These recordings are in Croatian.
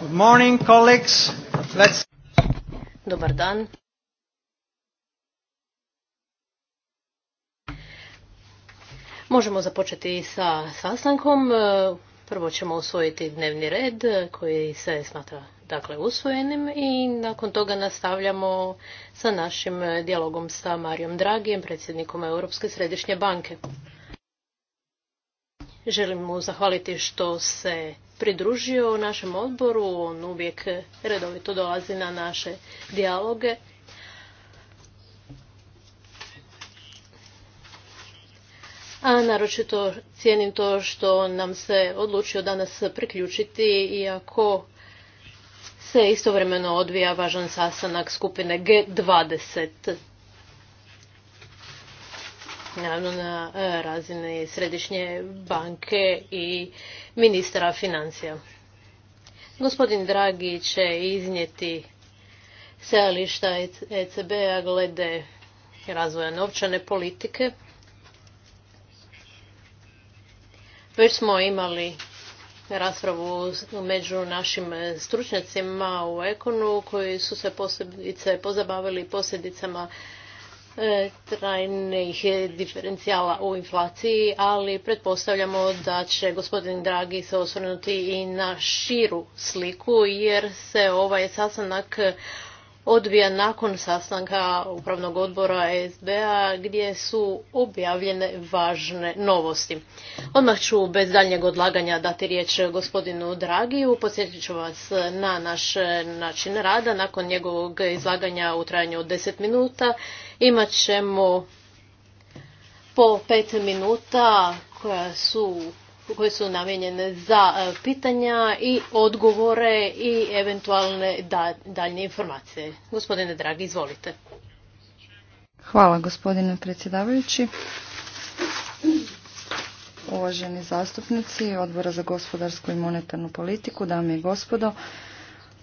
Good morning, Dobar dan. Možemo započeti sa sastankom. Prvo ćemo usvojiti dnevni red koji se smatra dakle usvojenim i nakon toga nastavljamo sa našim eh, dijalogom sa Marijom Dragijem, predsjednikom Europske središnje banke. Želim mu zahvaliti što se pridružio našem odboru, on uvijek redovito dolazi na naše dijaloge. a naročito cijenim to što nam se odlučio danas priključiti iako se istovremeno odvija važan sastanak skupine G20. Naravno na e, razini Središnje banke i ministra financija. Gospodin Dragi će iznijeti stajališta ECB-a glede razvoja novčane politike. Već smo imali raspravu među našim stručnjacima u Ekonu koji su se posebice pozabavili posljedicama e, trajnih diferencijala u inflaciji, ali pretpostavljamo da će gospodin Dragi se osvrnuti i na širu sliku, jer se ovaj sastanak odvija nakon sastanka upravnog odbora SBA gdje su objavljene važne novosti. Odmah ću bez daljnjeg odlaganja dati riječ gospodinu Dragiju. Podsjetit ću vas na naš način rada. Nakon njegovog izlaganja u trajanju od 10 minuta imat ćemo po 5 minuta koja su koje su namijenjene za e, pitanja i odgovore i eventualne daljnje informacije. Gospodine Dragi, izvolite. Hvala gospodine predsjedavajući. Uvaženi zastupnici Odbora za gospodarsku i monetarnu politiku, dame i gospodo,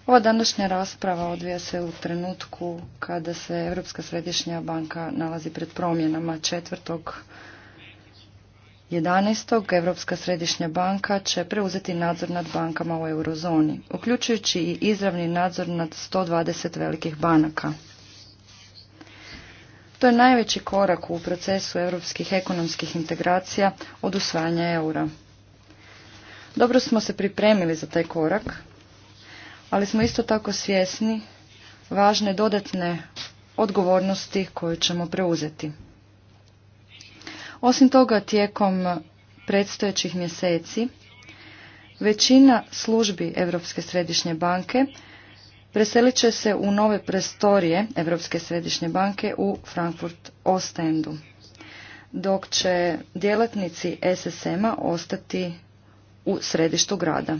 ova današnja rasprava odvija se u trenutku kada se Europska središnja banka nalazi pred promjenama četvrtog 11. Europska središnja banka će preuzeti nadzor nad bankama u eurozoni, uključujući i izravni nadzor nad 120 velikih banaka. To je najveći korak u procesu europskih ekonomskih integracija od usvajanja eura. Dobro smo se pripremili za taj korak, ali smo isto tako svjesni važne dodatne odgovornosti koju ćemo preuzeti. Osim toga, tijekom predstojećih mjeseci većina službi Europske središnje banke preselit će se u nove prestorije Europske središnje banke u Frankfurt Ostendu, dok će djelatnici SSM-a ostati u središtu grada.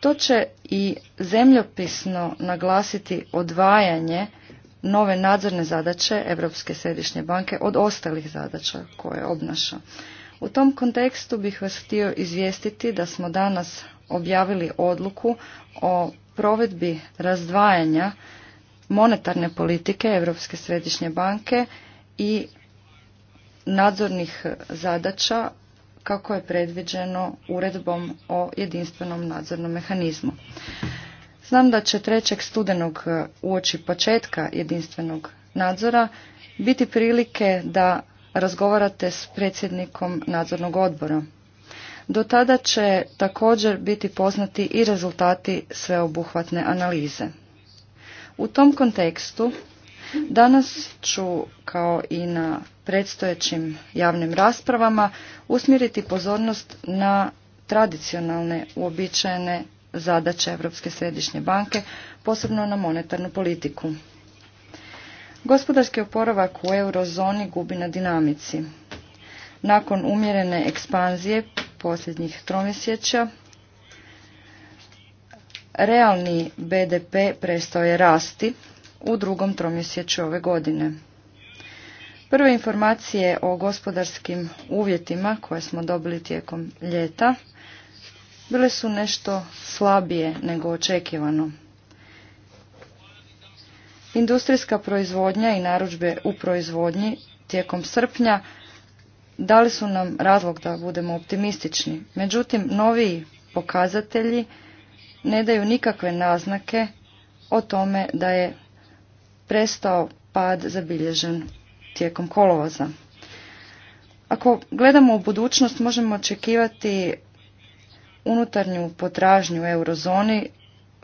To će i zemljopisno naglasiti odvajanje nove nadzorne zadaće Europske središnje banke od ostalih zadaća koje obnaša. U tom kontekstu bih vas htio izvijestiti da smo danas objavili odluku o provedbi razdvajanja monetarne politike Europske središnje banke i nadzornih zadaća kako je predviđeno uredbom o jedinstvenom nadzornom mehanizmu. Znam da će trećeg studenog e, uoči početka jedinstvenog nadzora biti prilike da razgovarate s predsjednikom nadzornog odbora. Do tada će također biti poznati i rezultati sveobuhvatne analize. U tom kontekstu danas ću kao i na predstojećim javnim raspravama usmjeriti pozornost na tradicionalne uobičajene zadaće Europske središnje banke, posebno na monetarnu politiku. Gospodarski oporavak u eurozoni gubi na dinamici. Nakon umjerene ekspanzije posljednjih tromjesjeća, realni BDP prestao je rasti u drugom tromjesečju ove godine. Prve informacije o gospodarskim uvjetima koje smo dobili tijekom ljeta bile su nešto slabije nego očekivano. Industrijska proizvodnja i narudžbe u proizvodnji tijekom srpnja dali su nam razlog da budemo optimistični. Međutim, noviji pokazatelji ne daju nikakve naznake o tome da je prestao pad zabilježen tijekom kolovoza. Ako gledamo u budućnost, možemo očekivati unutarnju potražnju u eurozoni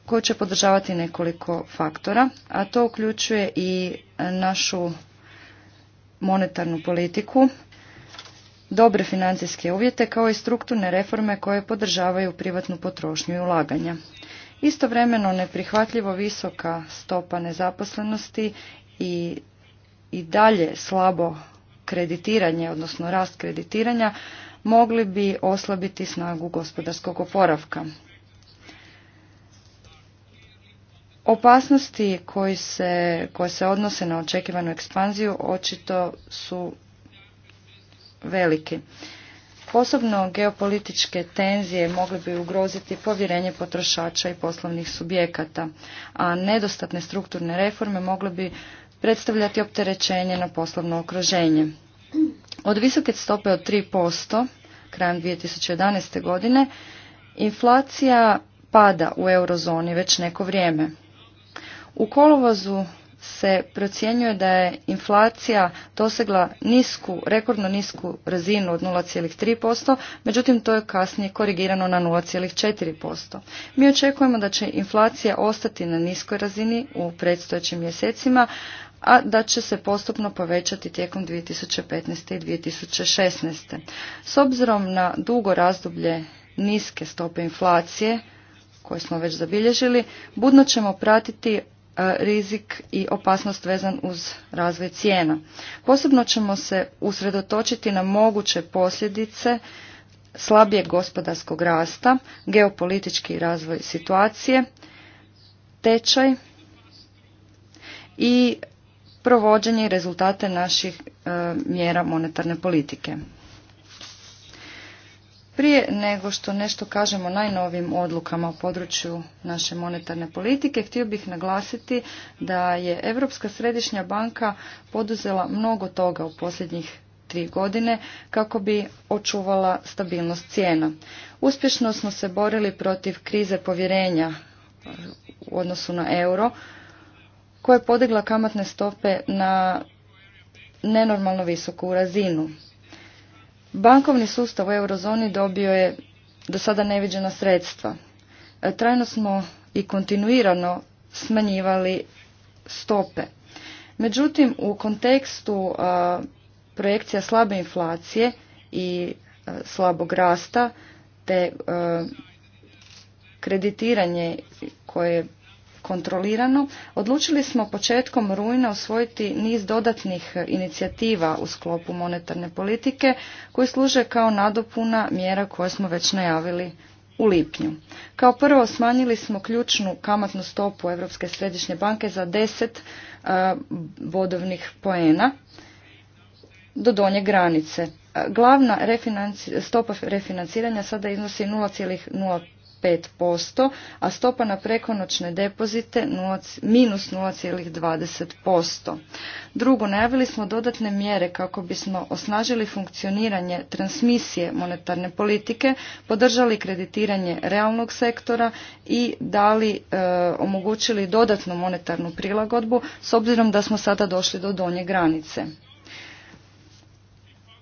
koju će podržavati nekoliko faktora, a to uključuje i našu monetarnu politiku, dobre financijske uvjete kao i strukturne reforme koje podržavaju privatnu potrošnju i ulaganja. Istovremeno neprihvatljivo visoka stopa nezaposlenosti i, i dalje slabo kreditiranje, odnosno rast kreditiranja, mogli bi oslabiti snagu gospodarskog oporavka. Opasnosti koje se odnose na očekivanu ekspanziju očito su velike. Posebno geopolitičke tenzije mogle bi ugroziti povjerenje potrošača i poslovnih subjekata, a nedostatne strukturne reforme mogle bi predstavljati opterećenje na poslovno okruženje. Od visoke stope od 3% krajem 2011. godine inflacija pada u eurozoni već neko vrijeme. U kolovozu se procjenjuje da je inflacija dosegla nisku, rekordno nisku razinu od 0,3%, međutim to je kasnije korigirano na 0,4%. Mi očekujemo da će inflacija ostati na niskoj razini u predstojećim mjesecima, a da će se postupno povećati tijekom 2015. i 2016. S obzirom na dugo razdoblje niske stope inflacije, koje smo već zabilježili, budno ćemo pratiti e, rizik i opasnost vezan uz razvoj cijena. Posebno ćemo se usredotočiti na moguće posljedice slabijeg gospodarskog rasta, geopolitički razvoj situacije, tečaj i provođenje i rezultate naših e, mjera monetarne politike. Prije nego što nešto kažemo o najnovim odlukama u području naše monetarne politike, htio bih naglasiti da je Europska središnja banka poduzela mnogo toga u posljednjih tri godine kako bi očuvala stabilnost cijena. Uspješno smo se borili protiv krize povjerenja u odnosu na euro, koja je podigla kamatne stope na nenormalno visoku razinu. Bankovni sustav u eurozoni dobio je do sada neviđena sredstva. E, trajno smo i kontinuirano smanjivali stope. Međutim, u kontekstu projekcija slabe inflacije i slabog rasta te kreditiranje koje kontrolirano, odlučili smo početkom rujna usvojiti niz dodatnih inicijativa u sklopu monetarne politike koji služe kao nadopuna mjera koje smo već najavili u lipnju. Kao prvo smanjili smo ključnu kamatnu stopu Europske središnje banke za 10 e, bodovnih poena do donje granice. Glavna stopa refinanciranja sada iznosi 5%, a stopa na prekonoćne depozite minus 0,20%. Drugo, najavili smo dodatne mjere kako bismo osnažili funkcioniranje transmisije monetarne politike, podržali kreditiranje realnog sektora i dali e, omogućili dodatnu monetarnu prilagodbu s obzirom da smo sada došli do donje granice.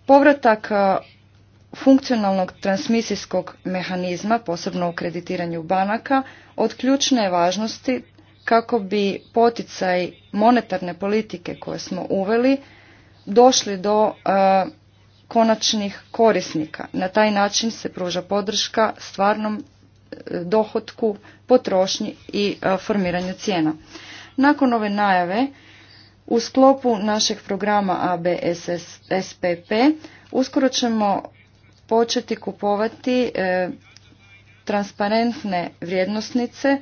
Povratak e, funkcionalnog transmisijskog mehanizma, posebno u kreditiranju banaka, od ključne važnosti kako bi poticaj monetarne politike koje smo uveli došli do e, konačnih korisnika. Na taj način se pruža podrška stvarnom e, dohotku, potrošnji i e, formiranju cijena. Nakon ove najave, u sklopu našeg programa ABSSPP uskoro ćemo početi kupovati e, transparentne vrijednosnice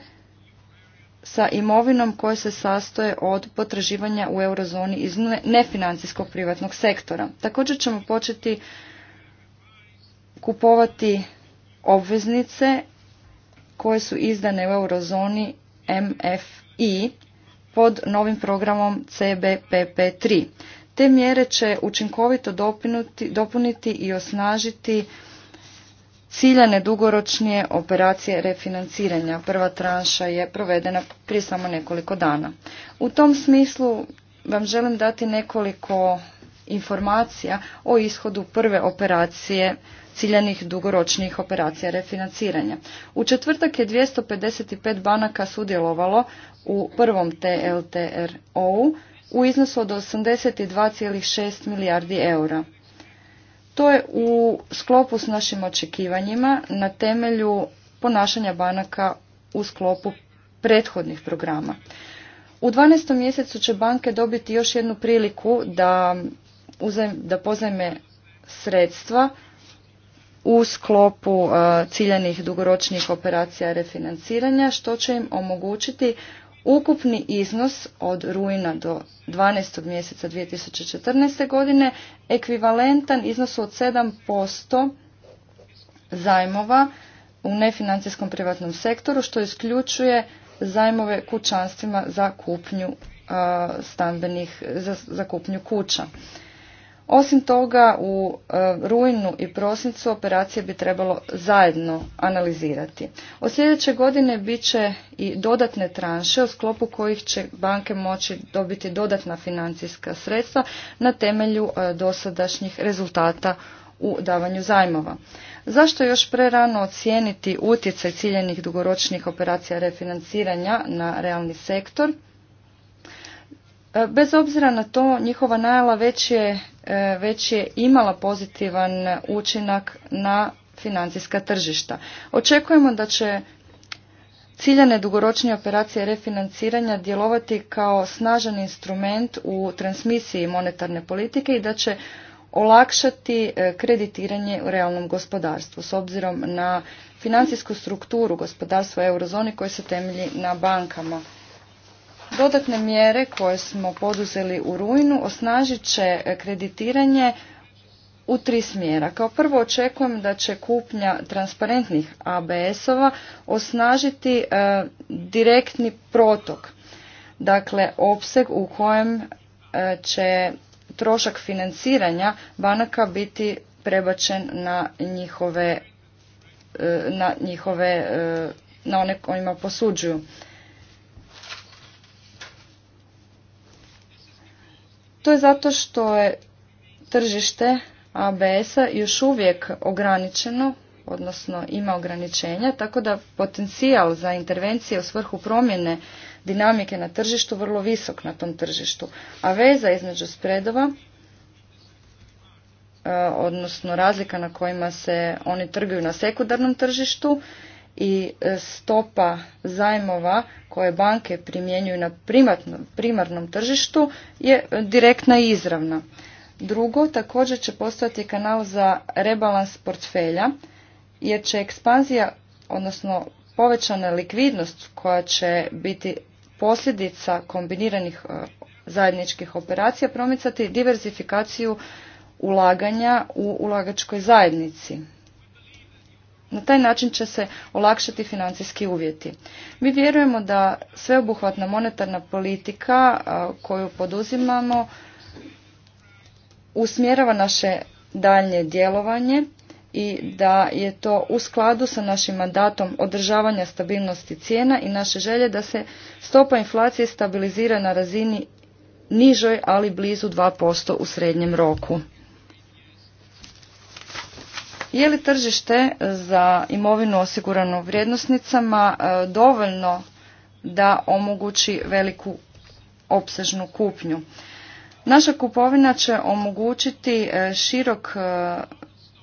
sa imovinom koje se sastoje od potraživanja u eurozoni iz nefinancijskog privatnog sektora. Također ćemo početi kupovati obveznice koje su izdane u eurozoni MFI pod novim programom CBPP3. Te mjere će učinkovito dopuniti i osnažiti ciljane dugoročnije operacije refinanciranja. Prva tranša je provedena prije samo nekoliko dana. U tom smislu vam želim dati nekoliko informacija o ishodu prve operacije ciljanih dugoročnih operacija refinanciranja. U četvrtak je 255 banaka sudjelovalo u prvom TLTRO-u u iznosu od 82,6 milijardi eura. To je u sklopu s našim očekivanjima na temelju ponašanja banaka u sklopu prethodnih programa. U 12. mjesecu će banke dobiti još jednu priliku da, uzem, da pozajme sredstva u sklopu e, ciljanih dugoročnih operacija refinanciranja, što će im omogućiti Ukupni iznos od rujna do 12. mjeseca 2014. godine ekvivalentan iznosu od 7% zajmova u nefinancijskom privatnom sektoru što isključuje zajmove kućanstvima za kupnju stambenih za kupnju kuća. Osim toga, u e, rujnu i prosincu operacije bi trebalo zajedno analizirati. Od sljedeće godine bit će i dodatne tranše u sklopu kojih će banke moći dobiti dodatna financijska sredstva na temelju e, dosadašnjih rezultata u davanju zajmova. Zašto još prerano ocijeniti utjecaj ciljenih dugoročnih operacija refinanciranja na realni sektor? E, bez obzira na to, njihova najala već je E, već je imala pozitivan učinak na financijska tržišta. Očekujemo da će ciljane dugoročne operacije refinanciranja djelovati kao snažan instrument u transmisiji monetarne politike i da će olakšati e, kreditiranje u realnom gospodarstvu s obzirom na financijsku strukturu gospodarstva eurozoni koje se temelji na bankama. Dodatne mjere koje smo poduzeli u rujnu osnažit će e, kreditiranje u tri smjera. Kao prvo očekujem da će kupnja transparentnih ABS-ova osnažiti e, direktni protok, dakle opseg u kojem e, će trošak financiranja banaka biti prebačen na njihove, na njihove, na one kojima posuđuju To je zato što je tržište ABS-a još uvijek ograničeno, odnosno ima ograničenja, tako da potencijal za intervencije u svrhu promjene dinamike na tržištu vrlo visok na tom tržištu. A veza između spredova, e, odnosno razlika na kojima se oni trguju na sekundarnom tržištu, i e, stopa zajmova koje banke primjenjuju na primarnom tržištu je direktna i izravna. Drugo, također će postojati kanal za rebalans portfelja jer će ekspanzija, odnosno povećana likvidnost koja će biti posljedica kombiniranih e, zajedničkih operacija promicati diversifikaciju ulaganja u ulagačkoj zajednici. Na taj način će se olakšati financijski uvjeti. Mi vjerujemo da sveobuhvatna monetarna politika koju poduzimamo usmjerava naše daljnje djelovanje i da je to u skladu sa našim mandatom održavanja stabilnosti cijena i naše želje da se stopa inflacije stabilizira na razini nižoj, ali blizu 2% u srednjem roku. Je li tržište za imovinu osigurano vrijednosnicama e, dovoljno da omogući veliku opsežnu kupnju? Naša kupovina će omogućiti e, širok e,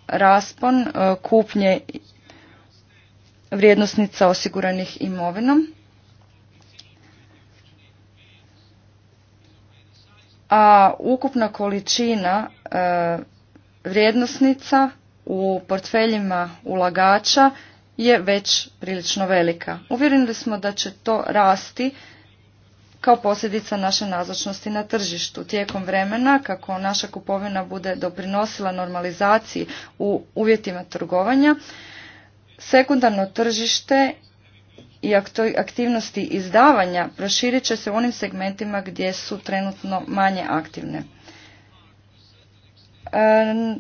raspon kupnje vrijednosnica osiguranih imovinom. A ukupna količina vrijednosnica u portfeljima ulagača je već prilično velika. Uvjerili smo da će to rasti kao posljedica naše nazočnosti na tržištu. Tijekom vremena, kako naša kupovina bude doprinosila normalizaciji u uvjetima trgovanja, sekundarno tržište i aktivnosti izdavanja proširit će se u onim segmentima gdje su trenutno manje aktivne. E,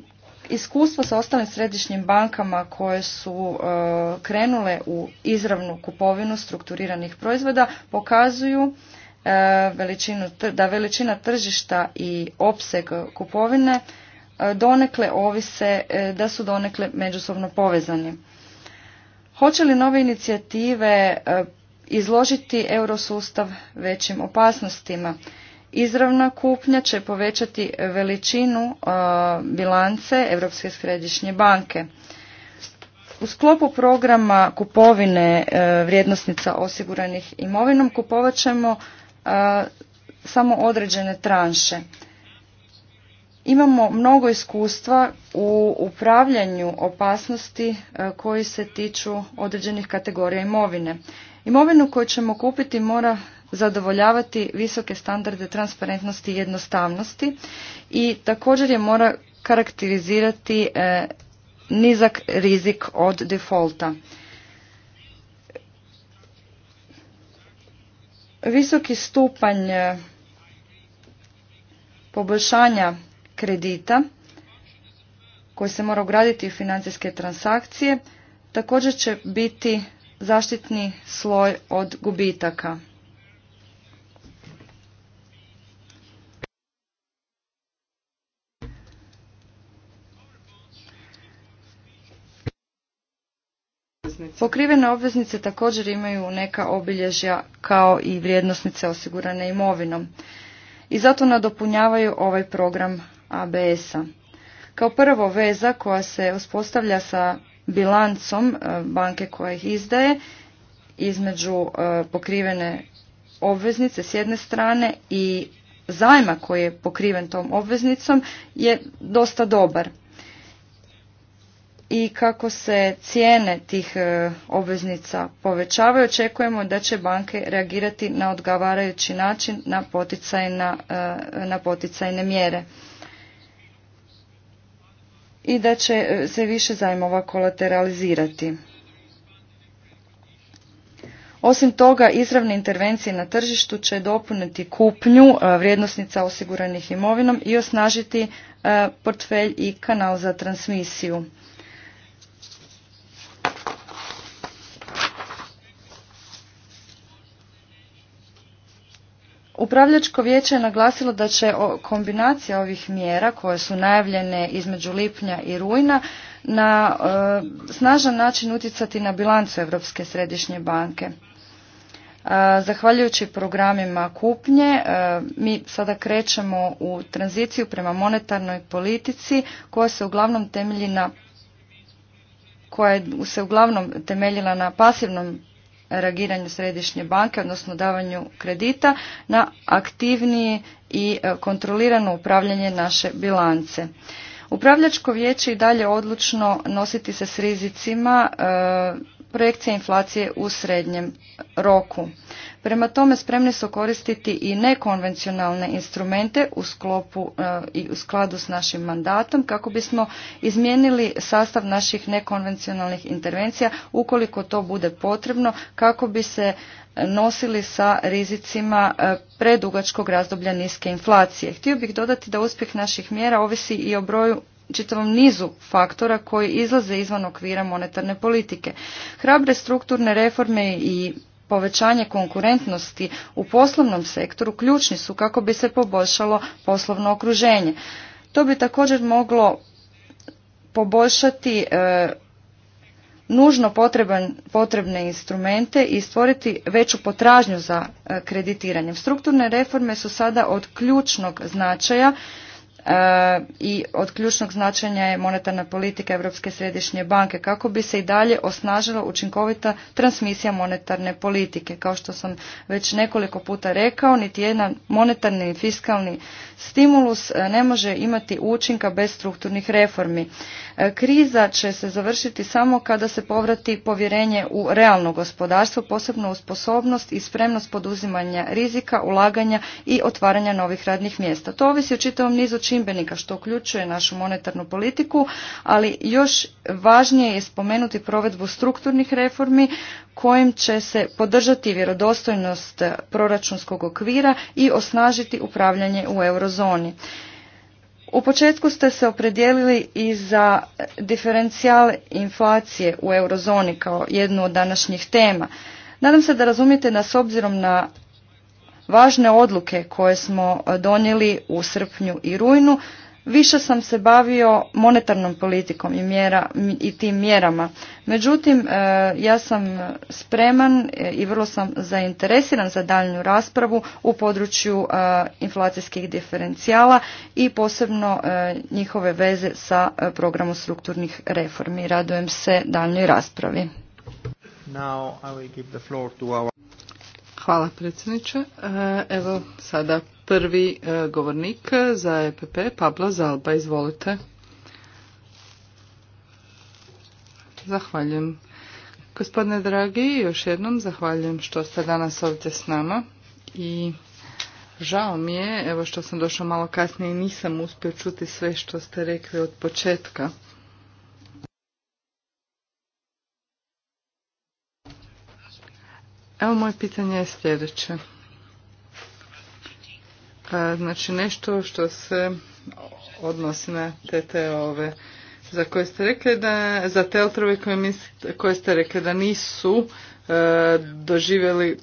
iskustvo sa ostalim središnjim bankama koje su e, krenule u izravnu kupovinu strukturiranih proizvoda pokazuju e, veličinu, da veličina tržišta i opseg kupovine e, donekle ovise, da su donekle međusobno povezani. Hoće li nove inicijative izložiti eurosustav većim opasnostima? Izravna kupnja će povećati veličinu e, bilance Europske središnje banke. U sklopu programa kupovine e, vrijednosnica osiguranih imovinom kupovat ćemo e, samo određene tranše. Imamo mnogo iskustva u upravljanju opasnosti koji se tiču određenih kategorija imovine. Imovinu koju ćemo kupiti mora zadovoljavati visoke standarde transparentnosti i jednostavnosti i također je mora karakterizirati e, nizak rizik od defolta. Visoki stupanj e, poboljšanja kredita koji se mora ugraditi u financijske transakcije također će biti zaštitni sloj od gubitaka. Pokrivene obveznice također imaju neka obilježja kao i vrijednosnice osigurane imovinom i zato nadopunjavaju ovaj program ABS-a. Kao prvo veza koja se uspostavlja sa bilancom e, banke koja ih izdaje između e, pokrivene obveznice s jedne strane i zajma koji je pokriven tom obveznicom je dosta dobar i kako se cijene tih e, obveznica povećavaju, očekujemo da će banke reagirati na odgovarajući način na e, na poticajne mjere i da će e, se više zajmova kolateralizirati. Osim toga, izravne intervencije na tržištu će dopuniti kupnju vrijednosnica osiguranih imovinom i osnažiti portfelj i kanal za transmisiju. Upravljačko vijeće je naglasilo da će kombinacija ovih mjera koje su najavljene između lipnja i rujna na e, snažan način utjecati na bilancu Europske središnje banke. E, zahvaljujući programima kupnje e, mi sada krećemo u tranziciju prema monetarnoj politici koja se uglavnom temelji na koja se uglavnom temeljila na pasivnom reagiranju središnje banke, odnosno davanju kredita, na aktivnije i e, kontrolirano upravljanje naše bilance. Upravljačko vijeće i dalje odlučno nositi se s rizicima e, projekcija inflacije u srednjem roku. Prema tome spremni su koristiti i nekonvencionalne instrumente u sklopu e, i u skladu s našim mandatom kako bismo izmijenili sastav naših nekonvencionalnih intervencija ukoliko to bude potrebno kako bi se nosili sa rizicima e, predugačkog razdoblja niske inflacije. Htio bih dodati da uspjeh naših mjera ovisi i o broju čitavom nizu faktora koji izlaze izvan okvira monetarne politike. Hrabre strukturne reforme i povećanje konkurentnosti u poslovnom sektoru ključni su kako bi se poboljšalo poslovno okruženje. To bi također moglo poboljšati e, nužno potreban, potrebne instrumente i stvoriti veću potražnju za e, kreditiranjem. Strukturne reforme su sada od ključnog značaja E, i od ključnog značenja je monetarna politika Europske središnje banke kako bi se i dalje osnažila učinkovita transmisija monetarne politike. Kao što sam već nekoliko puta rekao, niti jedan monetarni i fiskalni stimulus e, ne može imati učinka bez strukturnih reformi. E, kriza će se završiti samo kada se povrati povjerenje u realno gospodarstvo, posebno u sposobnost i spremnost poduzimanja rizika, ulaganja i otvaranja novih radnih mjesta. To ovisi o čitavom nizu čimbenika što uključuje našu monetarnu politiku, ali još važnije je spomenuti provedbu strukturnih reformi kojim će se podržati vjerodostojnost proračunskog okvira i osnažiti upravljanje u eurozoni. U početku ste se opredijelili i za diferencijal inflacije u eurozoni kao jednu od današnjih tema. Nadam se da razumijete da s obzirom na važne odluke koje smo donijeli u srpnju i rujnu, više sam se bavio monetarnom politikom i, mjera, i tim mjerama. Međutim, e, ja sam spreman e, i vrlo sam zainteresiran za daljnju raspravu u području e, inflacijskih diferencijala i posebno njihove veze sa programom strukturnih reformi. Radujem se daljnjoj raspravi. Now I Hvala predsjedniče. Evo sada prvi e, govornik za EPP, Pablo Zalba, izvolite. Zahvaljujem. Gospodine dragi, još jednom zahvaljujem što ste danas ovdje s nama i žao mi je, evo što sam došao malo kasnije i nisam uspio čuti sve što ste rekli od početka. Evo moje pitanje je sljedeće. Pa, znači nešto što se odnosi na te ove za koje ste rekli da, za te otrove koje, koje ste rekli da nisu e, doživjeli e,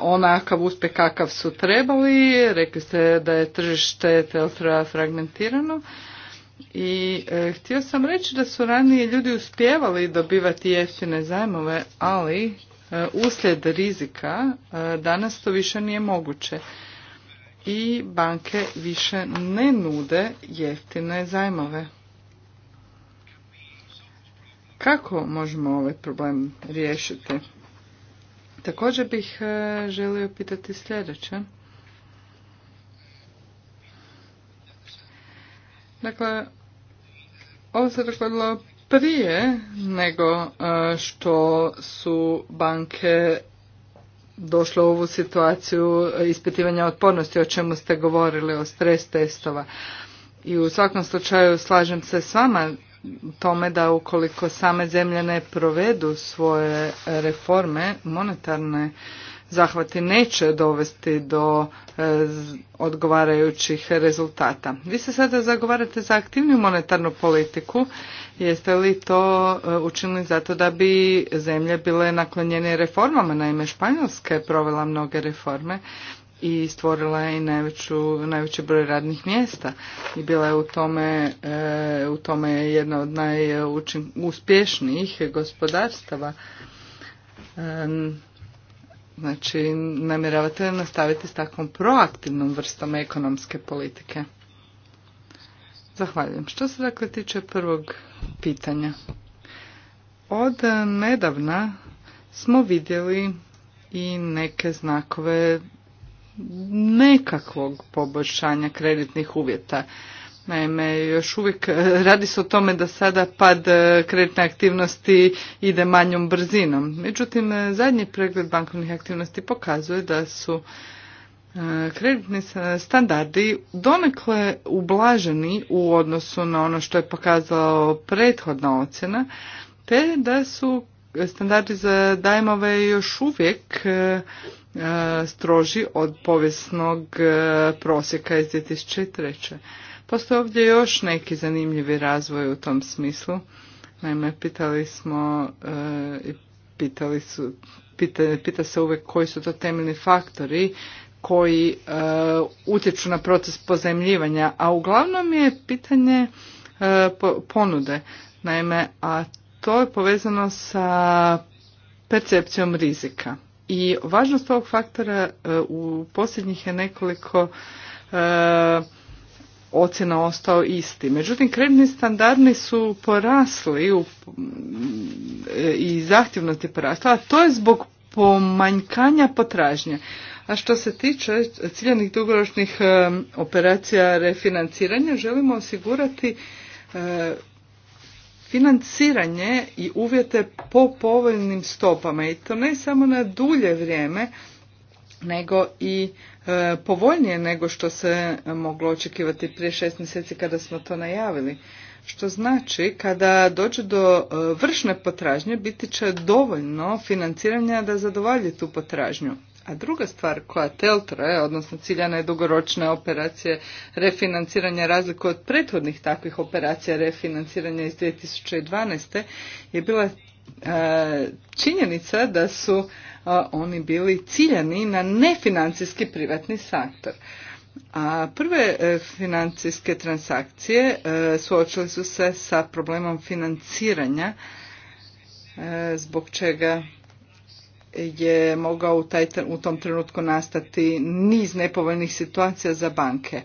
onakav uspjeh kakav su trebali, rekli ste da je tržište te otrova fragmentirano i e, htio sam reći da su ranije ljudi uspjevali dobivati jeftine zajmove, ali uslijed rizika danas to više nije moguće i banke više ne nude jeftine zajmove. Kako možemo ovaj problem riješiti? Također bih e, želio pitati sljedeće. Dakle, ovo se dogodilo prije nego e, što su banke došlo u ovu situaciju ispitivanja otpornosti o čemu ste govorili, o stres testova. I u svakom slučaju slažem se s vama tome da ukoliko same zemlje ne provedu svoje reforme monetarne zahvati neće dovesti do e, odgovarajućih rezultata. Vi se sada zagovarate za aktivnu monetarnu politiku. Jeste li to e, učinili zato da bi zemlje bile naklonjene reformama? Naime, Španjolska je provela mnoge reforme i stvorila je najveću, najveći broj radnih mjesta i bila je u tome, e, u tome jedna od najuspješnijih gospodarstava. Znači, namjeravate nastaviti s takvom proaktivnom vrstom ekonomske politike? Zahvaljujem. Što se dakle tiče prvog pitanja? Od nedavna smo vidjeli i neke znakove nekakvog poboljšanja kreditnih uvjeta. Naime, još uvijek eh, radi se o tome da sada pad eh, kreditne aktivnosti ide manjom brzinom. Međutim, eh, zadnji pregled bankovnih aktivnosti pokazuje da su kreditni standardi donekle ublaženi u odnosu na ono što je pokazala prethodna ocjena, te da su standardi za dajmove još uvijek stroži od povijesnog prosjeka iz 2003. Postoje pa ovdje još neki zanimljivi razvoj u tom smislu. Naime, pitali smo e, i pitali su, pita, pita se uvijek koji su to temeljni faktori koji e, utječu na proces pozemljivanja, a uglavnom je pitanje e, ponude. Naime, a to je povezano sa percepcijom rizika. I važnost ovog faktora u posljednjih je nekoliko ocjena ostao isti. Međutim, kreditni standardi su porasli u, e, i zahtjevnost je porasla, a to je zbog pomanjkanja potražnje. A što se tiče ciljenih dugoročnih e, operacija refinanciranja, želimo osigurati e, financiranje i uvjete po povoljnim stopama i to ne samo na dulje vrijeme, nego i E, povoljnije nego što se moglo očekivati prije šest mjeseci kada smo to najavili. Što znači kada dođe do e, vršne potražnje biti će dovoljno financiranja da zadovolji tu potražnju. A druga stvar koja teltra, odnosno ciljana je dugoročne operacije refinanciranja razliku od prethodnih takvih operacija refinanciranja iz 2012. je bila e, činjenica da su oni bili ciljani na nefinancijski privatni sektor. A prve e, financijske transakcije e, suočile su se sa problemom financiranja e, zbog čega je mogao u, taj, u tom trenutku nastati niz nepovoljnih situacija za banke.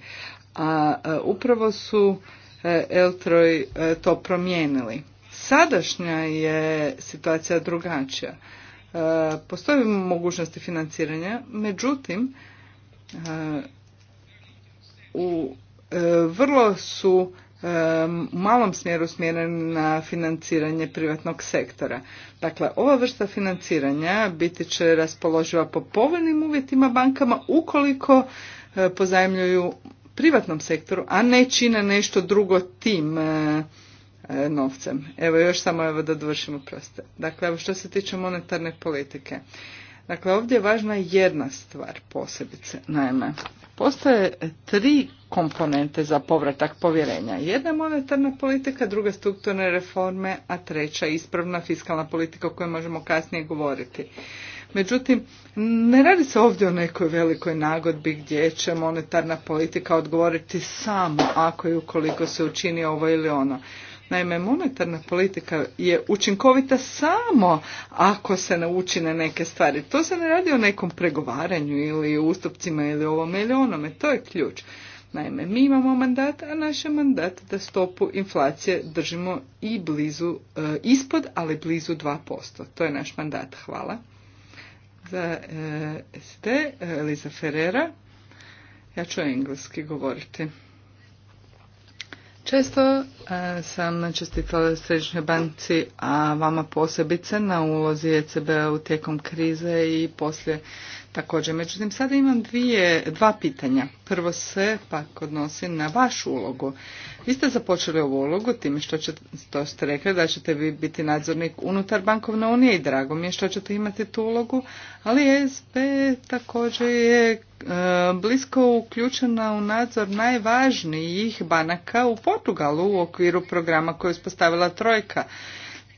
A upravo su Eltroj to promijenili. Sadašnja je situacija drugačija postoji mogućnosti financiranja, međutim e, u e, vrlo su e, u malom smjeru smjereni na financiranje privatnog sektora. Dakle, ova vrsta financiranja biti će raspoloživa po povoljnim uvjetima bankama ukoliko pozajmljuju privatnom sektoru, a ne čine nešto drugo tim E, novcem. Evo još samo evo da dovršimo proste. Dakle, evo što se tiče monetarne politike. Dakle, ovdje je važna jedna stvar posebice. Naime, postoje tri komponente za povratak povjerenja. Jedna monetarna politika, druga strukturne reforme, a treća ispravna fiskalna politika o kojoj možemo kasnije govoriti. Međutim, ne radi se ovdje o nekoj velikoj nagodbi gdje će monetarna politika odgovoriti samo ako i ukoliko se učini ovo ili ono. Naime, monetarna politika je učinkovita samo ako se nauči na neke stvari. To se ne radi o nekom pregovaranju ili ustupcima ili ovom ili onome. To je ključ. Naime, mi imamo mandat, a naš je mandat da stopu inflacije držimo i blizu, e, ispod, ali blizu 2%. To je naš mandat. Hvala. Za e, Eliza Ferrera. Ja ću engleski govoriti. Često e, sam čestitala Središnjoj banci, a vama posebice na ulozi ecb u tijekom krize i poslije također. Međutim, sada imam dvije, dva pitanja. Prvo se pak odnosi na vašu ulogu. Vi ste započeli ovu ulogu time što, ste rekli da ćete vi biti nadzornik unutar bankovne unije i drago mi je što ćete imati tu ulogu, ali SB također je e, blisko uključena u nadzor najvažnijih banaka u Portugalu u okviru programa koje je uspostavila Trojka.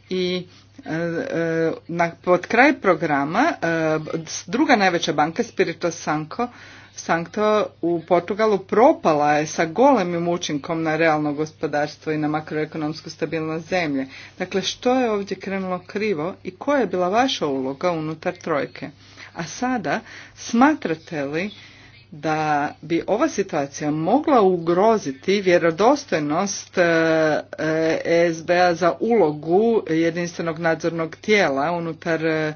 I E, e, na, pod kraj programa e, druga najveća banka Spirito Sanko Sankto u Portugalu propala je sa golemim učinkom na realno gospodarstvo i na makroekonomsku stabilnost zemlje. Dakle, što je ovdje krenulo krivo i koja je bila vaša uloga unutar trojke? A sada smatrate li da bi ova situacija mogla ugroziti vjerodostojnost esb e, za ulogu jedinstvenog nadzornog tijela unutar e,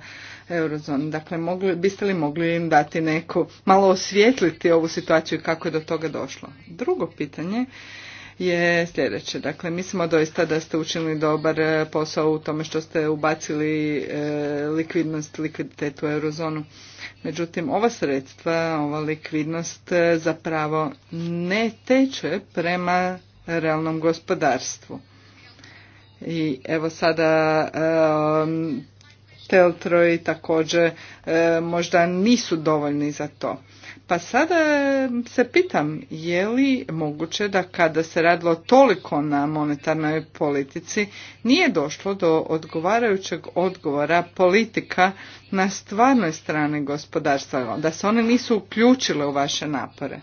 eurozone. Dakle, mogli, biste li mogli im dati neku, malo osvijetliti ovu situaciju kako je do toga došlo? Drugo pitanje je sljedeće. Dakle, mislimo doista da ste učinili dobar e, posao u tome što ste ubacili e, likvidnost, likviditet u eurozonu. Međutim, ova sredstva, ova likvidnost e, zapravo ne teče prema realnom gospodarstvu. I evo sada Teltroj također možda nisu dovoljni za to. Pa sada se pitam, je li moguće da kada se radilo toliko na monetarnoj politici, nije došlo do odgovarajućeg odgovora politika na stvarnoj strani gospodarstva, da se one nisu uključile u vaše napore?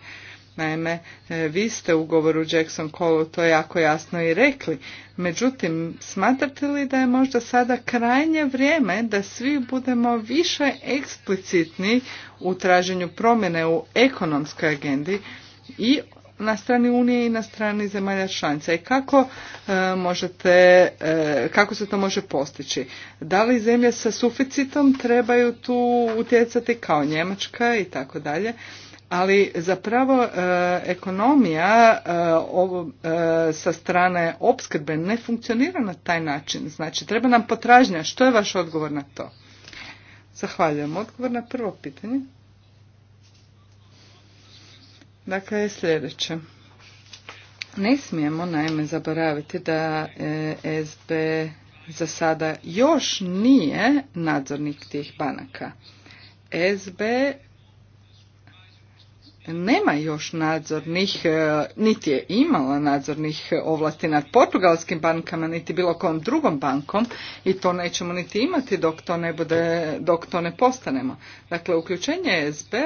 Naime, e, vi ste u govoru Jackson Cole to jako jasno i rekli. Međutim, smatrate li da je možda sada krajnje vrijeme da svi budemo više eksplicitni u traženju promjene u ekonomskoj agendi i na strani Unije i na strani zemalja članica i kako e, možete, e, kako se to može postići. Da li zemlje sa suficitom trebaju tu utjecati kao Njemačka i tako dalje ali zapravo e, ekonomija e, e, sa strane opskrbe ne funkcionira na taj način. Znači, treba nam potražnja. Što je vaš odgovor na to? Zahvaljujem. Odgovor na prvo pitanje. Dakle, je sljedeće. Ne smijemo naime zaboraviti da SB za sada još nije nadzornik tih banaka. SB nema još nadzornih, e, niti je imala nadzornih ovlasti nad portugalskim bankama, niti bilo kojom drugom bankom i to nećemo niti imati dok to ne, bude, dok to ne postanemo. Dakle, uključenje sb e,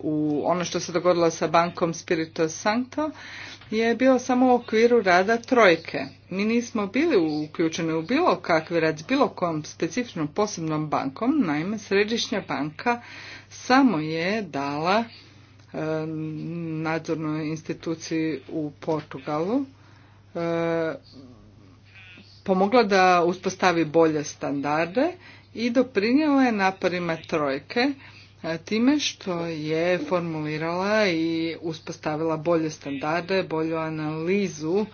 u ono što se dogodilo sa bankom Spirito Santo je bilo samo u okviru rada trojke. Mi nismo bili uključeni u bilo kakvi rad s bilo kojom specifičnom posebnom bankom, naime Središnja banka samo je dala E, nadzornoj instituciji u Portugalu e, pomogla da uspostavi bolje standarde i doprinijela je naporima trojke e, time što je formulirala i uspostavila bolje standarde, bolju analizu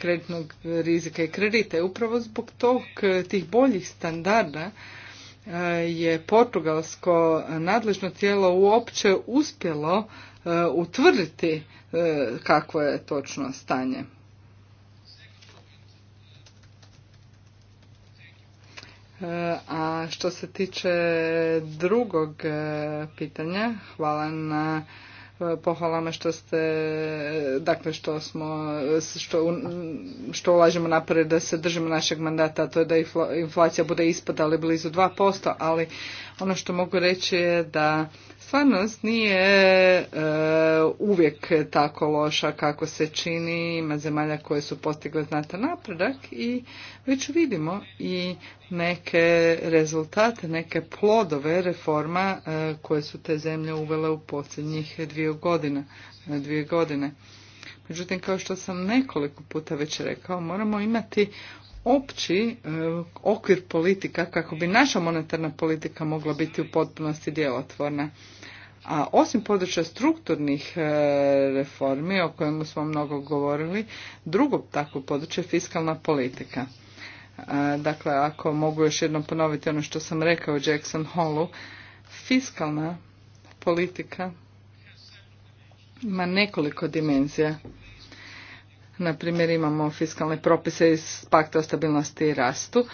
kreditnog rizika i kredita. upravo zbog tog, tih boljih standarda Eh, je portugalsko nadležno tijelo uopće uspjelo eh, utvrditi eh, kakvo je točno stanje. A što se tiče drugog pitanja, hvala na pohvalama što ste, dakle što smo, što, što ulažemo napred da se držimo našeg mandata, to je da inflacija bude ispada ali blizu 2%, ali ono što mogu reći je da Stvarnost nije e, uvijek tako loša kako se čini, ima zemalja koje su postigle znatan napredak i već vidimo i neke rezultate, neke plodove reforma e, koje su te zemlje uvele u posljednjih dvije godine. E, dvije godine. Međutim, kao što sam nekoliko puta već rekao, moramo imati opći e, okvir politika kako bi naša monetarna politika mogla biti u potpunosti djelotvorna. A osim područja strukturnih e, reformi o kojemu smo mnogo govorili, drugo takvo područje je fiskalna politika. E, dakle, ako mogu još jednom ponoviti ono što sam rekao u Jackson Hallu, fiskalna politika ima nekoliko dimenzija na primjer imamo fiskalne propise iz pakta o stabilnosti i rastu,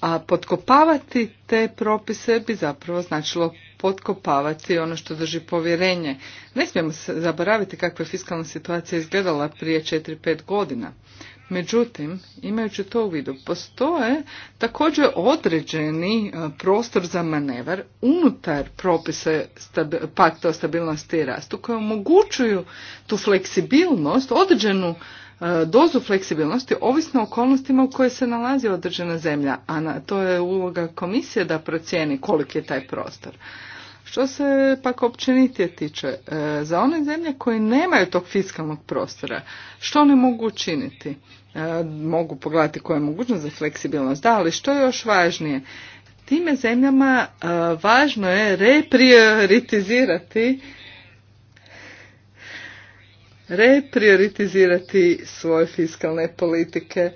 a potkopavati te propise bi zapravo značilo potkopavati ono što drži povjerenje. Ne smijemo se zaboraviti kakva je fiskalna situacija izgledala prije 4-5 godina. Međutim, imajući to u vidu, postoje također određeni e, prostor za manevar unutar propise pakta o stabilnosti i rastu koje omogućuju tu fleksibilnost, određenu E, dozu fleksibilnosti ovisno o okolnostima u koje se nalazi određena zemlja, a na, to je uloga komisije da procijeni koliki je taj prostor. Što se pak općenitije tiče, e, za one zemlje koje nemaju tog fiskalnog prostora, što one mogu učiniti? E, mogu pogledati koja je mogućnost za fleksibilnost, da, ali što je još važnije? Time zemljama važno je reprioritizirati reprioritizirati svoje fiskalne politike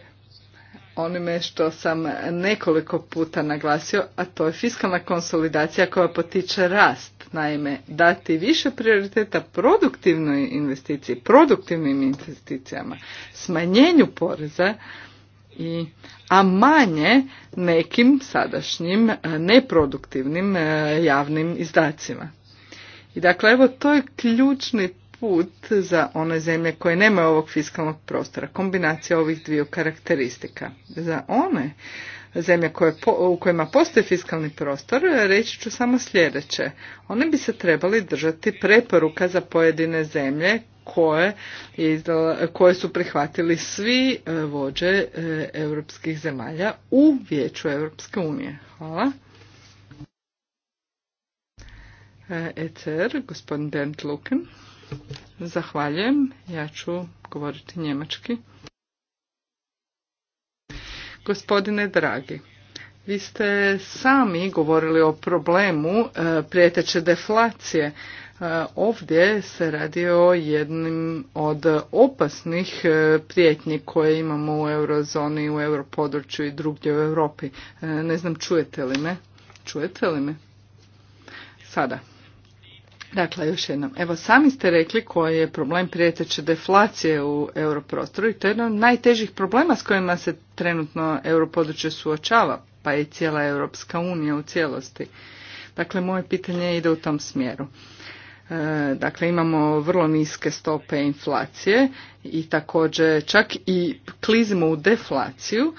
onime što sam nekoliko puta naglasio, a to je fiskalna konsolidacija koja potiče rast. Naime, dati više prioriteta produktivnoj investiciji, produktivnim investicijama, smanjenju poreza, i, a manje nekim sadašnjim e, neproduktivnim e, javnim izdacima. I dakle, evo to je ključni put za one zemlje koje nemaju ovog fiskalnog prostora, kombinacija ovih dviju karakteristika. Za one zemlje koje, u kojima postoji fiskalni prostor, reći ću samo sljedeće. One bi se trebali držati preporuka za pojedine zemlje koje, izdala, koje su prihvatili svi e, vođe e, europskih zemalja u vijeću Europske unije. Hvala. ECR, e gospodin Bernd Luken. Zahvaljujem. Ja ću govoriti njemački. Gospodine dragi, vi ste sami govorili o problemu e, prijeteće deflacije. E, ovdje se radi o jednim od opasnih e, prijetnji koje imamo u eurozoni, u europodručju i drugdje u Europi. Ne znam čujete li me? Čujete li me? Sada. Dakle, još jednom. Evo, sami ste rekli koji je problem prijeteće deflacije u europrostoru i to je jedan od najtežih problema s kojima se trenutno europodručje suočava, pa i cijela Europska unija u cijelosti. Dakle, moje pitanje ide u tom smjeru. E, dakle, imamo vrlo niske stope inflacije i također čak i klizimo u deflaciju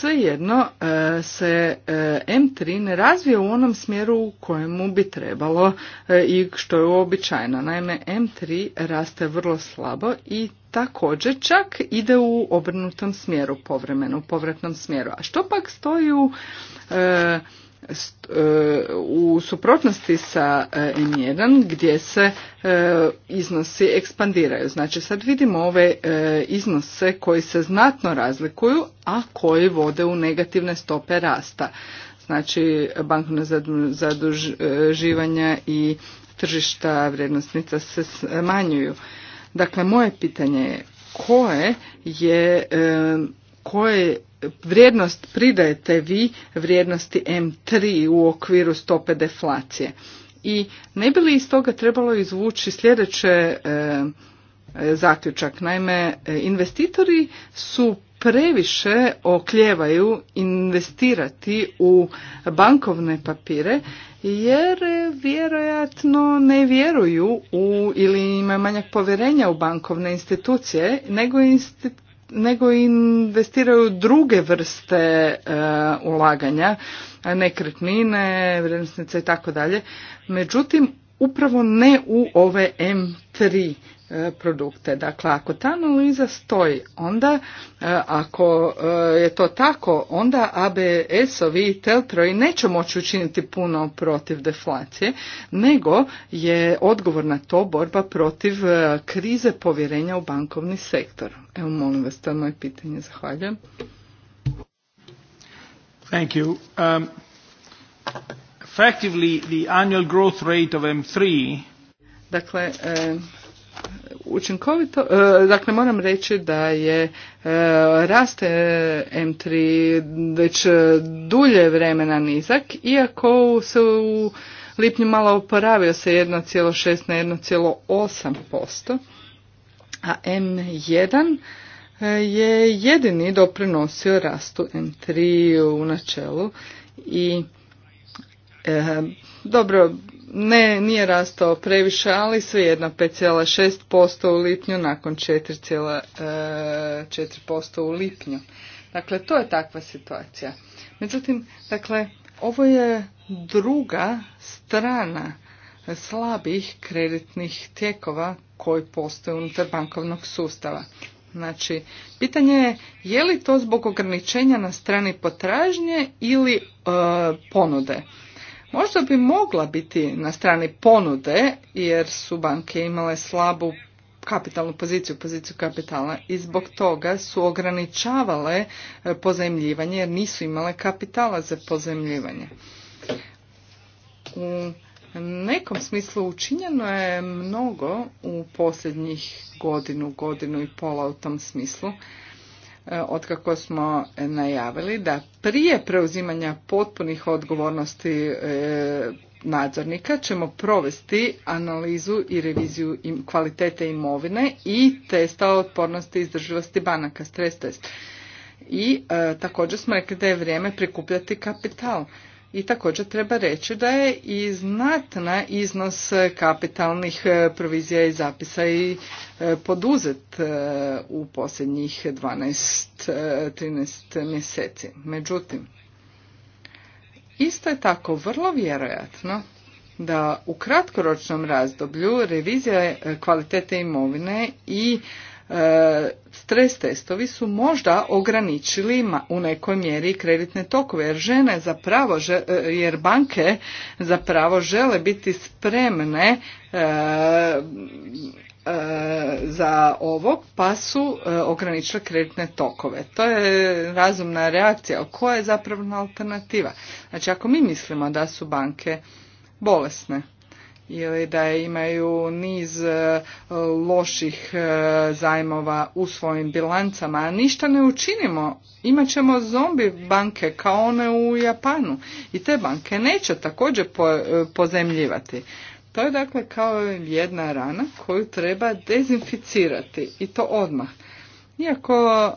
svejedno e, se e, M3 ne razvije u onom smjeru u kojemu bi trebalo e, i što je uobičajeno. Naime, M3 raste vrlo slabo i također čak ide u obrnutom smjeru povremenu, u povratnom smjeru. A što pak stoji u E, u suprotnosti sa e, n 1 gdje se e, iznosi ekspandiraju. Znači sad vidimo ove iznose koji se znatno razlikuju, a koji vode u negativne stope rasta. Znači bankovne zaduživanja i tržišta vrijednosnica se smanjuju. Dakle, moje pitanje je koje je koje vrijednost pridajete vi vrijednosti M3 u okviru stope deflacije. I ne bi li iz toga trebalo izvući sljedeće e, e zaključak. Naime, e, investitori su previše okljevaju investirati u bankovne papire jer e, vjerojatno ne vjeruju u ili imaju manjak povjerenja u bankovne institucije nego, institucije nego investiraju druge vrste e, ulaganja, nekretnine, vrijednosnice i tako dalje. Međutim, upravo ne u ove M3 E, produkte. Dakle, ako ta analiza stoji, onda e, ako e, je to tako, onda ABS-ovi i Teltroji neće moći učiniti puno protiv deflacije, nego je odgovor na to borba protiv krize povjerenja u bankovni sektor. Evo, molim vas, to je moje pitanje. Zahvaljujem. Thank you. Um, effectively, the annual growth rate of M3 Dakle, učinkovito, e, dakle moram reći da je e, rast e, M3 već dulje vremena nizak, iako se u lipnju malo oporavio se 1,6 na 1,8%, a M1 je jedini doprinosio rastu M3 u načelu i e, dobro ne, nije rastao previše, ali svejedno 5,6% u lipnju nakon 4,4% e, u lipnju. Dakle, to je takva situacija. Međutim, dakle, ovo je druga strana slabih kreditnih tijekova koji postoje unutar bankovnog sustava. Znači, pitanje je je li to zbog ograničenja na strani potražnje ili e, ponude možda bi mogla biti na strani ponude jer su banke imale slabu kapitalnu poziciju, poziciju kapitala i zbog toga su ograničavale e, pozajemljivanje jer nisu imale kapitala za pozajemljivanje. U nekom smislu učinjeno je mnogo u posljednjih godinu, godinu i pola u tom smislu, E, otkako smo najavili da prije preuzimanja potpunih odgovornosti e, nadzornika ćemo provesti analizu i reviziju kvalitete imovine i testa otpornosti i izdrživosti banaka, stres test. I e, također smo rekli da je vrijeme prikupljati kapital. I također treba reći da je i znatna iznos kapitalnih e, provizija i zapisa i e, poduzet e, u posljednjih 12-13 mjeseci. Međutim, isto je tako vrlo vjerojatno da u kratkoročnom razdoblju revizija kvalitete imovine i E, stres testovi su možda ograničili u nekoj mjeri kreditne tokove jer žene zapravo e, jer banke zapravo žele biti spremne e, za ovo pa su ograničile kreditne tokove. To je razumna reakcija. Koja je zapravo alternativa? Znači ako mi mislimo da su banke bolesne, ili da imaju niz e, loših e, zajmova u svojim bilancama, a ništa ne učinimo. Imaćemo zombi banke kao one u Japanu i te banke neće također e, pozemljivati. To je dakle kao jedna rana koju treba dezinficirati i to odmah. Iako e,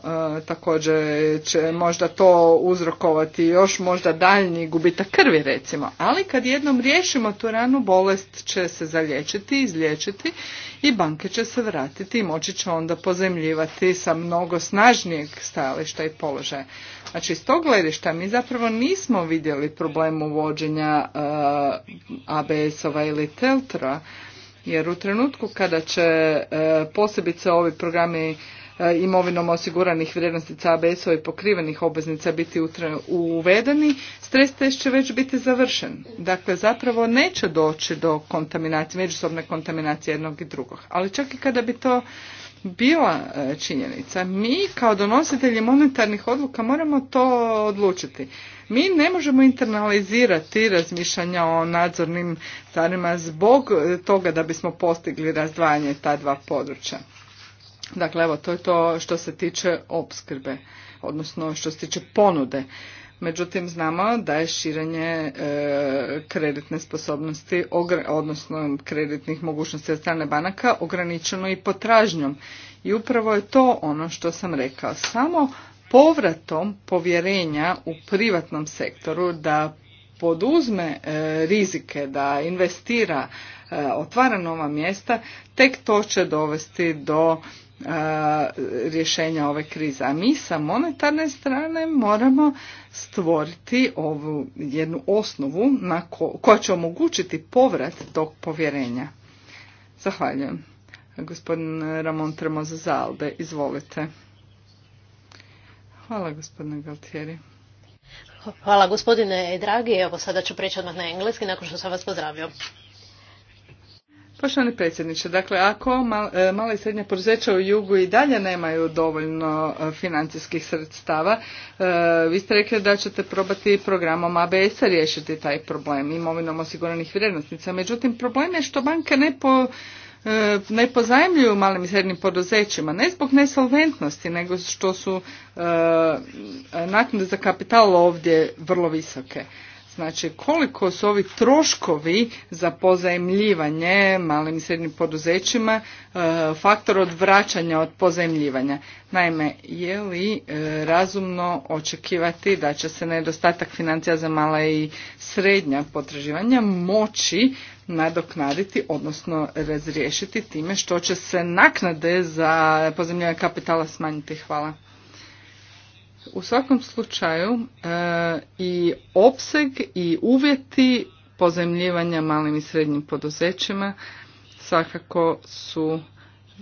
također će možda to uzrokovati još možda daljnji gubitak krvi recimo, ali kad jednom riješimo tu ranu bolest će se zalječiti, izlječiti i banke će se vratiti i moći će onda pozemljivati sa mnogo snažnijeg stajališta i položaja. Znači iz tog gledišta mi zapravo nismo vidjeli problem uvođenja e, ABS-ova ili Teltra jer u trenutku kada će e, posebice ovi programi E, imovinom osiguranih vrijednosti abs ova i pokrivenih obveznica biti uvedeni, stres test će već biti završen. Dakle, zapravo neće doći do kontaminacije, međusobne kontaminacije jednog i drugog. Ali čak i kada bi to bila e, činjenica, mi kao donositelji monetarnih odluka moramo to odlučiti. Mi ne možemo internalizirati razmišljanja o nadzornim stvarima zbog toga da bismo postigli razdvajanje ta dva područja. Dakle, evo, to je to što se tiče opskrbe, odnosno što se tiče ponude. Međutim, znamo da je širenje e, kreditne sposobnosti, odnosno kreditnih mogućnosti od strane banaka, ograničeno i potražnjom. I upravo je to ono što sam rekao. Samo povratom povjerenja u privatnom sektoru da poduzme e, rizike, da investira, e, otvara nova mjesta, tek to će dovesti do rješenja ove krize. A mi sa monetarne strane moramo stvoriti ovu jednu osnovu na koja će omogućiti povrat tog povjerenja. Zahvaljujem. Gospodin Ramon za Zalbe, izvolite. Hvala gospodine Galtieri. Hvala gospodine Dragi, evo sada ću preći odmah na engleski nakon što sam vas pozdravio. Poštovani predsjedniče, dakle ako e, mala i srednja poduzeća u jugu i dalje nemaju dovoljno e, financijskih sredstava, e, vi ste rekli da ćete probati programom ABS-a riješiti taj problem imovinom osiguranih vrijednosnica. Međutim, problem je što banke ne po ne pozajemljuju malim i srednjim poduzećima, ne zbog nesolventnosti, nego što su naknade za kapital ovdje vrlo visoke. Znači koliko su ovi troškovi za pozajemljivanje malim i srednjim poduzećima e, faktor odvraćanja od pozajemljivanja. Naime, je li e, razumno očekivati da će se nedostatak financija za mala i srednja potraživanja moći nadoknaditi, odnosno razriješiti time što će se naknade za pozemljivanje kapitala smanjiti? Hvala. U svakom slučaju e, i opseg i uvjeti pozemljivanja malim i srednjim poduzećima svakako su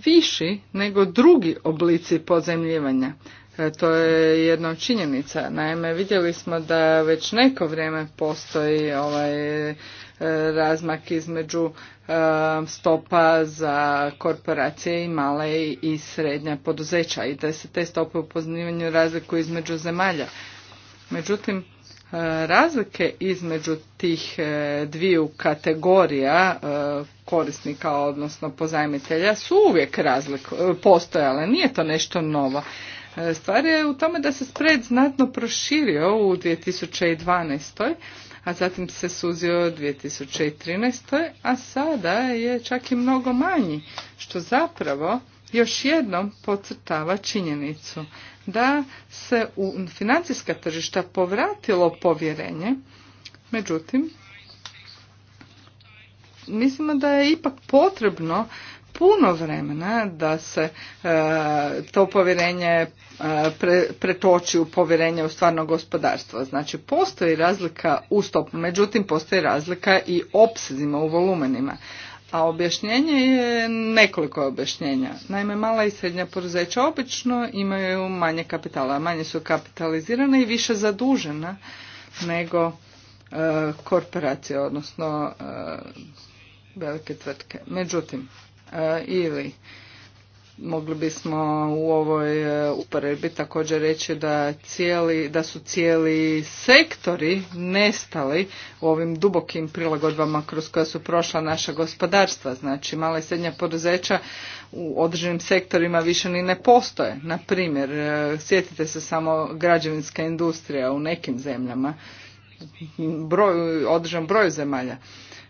viši nego drugi oblici pozemljivanja. E, to je jedna činjenica. Naime, vidjeli smo da već neko vrijeme postoji ovaj e, razmak između e, stopa za korporacije i male i srednja poduzeća i da se te stope u poznivanju razliku između zemalja. Međutim, razlike između tih dviju kategorija korisnika, odnosno pozajmitelja, su uvijek razlik, postojale. Nije to nešto novo. E, stvar je u tome da se spread znatno proširio u 2012. a zatim se suzio u 2013. a sada je čak i mnogo manji, što zapravo još jednom podcrtava činjenicu da se u financijska tržišta povratilo povjerenje, međutim, mislimo da je ipak potrebno puno vremena da se e, to povjerenje e, pretoči u povjerenje u stvarno gospodarstvo. Znači postoji razlika u stopu, međutim postoji razlika i opsezima u volumenima. A objašnjenje je nekoliko objašnjenja. Naime, mala i srednja poduzeća obično imaju manje kapitala, manje su kapitalizirane i više zadužena nego e, korporacije, odnosno e, velike tvrtke. Međutim, E, ili mogli bismo u ovoj e, uporedbi također reći da, cijeli, da su cijeli sektori nestali u ovim dubokim prilagodbama kroz koja su prošla naša gospodarstva. Znači mala i srednja poduzeća u određenim sektorima više ni ne postoje. Na primjer, e, sjetite se samo građevinska industrija u nekim zemljama, broj, broju broj zemalja.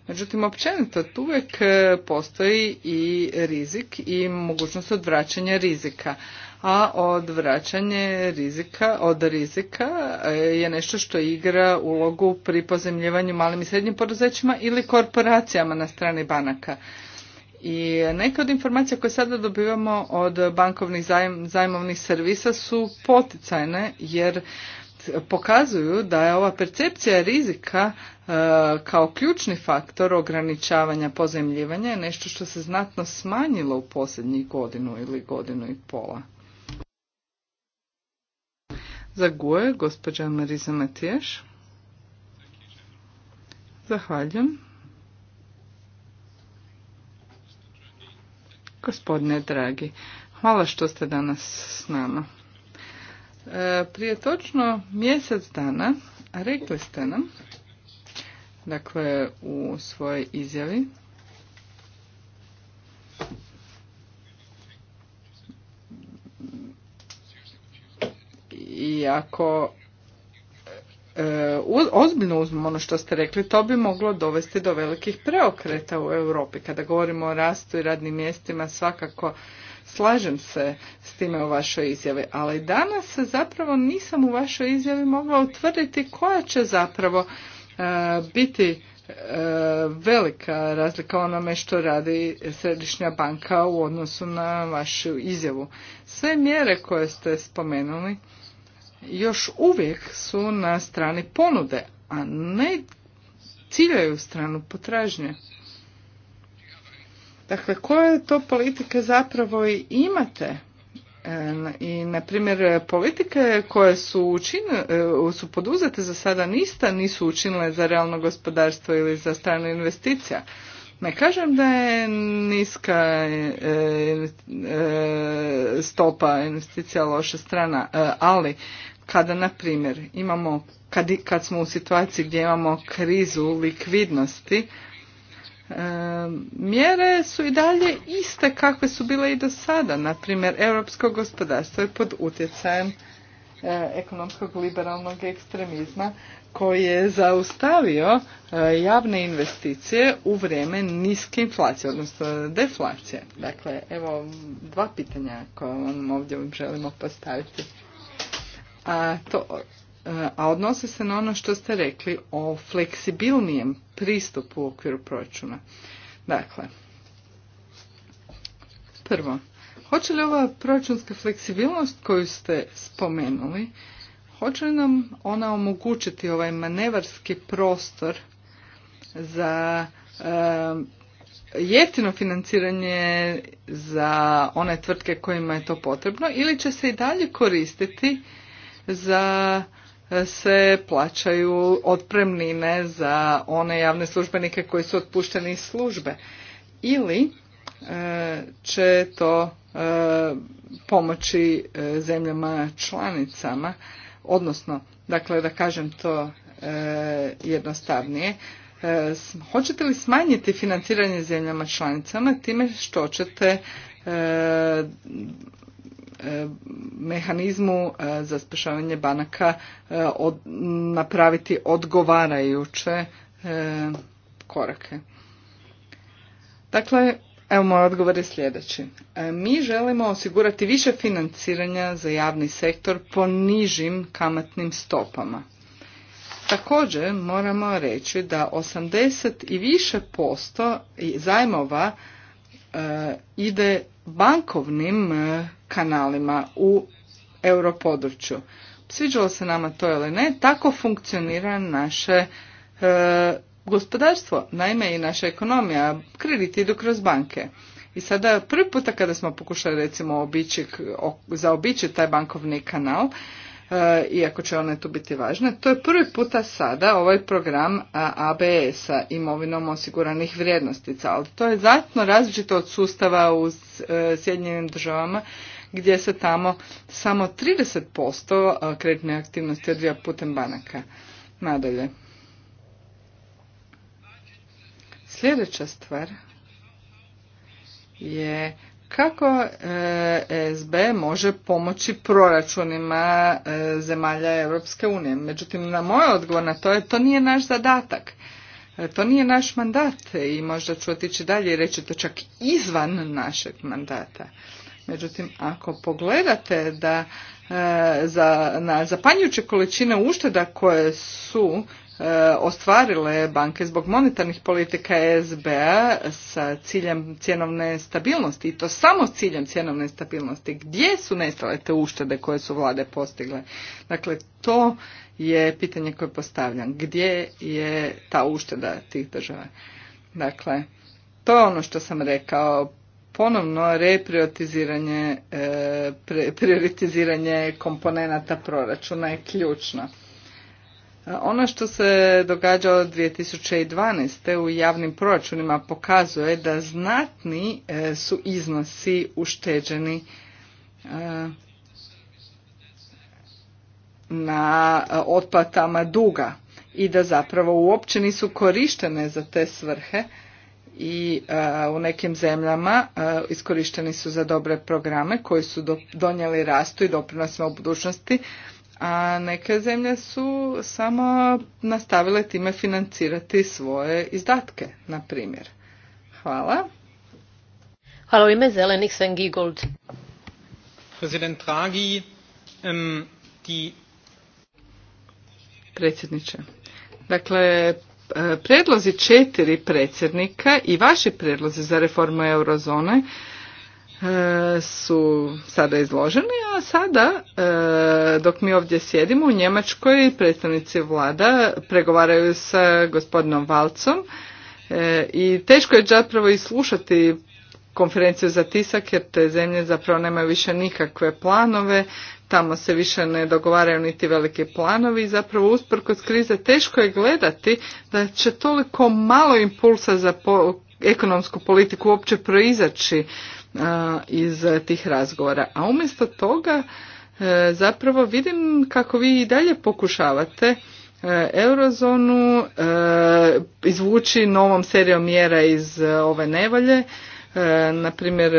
Međutim, općenito tu uvijek e, postoji i rizik i mogućnost odvraćanja rizika. A odvraćanje rizika od rizika e, je nešto što igra ulogu pri pozemljivanju malim i srednjim poduzećima ili korporacijama na strani banaka. I neke od informacija koje sada dobivamo od bankovnih zajmovnih servisa su poticajne jer pokazuju da je ova percepcija rizika e, kao ključni faktor ograničavanja pozemljivanja nešto što se znatno smanjilo u posljednjih godinu ili godinu i pola. Za GUE, gospođa Marisa Matiješ. Zahvaljujem. Gospodine dragi, hvala što ste danas s nama. E, prije točno mjesec dana rekli ste nam, dakle u svojoj izjavi, i ako e, ozbiljno uzmemo ono što ste rekli, to bi moglo dovesti do velikih preokreta u Europi. Kada govorimo o rastu i radnim mjestima, svakako slažem se s time u vašoj izjavi, ali danas zapravo nisam u vašoj izjavi mogla utvrditi koja će zapravo e, biti e, velika razlika onome što radi Središnja banka u odnosu na vašu izjavu. Sve mjere koje ste spomenuli još uvijek su na strani ponude, a ne ciljaju stranu potražnje. Dakle, koje to politike zapravo i imate? E, I, na primjer, politike koje su, e, su poduzete za sada nista, nisu učinile za realno gospodarstvo ili za strane investicija. Ne kažem da je niska e, stopa investicija loša strana, ali kada, na primjer, imamo, kad, kad smo u situaciji gdje imamo krizu likvidnosti, mjere su i dalje iste kakve su bile i do sada. Naprimjer, europsko gospodarstvo je pod utjecajem e, ekonomskog liberalnog ekstremizma koji je zaustavio e, javne investicije u vrijeme niske inflacije, odnosno deflacije. Dakle, evo dva pitanja koja vam ovdje želimo postaviti. A to E, a odnosi se na ono što ste rekli o fleksibilnijem pristupu u okviru proračuna. Dakle, prvo, hoće li ova proračunska fleksibilnost koju ste spomenuli, hoće li nam ona omogućiti ovaj manevarski prostor za e, jeftino financiranje za one tvrtke kojima je to potrebno ili će se i dalje koristiti za se plaćaju otpremnine za one javne službenike koji su otpušteni iz službe ili e, će to e, pomoći e, zemljama članicama odnosno dakle da kažem to jednostavnije hoćete li smanjiti financiranje zemljama članicama time što ćete E, mehanizmu e, za spašavanje banaka e, napraviti odgovarajuće korake. Dakle, evo moj odgovor je sljedeći. Mi želimo osigurati više financiranja za javni sektor po nižim kamatnim stopama. Također moramo reći da 80 i više posto zajmova ide bankovnim e, kanalima u europodručju. Sviđalo se nama to ili ne, tako funkcionira naše e, gospodarstvo, naime i naša ekonomija, krediti idu kroz banke. I sada prvi puta kada smo pokušali recimo obići, zaobići taj bankovni kanal, E, iako će one tu biti važne. To je prvi puta sada ovaj program ABS-a, imovinom osiguranih vrijednostica, ali to je znatno različito od sustava u e, Sjedinjenim državama gdje se tamo samo 30% e, kreditne aktivnosti odvija putem banaka. Nadalje. Sljedeća stvar je kako e, SB može pomoći proračunima e, zemalja Europske unije? Međutim, na moj odgovor na to je to nije naš zadatak. E, to nije naš mandat i možda ću otići dalje i reći to čak izvan našeg mandata. Međutim, ako pogledate da za, na zapanjujuće količine ušteda koje su E, ostvarile banke zbog monetarnih politika SBA sa ciljem cjenovne stabilnosti i to samo ciljem cjenovne stabilnosti. Gdje su nestale te uštede koje su vlade postigle? Dakle, to je pitanje koje postavljam. Gdje je ta ušteda tih država? Dakle, to je ono što sam rekao. Ponovno reprioritiziranje, e, prioritiziranje komponenata proračuna je ključno. Ono što se događa od 2012. u javnim proračunima pokazuje da znatni e, su iznosi ušteđeni e, na e, otplatama duga i da zapravo uopće nisu korištene za te svrhe i u nekim zemljama iskorišteni su za dobre programe koji su donijeli rastu i doprinosima u budućnosti a neke zemlje su samo nastavile time financirati svoje izdatke, na primjer. Hvala. Hvala u ime Zelenih Sven Giegold. Draghi, um, Predsjedniče, dakle, e, predlozi četiri predsjednika i vaši predlozi za reformu eurozone E, su sada izloženi, a sada e, dok mi ovdje sjedimo u Njemačkoj predstavnici vlada pregovaraju sa gospodinom Valcom e, i teško je zapravo i slušati konferenciju za tisak jer te zemlje zapravo nemaju više nikakve planove, tamo se više ne dogovaraju niti veliki planovi i zapravo usprkos krize teško je gledati da će toliko malo impulsa za ekonomsku politiku uopće proizaći iz tih razgovora. A umjesto toga e, zapravo vidim kako vi i dalje pokušavate e, eurozonu e, izvući novom serijom mjera iz ove nevolje. Na primjer,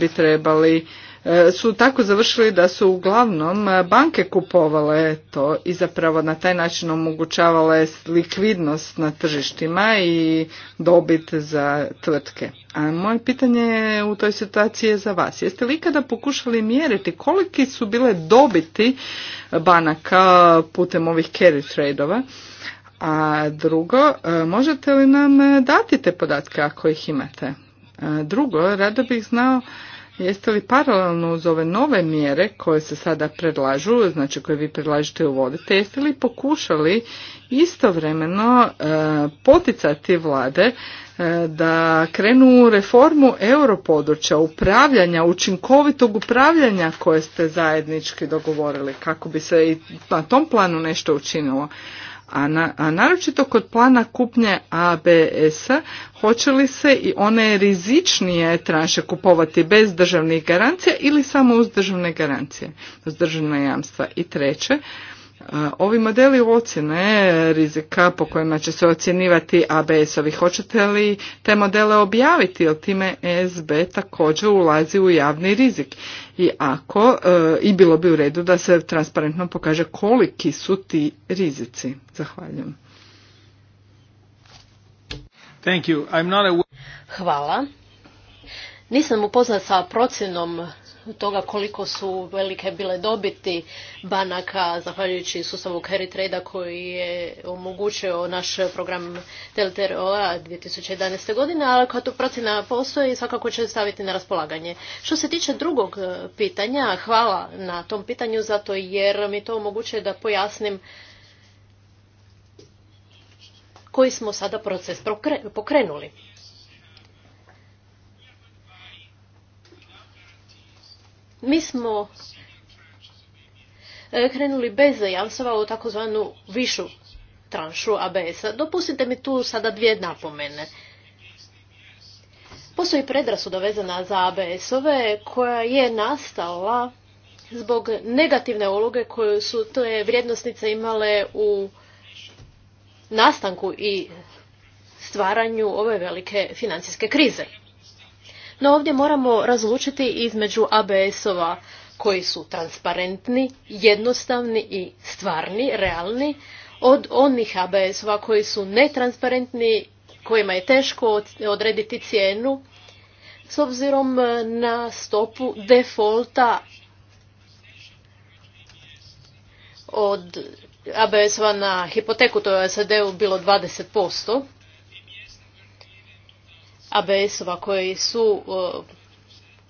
bi trebali E, su tako završili da su uglavnom e, banke kupovale to i zapravo na taj način omogućavale likvidnost na tržištima i dobit za tvrtke. A moje pitanje u toj situaciji je za vas. Jeste li ikada pokušali mjeriti koliki su bile dobiti banaka putem ovih carry trade-ova? A drugo, e, možete li nam dati te podatke ako ih imate? Drugo, rado bih znao Jeste li paralelno uz ove nove mjere koje se sada predlažu, znači koje vi predlažete uvodite, jeste li pokušali istovremeno e, poticati vlade e, da krenu u reformu europodručja, upravljanja, učinkovitog upravljanja koje ste zajednički dogovorili kako bi se i na tom planu nešto učinilo? A, naročito kod plana kupnje ABS-a hoće li se i one rizičnije tranše kupovati bez državnih garancija ili samo uz državne garancije, uz državna jamstva. I treće, Ovi modeli ocjene rizika po kojima će se ocjenjivati ABS-ovi, hoćete li te modele objaviti, jer time ESB također ulazi u javni rizik. I ako, e, i bilo bi u redu da se transparentno pokaže koliki su ti rizici. Zahvaljujem. Thank you. Hvala. Nisam upoznat sa procjenom toga koliko su velike bile dobiti banaka zahvaljujući sustavu carry trade koji je omogućio naš program TLTRO-a 2011. godine, ali kada to procjena postoji svakako će staviti na raspolaganje. Što se tiče drugog pitanja, hvala na tom pitanju zato jer mi to omogućuje da pojasnim koji smo sada proces pokrenuli. Mi smo e, krenuli bez jamstava u takozvanu višu tranšu ABS-a. Dopustite mi tu sada dvije napomene. Postoji predrasuda vezana za ABS-ove koja je nastala zbog negativne uloge koju su te vrijednostnice imale u nastanku i stvaranju ove velike financijske krize. No ovdje moramo razlučiti između ABS-ova koji su transparentni, jednostavni i stvarni, realni, od onih ABS-ova koji su netransparentni, kojima je teško odrediti cijenu, s obzirom na stopu defolta od ABS-ova na hipoteku, to je u SAD-u bilo 20%, ABS-ova koji su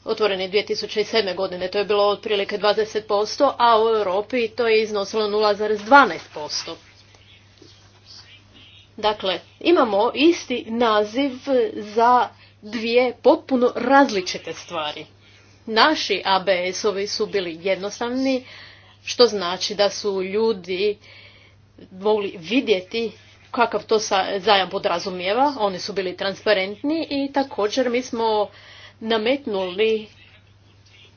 otvoreni 2007. godine. To je bilo otprilike 20%, a u Europi to je iznosilo 0,12%. Dakle, imamo isti naziv za dvije potpuno različite stvari. Naši ABS-ovi su bili jednostavni, što znači da su ljudi mogli vidjeti kakav to zajam podrazumijeva. Oni su bili transparentni i također mi smo nametnuli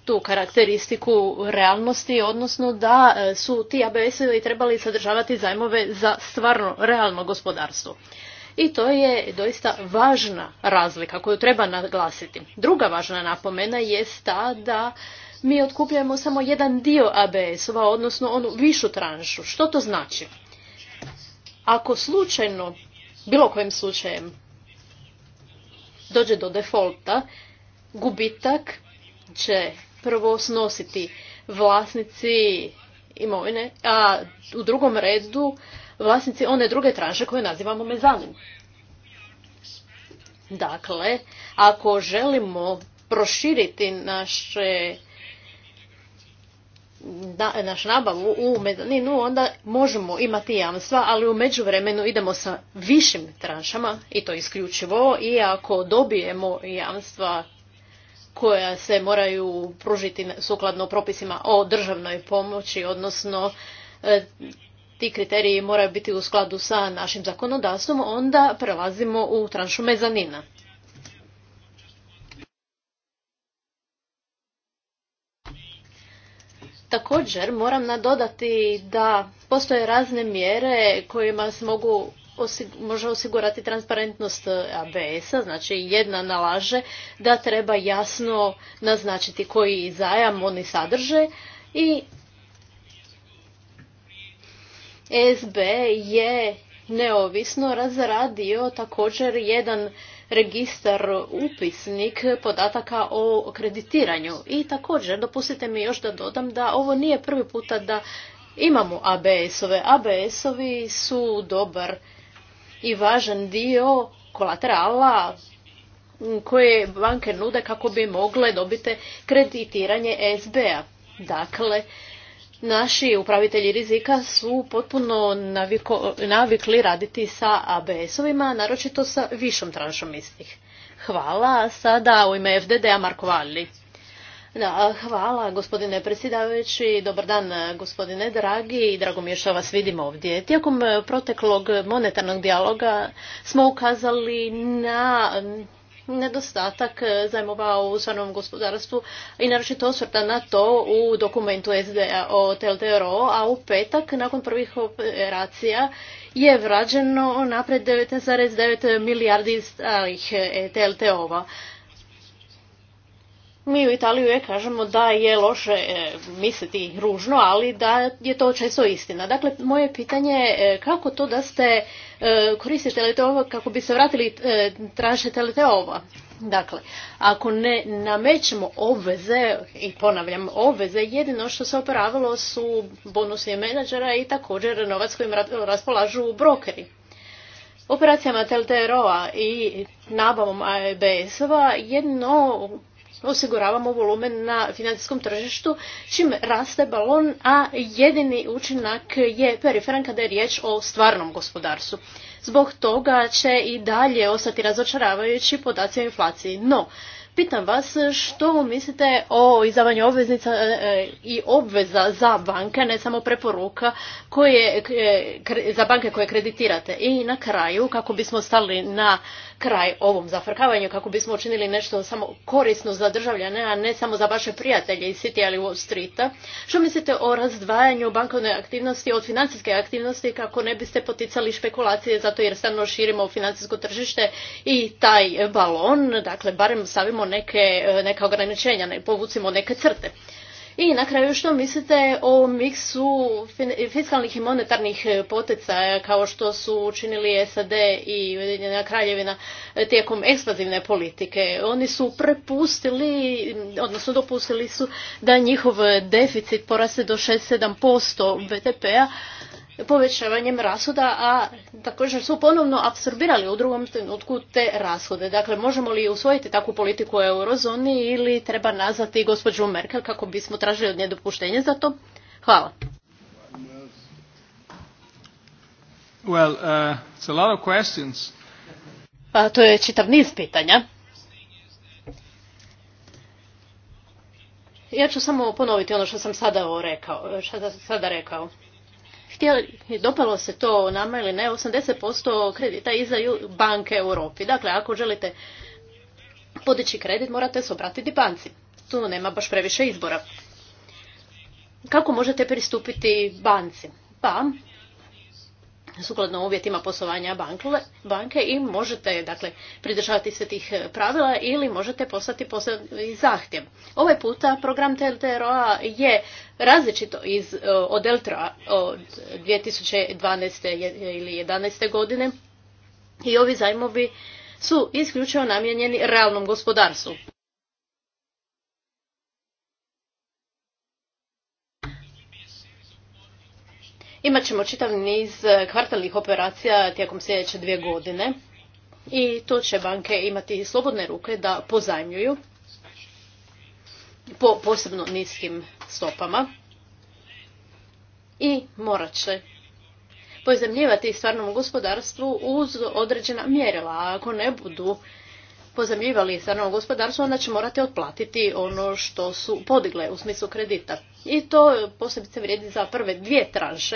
tu karakteristiku realnosti, odnosno da e, su ti ABS-ovi trebali sadržavati zajmove za stvarno realno gospodarstvo. I to je doista važna razlika koju treba naglasiti. Druga važna napomena je ta da mi otkupljujemo samo jedan dio ABS-ova, odnosno onu višu tranšu. Što to znači? Ako slučajno, bilo kojim slučajem, dođe do defolta, gubitak će prvo snositi vlasnici imovine, a u drugom redu vlasnici one druge tranše koje nazivamo mezanim. Dakle, ako želimo proširiti naše naš nabavu u mezaninu onda možemo imati jamstva, ali u međuvremenu idemo sa višim tranšama, i to isključivo, i ako dobijemo jamstva koja se moraju pružiti sukladno propisima o državnoj pomoći, odnosno e, ti kriteriji moraju biti u skladu sa našim zakonodavstvom, onda prelazimo u tranšu mezanina. Također moram nadodati da postoje razne mjere kojima se mogu može osigurati transparentnost e, ABS-a, znači jedna nalaže da treba jasno naznačiti koji zajam oni sadrže i SB je neovisno razradio također jedan registar upisnik podataka o kreditiranju. I također, dopustite mi još da dodam da ovo nije prvi puta da imamo ABS-ove. ABS-ovi su dobar i važan dio kolaterala koje banke nude kako bi mogle dobiti kreditiranje SB-a. Dakle, naši upravitelji rizika su potpuno navikli raditi sa ABS-ovima, naročito sa višom tranšom istih. Hvala. Sada u ime FDD-a Marko Valli. hvala gospodine predsjedavajući, dobar dan gospodine dragi i drago mi je što vas vidim ovdje. Tijekom proteklog monetarnog dijaloga smo ukazali na nedostatak e, zajmova u samom gospodarstvu i naročito osvrta na to u dokumentu SDA o TLTRO, a u petak nakon prvih operacija je vrađeno napred 19,9 milijardi starih e, TLTO-ova mi u Italiji je kažemo da je loše e, misliti ružno, ali da je to često istina. Dakle, moje pitanje je e, kako to da ste e, koristili ovo kako bi se vratili tražite ovo? Dakle, ako ne namećemo obveze, i ponavljam, obveze, jedino što se operavalo su bonusi menadžera i također novac kojim raspolažu brokeri. Operacijama telteroa i nabavom ABS-ova jedno osiguravamo volumen na financijskom tržištu, čim raste balon, a jedini učinak je periferan kada je riječ o stvarnom gospodarstvu. Zbog toga će i dalje ostati razočaravajući podaci o inflaciji. No, pitam vas što mislite o izdavanju obveznica e, e, i obveza za banke, ne samo preporuka koje, e, za banke koje kreditirate. I na kraju, kako bismo stali na kraj ovom zafrkavanju kako bismo učinili nešto samo korisno za državljane, a ne samo za vaše prijatelje iz City ali Wall Streeta. Što mislite o razdvajanju bankovne aktivnosti od financijske aktivnosti kako ne biste poticali špekulacije zato jer stano širimo financijsko tržište i taj balon, dakle barem stavimo neke, neka ograničenja, ne povucimo neke crte. I na kraju što mislite o miksu fiskalnih i monetarnih e, poticaja kao što su učinili SAD i Ujedinjena kraljevina e, tijekom eksplozivne politike? Oni su prepustili, odnosno dopustili su da njihov deficit poraste do 6-7% BDP-a, povećavanjem rashoda, a također su ponovno apsorbirali u drugom trenutku te rashode. Dakle, možemo li usvojiti takvu politiku u eurozoni ili treba nazvati gospođu Merkel kako bismo tražili od nje dopuštenje za to? Hvala. Uh, a pa to je čitav niz pitanja. Ja ću samo ponoviti ono što sam sada rekao. Što sam sada rekao htjeli, dopalo se to nama ili ne, 80% kredita izdaju banke Europi. Dakle, ako želite podići kredit, morate se obratiti banci. Tu nema baš previše izbora. Kako možete pristupiti banci? Pa, sukladno uvjetima poslovanja banke i možete dakle, pridržavati se tih e, pravila ili možete poslati posebni zahtjev. Ovaj puta program TLTRO je različito iz, e, od Eltra od 2012. ili 2011. godine i ovi zajmovi su isključivo namijenjeni realnom gospodarstvu. Imat ćemo čitav niz e, kvartalnih operacija tijekom sljedeće dvije godine i to će banke imati slobodne ruke da pozajmljuju po posebno niskim stopama i morat će pozemljivati stvarnom gospodarstvu uz određena mjerila. A ako ne budu pozemljivali strano gospodarstvo, onda će morati otplatiti ono što su podigle u smislu kredita. I to posebice vrijedi za prve dvije tranše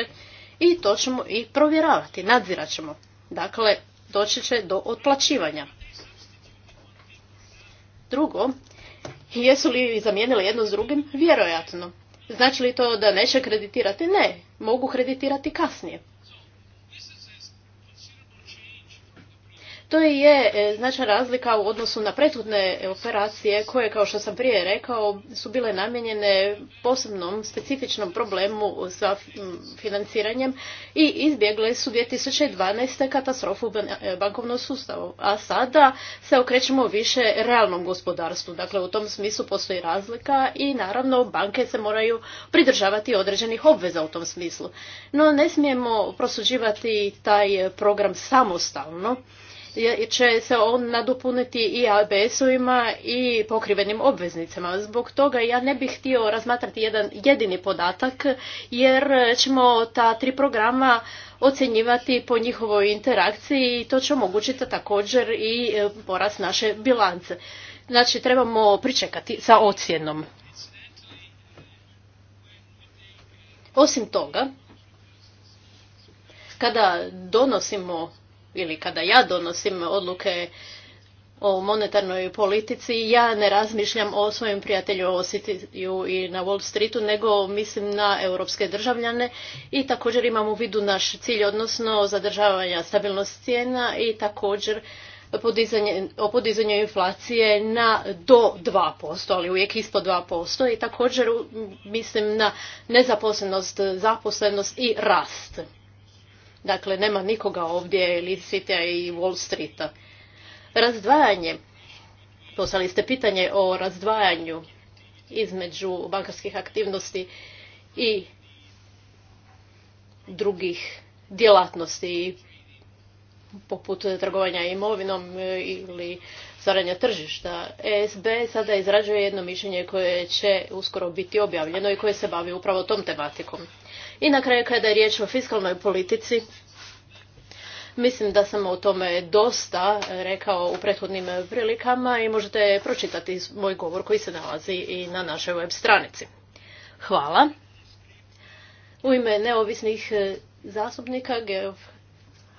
i to ćemo i provjeravati, nadzirat ćemo. Dakle, doći će do otplaćivanja. Drugo, jesu li zamijenili jedno s drugim? Vjerojatno. Znači li to da neće kreditirati? Ne, mogu kreditirati kasnije. To je e, značajna razlika u odnosu na prethodne operacije koje, kao što sam prije rekao, su bile namijenjene posebnom specifičnom problemu sa financiranjem i izbjegle su 2012. katastrofu e, bankovnog sustavu A sada se okrećemo više realnom gospodarstvu. Dakle, u tom smislu postoji razlika i naravno banke se moraju pridržavati određenih obveza u tom smislu. No, ne smijemo prosuđivati taj program samostalno će se on nadopuniti i ABS-ovima i pokrivenim obveznicama. Zbog toga ja ne bih htio razmatrati jedan jedini podatak jer ćemo ta tri programa ocjenjivati po njihovoj interakciji i to će omogućiti također i e, porast naše bilance. Znači trebamo pričekati sa ocjenom. Osim toga, kada donosimo ili kada ja donosim odluke o monetarnoj politici, ja ne razmišljam o svojim prijatelju o i na Wall Streetu, nego mislim na europske državljane i također imam u vidu naš cilj, odnosno zadržavanja stabilnosti cijena i također o podizanju inflacije na do 2%, ali uvijek ispod 2%. I također mislim na nezaposlenost, zaposlenost i rast. Dakle, nema nikoga ovdje ili i Wall Streeta. Razdvajanje. Poslali ste pitanje o razdvajanju između bankarskih aktivnosti i drugih djelatnosti poput trgovanja imovinom ili stvaranja tržišta. ESB sada izrađuje jedno mišljenje koje će uskoro biti objavljeno i koje se bavi upravo tom tematikom. I na kraju kada je riječ o fiskalnoj politici, Mislim da sam o tome dosta rekao u prethodnim prilikama i možete pročitati moj govor koji se nalazi i na našoj web stranici. Hvala. U ime neovisnih zastupnika Geov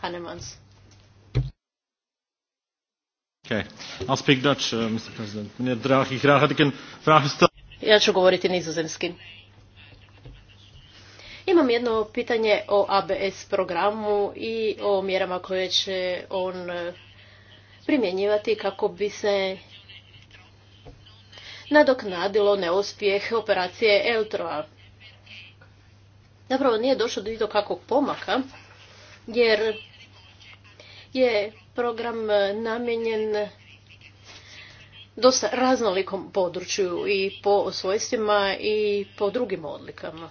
Hanemans. Uh, ja ću govoriti nizozemskim. Imam jedno pitanje o ABS programu i o mjerama koje će on e, primjenjivati kako bi se nadoknadilo neuspjeh operacije Eltroa. Napravo nije došlo do kakvog pomaka, jer je program namijenjen dosta raznolikom području i po svojstvima i po drugim odlikama.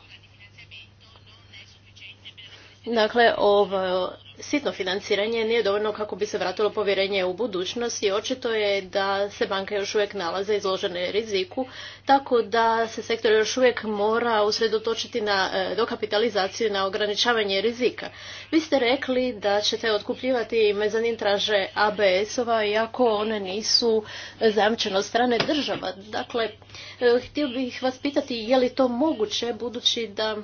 Dakle, ovo sitno financiranje nije dovoljno kako bi se vratilo povjerenje u budućnost i očito je da se banke još uvijek nalaze izložene riziku, tako da se sektor još uvijek mora usredotočiti na e, dokapitalizaciju, na ograničavanje rizika. Vi ste rekli da ćete otkupljivati mezanin traže ABS-ova iako one nisu zajamčene od strane država. Dakle, e, htio bih vas pitati je li to moguće budući da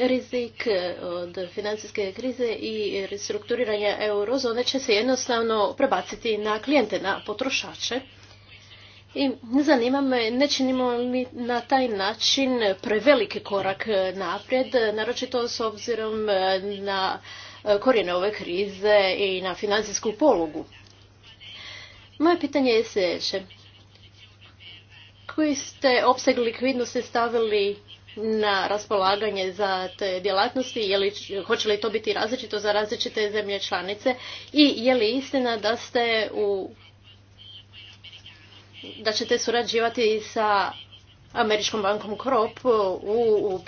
rizik eh, od financijske krize i restrukturiranja eurozone će se jednostavno prebaciti na klijente, na potrošače. I zanima me, ne činimo li na taj način preveliki korak eh, naprijed, naročito s obzirom eh, na korijene ove krize i na financijsku polugu. Moje pitanje je sljedeće. Koji ste opseg likvidnosti stavili na raspolaganje za te djelatnosti, je li, hoće li to biti različito za različite zemlje članice i je li istina da ste u da ćete surađivati sa Američkom bankom Krop u,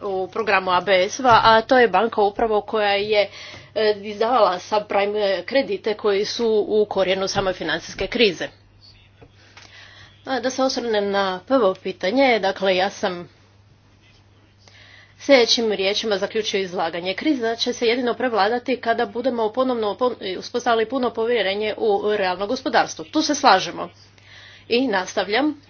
u, programu ABS-a, a to je banka upravo koja je e, izdavala subprime kredite koji su u korijenu same financijske krize. Da se osvrnem na prvo pitanje, dakle ja sam Sljedećim riječima zaključio izlaganje. Kriza će se jedino prevladati kada budemo ponovno uspostavili puno povjerenje u realno gospodarstvo. Tu se slažemo. I nastavljam.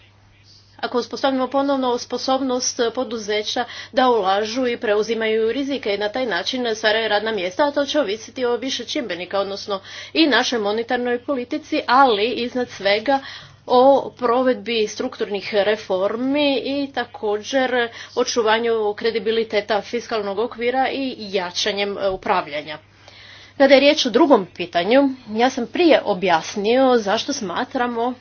Ako uspostavimo ponovno sposobnost poduzeća da ulažu i preuzimaju rizike i na taj način stvaraju radna mjesta, a to će ovisiti o više čimbenika, odnosno i našoj monetarnoj politici, ali iznad svega o provedbi strukturnih reformi i također očuvanju kredibiliteta fiskalnog okvira i jačanjem upravljanja. Kada je riječ o drugom pitanju, ja sam prije objasnio zašto smatramo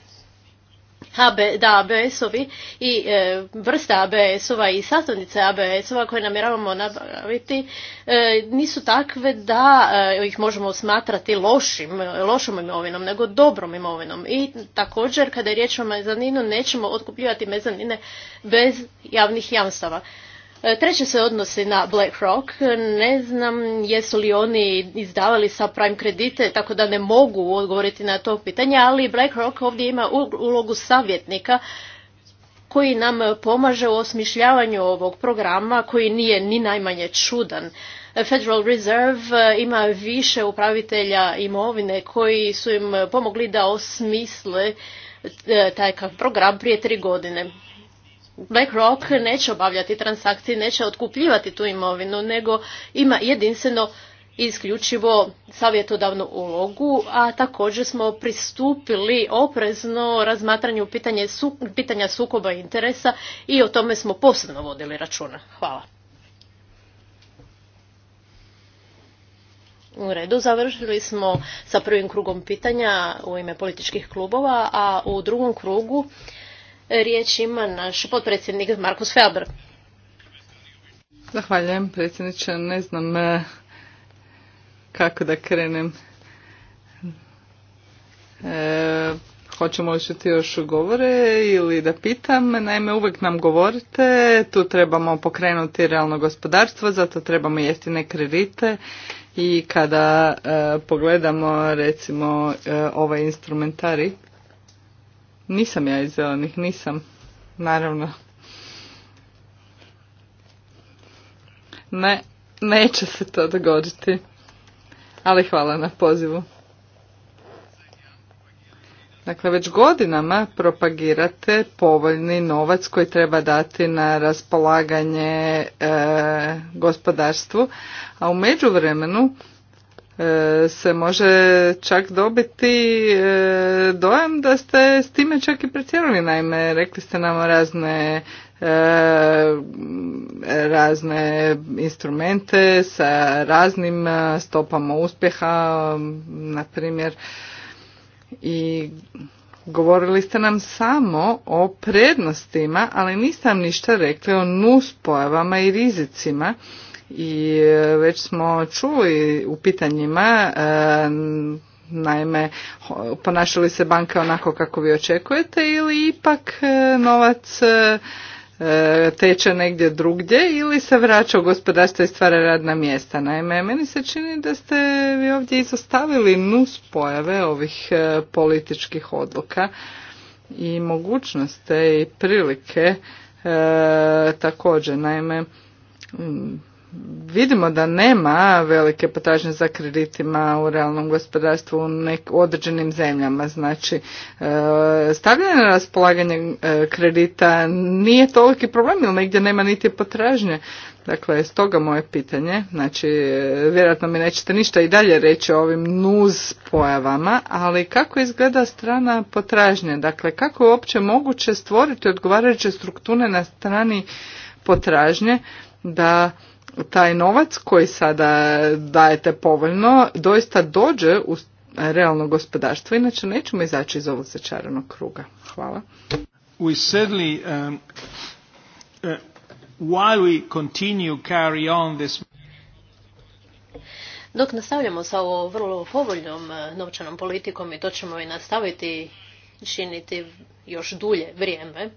HB, da, ABS-ovi i e, vrste vrsta ABS-ova i sastavnice ABS-ova koje namjeravamo nabaviti e, nisu takve da e, ih možemo smatrati lošim, lošom imovinom, nego dobrom imovinom. I također, kada je riječ o mezaninu, nećemo otkupljivati mezanine bez javnih jamstava. E, treće se odnosi na BlackRock. Ne znam jesu li oni izdavali sa prime kredite, tako da ne mogu odgovoriti na to pitanje, ali BlackRock ovdje ima ulogu savjetnika koji nam pomaže u osmišljavanju ovog programa koji nije ni najmanje čudan. Federal Reserve e, ima više upravitelja imovine koji su im pomogli da osmisle e, taj program prije tri godine. BlackRock neće obavljati transakcije, neće otkupljivati tu imovinu, nego ima jedinstveno isključivo savjetodavnu ulogu, a također smo pristupili oprezno razmatranju pitanja sukoba interesa i o tome smo posebno vodili računa. Hvala. U redu, završili smo sa prvim krugom pitanja u ime političkih klubova, a u drugom krugu Riječ ima naš potpredsjednik Markus Felber. Zahvaljujem predsjedniče. Ne znam eh, kako da krenem. Eh, hoćemo li još govore ili da pitam. Naime, uvijek nam govorite, tu trebamo pokrenuti realno gospodarstvo, zato trebamo jeftine kredite i kada eh, pogledamo recimo ovaj instrumentari nisam ja iz zelenih, nisam. Naravno. Ne, neće se to dogoditi. Ali hvala na pozivu. Dakle, već godinama propagirate povoljni novac koji treba dati na raspolaganje e, gospodarstvu, a u međuvremenu E, se može čak dobiti e, dojam da ste s time čak i pretjerali. Naime, rekli ste nam razne e, razne instrumente sa raznim stopama uspjeha, na primjer, i govorili ste nam samo o prednostima, ali niste nam ništa rekli o nuspojavama i rizicima i e, već smo čuli u pitanjima e, naime ponašali se banke onako kako vi očekujete ili ipak e, novac teče negdje drugdje ili se vraća u gospodarstvo i stvara radna mjesta. Naime, meni se čini da ste vi ovdje izostavili nus pojave ovih političkih odluka i mogućnosti i prilike također. Naime, vidimo da nema velike potražnje za kreditima u realnom gospodarstvu u nek određenim zemljama. Znači, e, stavljanje na raspolaganje e, kredita nije toliki problem ili negdje nema niti potražnje. Dakle, stoga moje pitanje, znači, e, vjerojatno mi nećete ništa i dalje reći o ovim nuz pojavama, ali kako izgleda strana potražnje? Dakle, kako je uopće moguće stvoriti odgovarajuće strukture na strani potražnje da taj novac koji sada dajete povoljno doista dođe u realno gospodarstvo, inače nećemo izaći iz ovog začaranog kruga. Hvala. We certainly, um, uh, while we continue carry on this... Dok nastavljamo sa ovo vrlo povoljnom uh, novčanom politikom i to ćemo i nastaviti činiti još dulje vrijeme,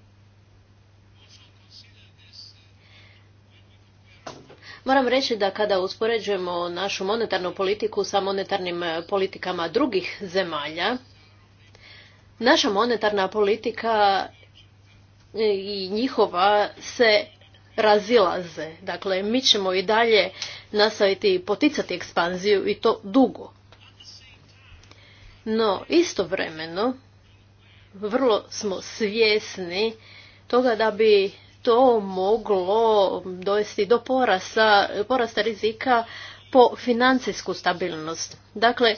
Moram reći da kada uspoređujemo našu monetarnu politiku sa monetarnim e, politikama drugih zemalja, naša monetarna politika e, i njihova se razilaze. Dakle, mi ćemo i dalje nastaviti poticati ekspanziju i to dugo. No, istovremeno, vrlo smo svjesni toga da bi to moglo dovesti do porasa, porasta rizika po financijsku stabilnost. Dakle,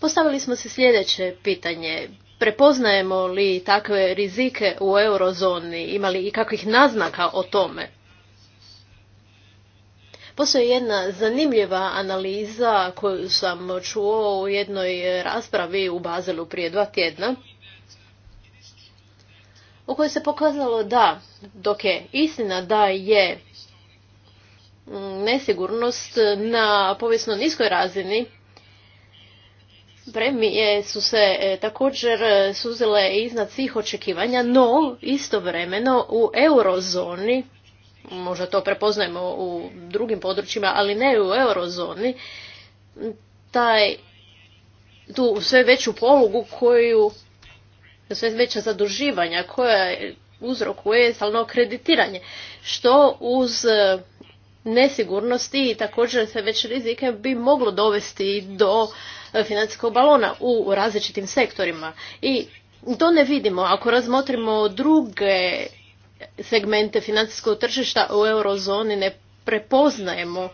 postavili smo se sljedeće pitanje. Prepoznajemo li takve rizike u eurozoni? Ima li i kakvih naznaka o tome? Postoji jedna zanimljiva analiza koju sam čuo u jednoj raspravi u Bazelu prije dva tjedna u kojoj se pokazalo da, dok je istina da je mm, nesigurnost na povijesno niskoj razini, premije su se e, također e, suzile iznad svih očekivanja, no istovremeno u eurozoni, možda to prepoznajemo u drugim područjima, ali ne u eurozoni, taj, tu sve veću polugu koju sve veća zaduživanja koja uzrokuje stalno kreditiranje, što uz e, nesigurnosti i također sve veće rizike bi moglo dovesti do e, financijskog balona u različitim sektorima. I to ne vidimo. Ako razmotrimo druge segmente financijskog tržišta u eurozoni ne prepoznajemo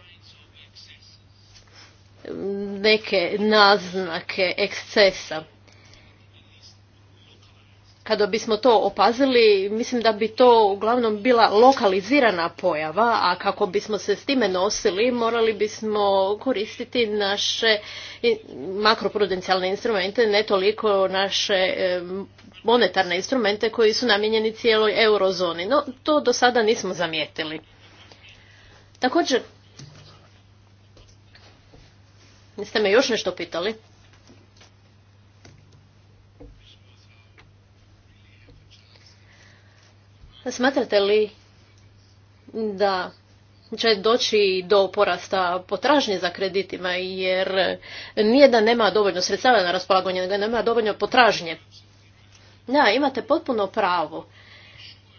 neke naznake ekscesa kada bismo to opazili, mislim da bi to uglavnom bila lokalizirana pojava, a kako bismo se s time nosili, morali bismo koristiti naše makroprudencijalne instrumente, ne toliko naše monetarne instrumente koji su namijenjeni cijeloj eurozoni. No, to do sada nismo zamijetili. Također, niste me još nešto pitali? Smatrate li da će doći do porasta potražnje za kreditima jer nije da nema dovoljno sredstava na raspolaganju, nego nema dovoljno potražnje. Da, imate potpuno pravo.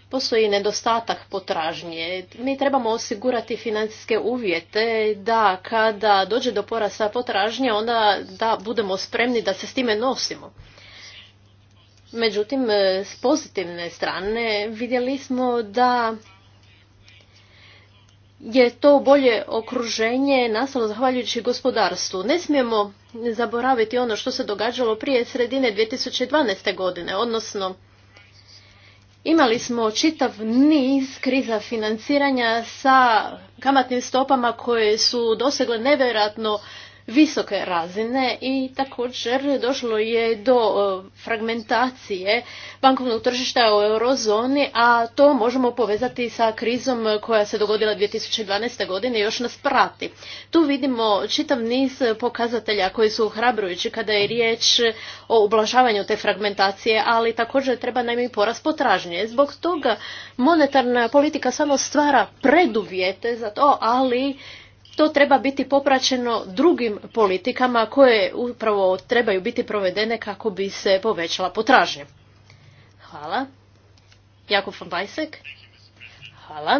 Postoji nedostatak potražnje. Mi trebamo osigurati financijske uvjete da kada dođe do porasta potražnje onda da budemo spremni da se s time nosimo. Međutim, e, s pozitivne strane vidjeli smo da je to bolje okruženje nastalo zahvaljujući gospodarstvu. Ne smijemo zaboraviti ono što se događalo prije sredine 2012. godine, odnosno imali smo čitav niz kriza financiranja sa kamatnim stopama koje su dosegle nevjerojatno visoke razine i također došlo je do e, fragmentacije bankovnog tržišta u eurozoni, a to možemo povezati sa krizom koja se dogodila 2012. godine i još nas prati. Tu vidimo čitav niz pokazatelja koji su hrabrujući kada je riječ o ublažavanju te fragmentacije, ali također treba nam i porast potražnje. Zbog toga monetarna politika samo stvara preduvjete za to, ali to treba biti popraćeno drugim politikama koje upravo trebaju biti provedene kako bi se povećala potražnja. Hvala. Jako von Bajsek. Hvala.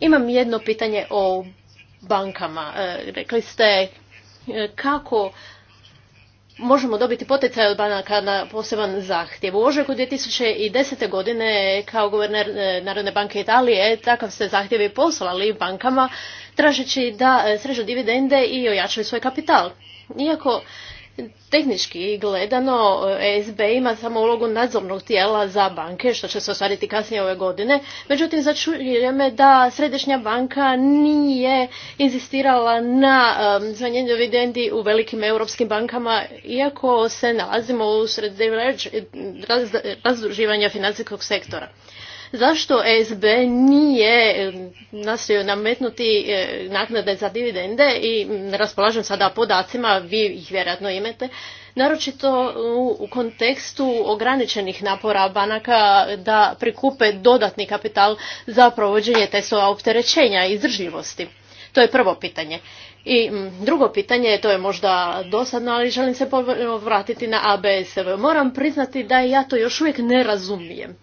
Imam jedno pitanje o bankama. E, rekli ste e, kako možemo dobiti poticaj od banaka na poseban zahtjev. U ožujku 2010. godine kao guverner e, Narodne banke Italije takav ste zahtjevi poslali bankama tražeći da e, srežu dividende i ojačaju svoj kapital. Iako Tehnički gledano, SB ima samo ulogu nadzornog tijela za banke, što će se ostvariti kasnije ove godine. Međutim, začuje me da Središnja banka nije inzistirala na zvanjenju dividendi u velikim europskim bankama, iako se nalazimo u sred razdruživanja financijskog sektora zašto SB nije nastojao nametnuti e, naknade za dividende i raspolažem sada podacima, vi ih vjerojatno imate, naročito u kontekstu ograničenih napora banaka da prikupe dodatni kapital za provođenje testova opterećenja i izdržljivosti. To je prvo pitanje. I drugo pitanje, to je možda dosadno, ali želim se vratiti na ABS. Moram priznati da ja to još uvijek ne razumijem.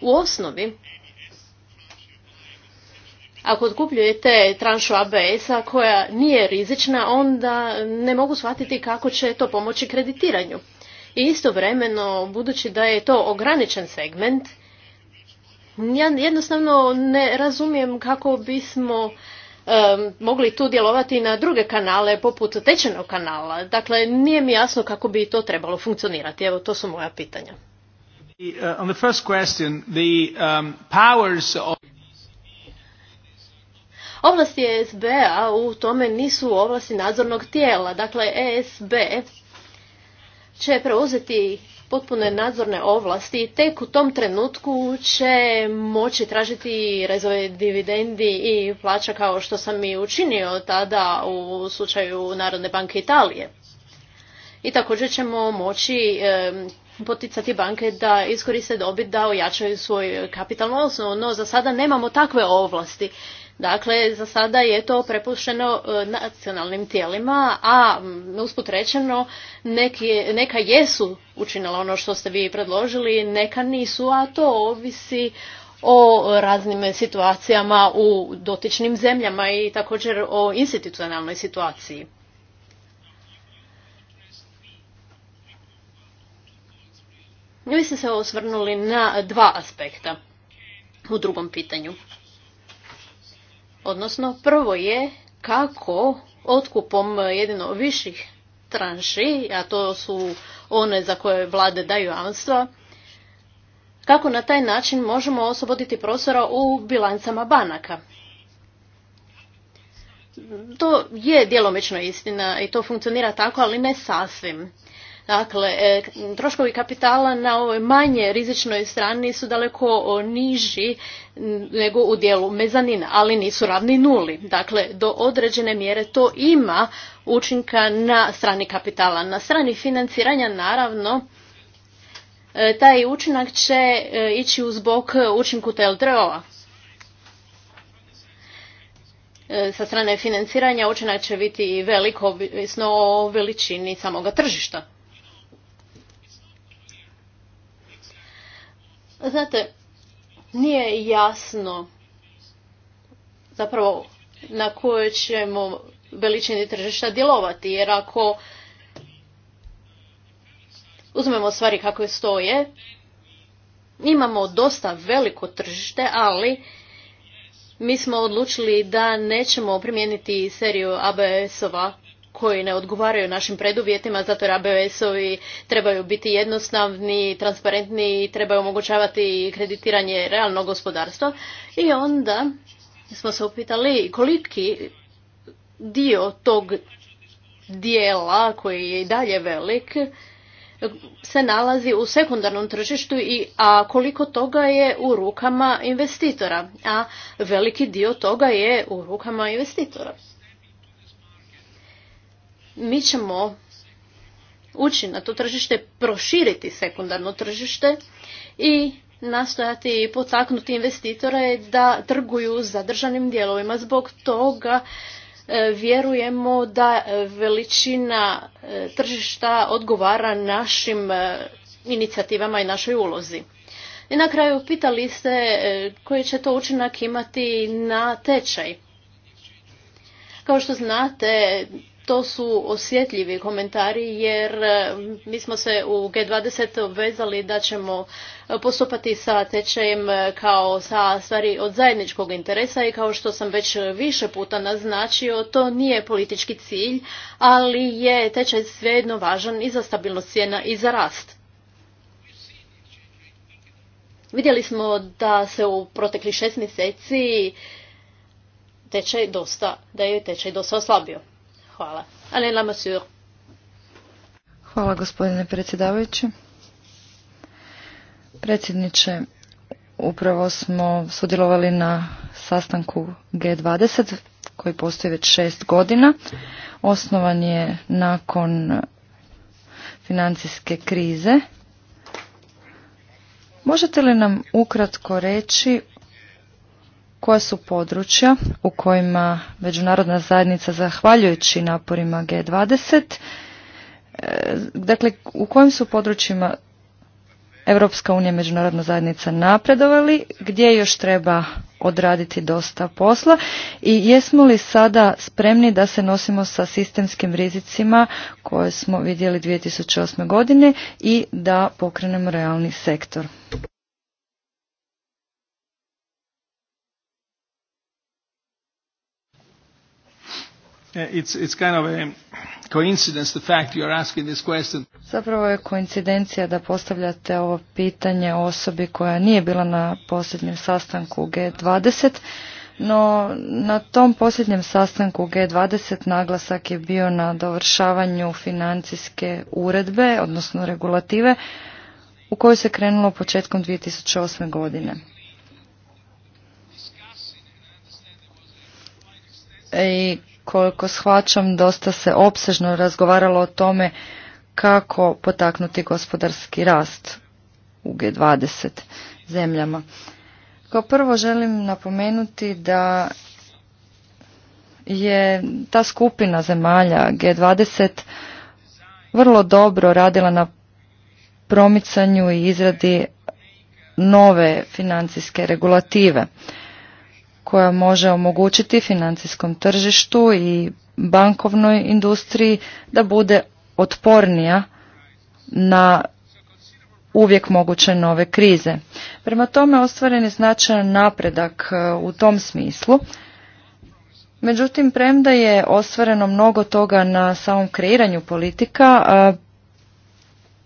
U osnovi, ako otkupljujete tranšu ABS-a koja nije rizična, onda ne mogu shvatiti kako će to pomoći kreditiranju. I istovremeno, budući da je to ograničen segment, ja jednostavno ne razumijem kako bismo mogli tu djelovati na druge kanale poput tečenog kanala. Dakle, nije mi jasno kako bi to trebalo funkcionirati. Evo, to su moja pitanja. Uh, on the first question, the um, powers of... Ovlasti ESB-a u tome nisu ovlasti nadzornog tijela. Dakle, ESB će preuzeti potpune nadzorne ovlasti i tek u tom trenutku će moći tražiti rezove dividendi i plaća kao što sam i učinio tada u slučaju Narodne banke Italije. I također ćemo moći poticati banke da iskoriste dobit da ojačaju svoj kapitalnu osnovu, no za sada nemamo takve ovlasti. Dakle, za sada je to prepušteno e, nacionalnim tijelima, a mm, usput rečeno neka jesu učinila ono što ste vi predložili, neka nisu, a to ovisi o raznim situacijama u dotičnim zemljama i također o institucionalnoj situaciji. Vi ste se osvrnuli na dva aspekta u drugom pitanju. Odnosno, prvo je kako otkupom jedino viših tranši, a to su one za koje vlade daju jamstva, kako na taj način možemo osloboditi prostora u bilancama banaka. To je djelomično istina i to funkcionira tako, ali ne sasvim. Dakle, e, troškovi kapitala na ovoj manje rizičnoj strani su daleko niži nego u dijelu mezanina, ali nisu ravni nuli. Dakle, do određene mjere to ima učinka na strani kapitala. Na strani financiranja, naravno, e, taj učinak će e, ići uz bok učinku tltro Sa strane financiranja učinak će biti veliko, ovisno o veličini samoga tržišta. Znate, nije jasno zapravo na kojoj ćemo veličini tržišta djelovati, jer ako uzmemo stvari kako stoje, imamo dosta veliko tržište, ali mi smo odlučili da nećemo primijeniti seriju ABS-ova koji ne odgovaraju našim preduvjetima, zato jer ABS-ovi trebaju biti jednostavni, transparentni i trebaju omogućavati kreditiranje realnog gospodarstva. I onda smo se upitali koliki dio tog dijela koji je i dalje velik se nalazi u sekundarnom tržištu i a koliko toga je u rukama investitora, a veliki dio toga je u rukama investitora mi ćemo ući na to tržište, proširiti sekundarno tržište i nastojati potaknuti investitore da trguju za državnim dijelovima. Zbog toga e, vjerujemo da veličina e, tržišta odgovara našim e, inicijativama i našoj ulozi. I na kraju pitali ste koji će to učinak imati na tečaj. Kao što znate, to su osjetljivi komentari jer e, mi smo se u G20 obvezali da ćemo e, postupati sa tečajem e, kao sa stvari od zajedničkog interesa i kao što sam već više puta naznačio, to nije politički cilj, ali je tečaj svejedno važan i za stabilnost cijena i za rast. Vidjeli smo da se u proteklih šest mjeseci tečaj dosta, da je tečaj dosta oslabio. Hvala. Alain Hvala gospodine predsjedavajući. Predsjedniče, upravo smo sudjelovali na sastanku G20 koji postoji već šest godina. Osnovan je nakon financijske krize. Možete li nam ukratko reći koja su područja u kojima međunarodna zajednica zahvaljujući naporima G20, e, dakle u kojim su područjima Europska unija i međunarodna zajednica napredovali, gdje još treba odraditi dosta posla i jesmo li sada spremni da se nosimo sa sistemskim rizicima koje smo vidjeli 2008. godine i da pokrenemo realni sektor. It's, it's kind of a Zapravo je koincidencija da postavljate ovo pitanje osobi koja nije bila na posljednjem sastanku G20, no na tom posljednjem sastanku G20 naglasak je bio na dovršavanju financijske uredbe, odnosno regulative, u kojoj se krenulo početkom 2008. godine. I koliko shvaćam, dosta se opsežno razgovaralo o tome kako potaknuti gospodarski rast u G20 zemljama. Kao prvo želim napomenuti da je ta skupina zemalja G20 vrlo dobro radila na promicanju i izradi nove financijske regulative koja može omogućiti financijskom tržištu i bankovnoj industriji da bude otpornija na uvijek moguće nove krize. Prema tome ostvaren je značajan napredak e, u tom smislu. Međutim, premda je ostvareno mnogo toga na samom kreiranju politika, e,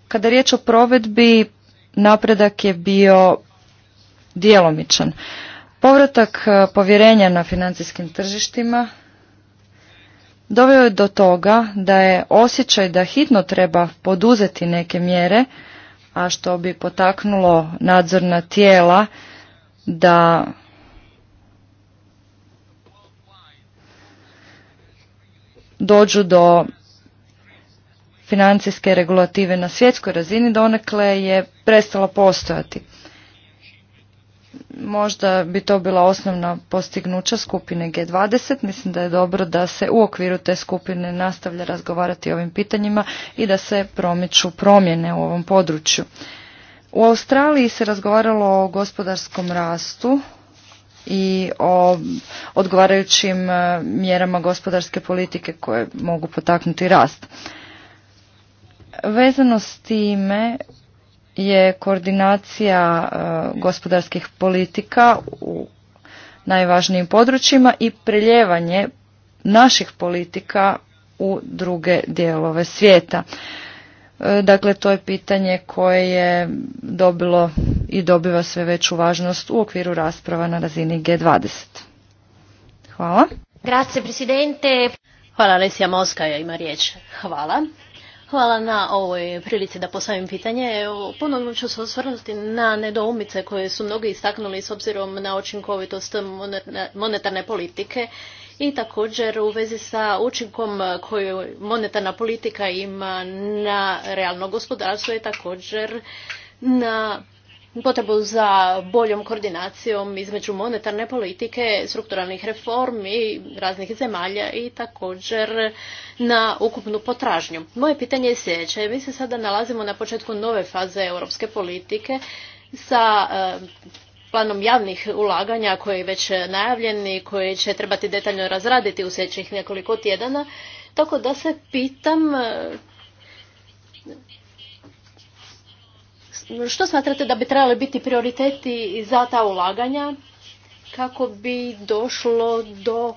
kada je riječ o provedbi, napredak je bio djelomičan. Povratak e, povjerenja na financijskim tržištima doveo je do toga da je osjećaj da hitno treba poduzeti neke mjere, a što bi potaknulo nadzorna tijela da dođu do financijske regulative na svjetskoj razini donekle je prestala postojati možda bi to bila osnovna postignuća skupine G20. Mislim da je dobro da se u okviru te skupine nastavlja razgovarati o ovim pitanjima i da se promiču promjene u ovom području. U Australiji se razgovaralo o gospodarskom rastu i o odgovarajućim e, mjerama gospodarske politike koje mogu potaknuti rast. Vezano s time je koordinacija e, gospodarskih politika u najvažnijim područjima i preljevanje naših politika u druge dijelove svijeta. E, dakle, to je pitanje koje je dobilo i dobiva sve veću važnost u okviru rasprava na razini G20. Hvala. Grazie, presidente. Hvala, Alessia Moskaja ima riječ. Hvala. Hvala na ovoj prilici da postavim pitanje. ponovno ću se osvrnuti na nedoumice koje su mnogi istaknuli s obzirom na učinkovitost monetarne politike i također u vezi sa učinkom koju monetarna politika ima na realno gospodarstvo i također na potrebu za boljom koordinacijom između monetarne politike, strukturalnih reformi raznih zemalja i također na ukupnu potražnju. Moje pitanje je sljedeće. Mi se sada nalazimo na početku nove faze europske politike sa e, planom javnih ulaganja koji je već najavljen i koji će trebati detaljno razraditi u sljedećih nekoliko tjedana. Tako da se pitam e, što smatrate da bi trebali biti prioriteti za ta ulaganja kako bi došlo do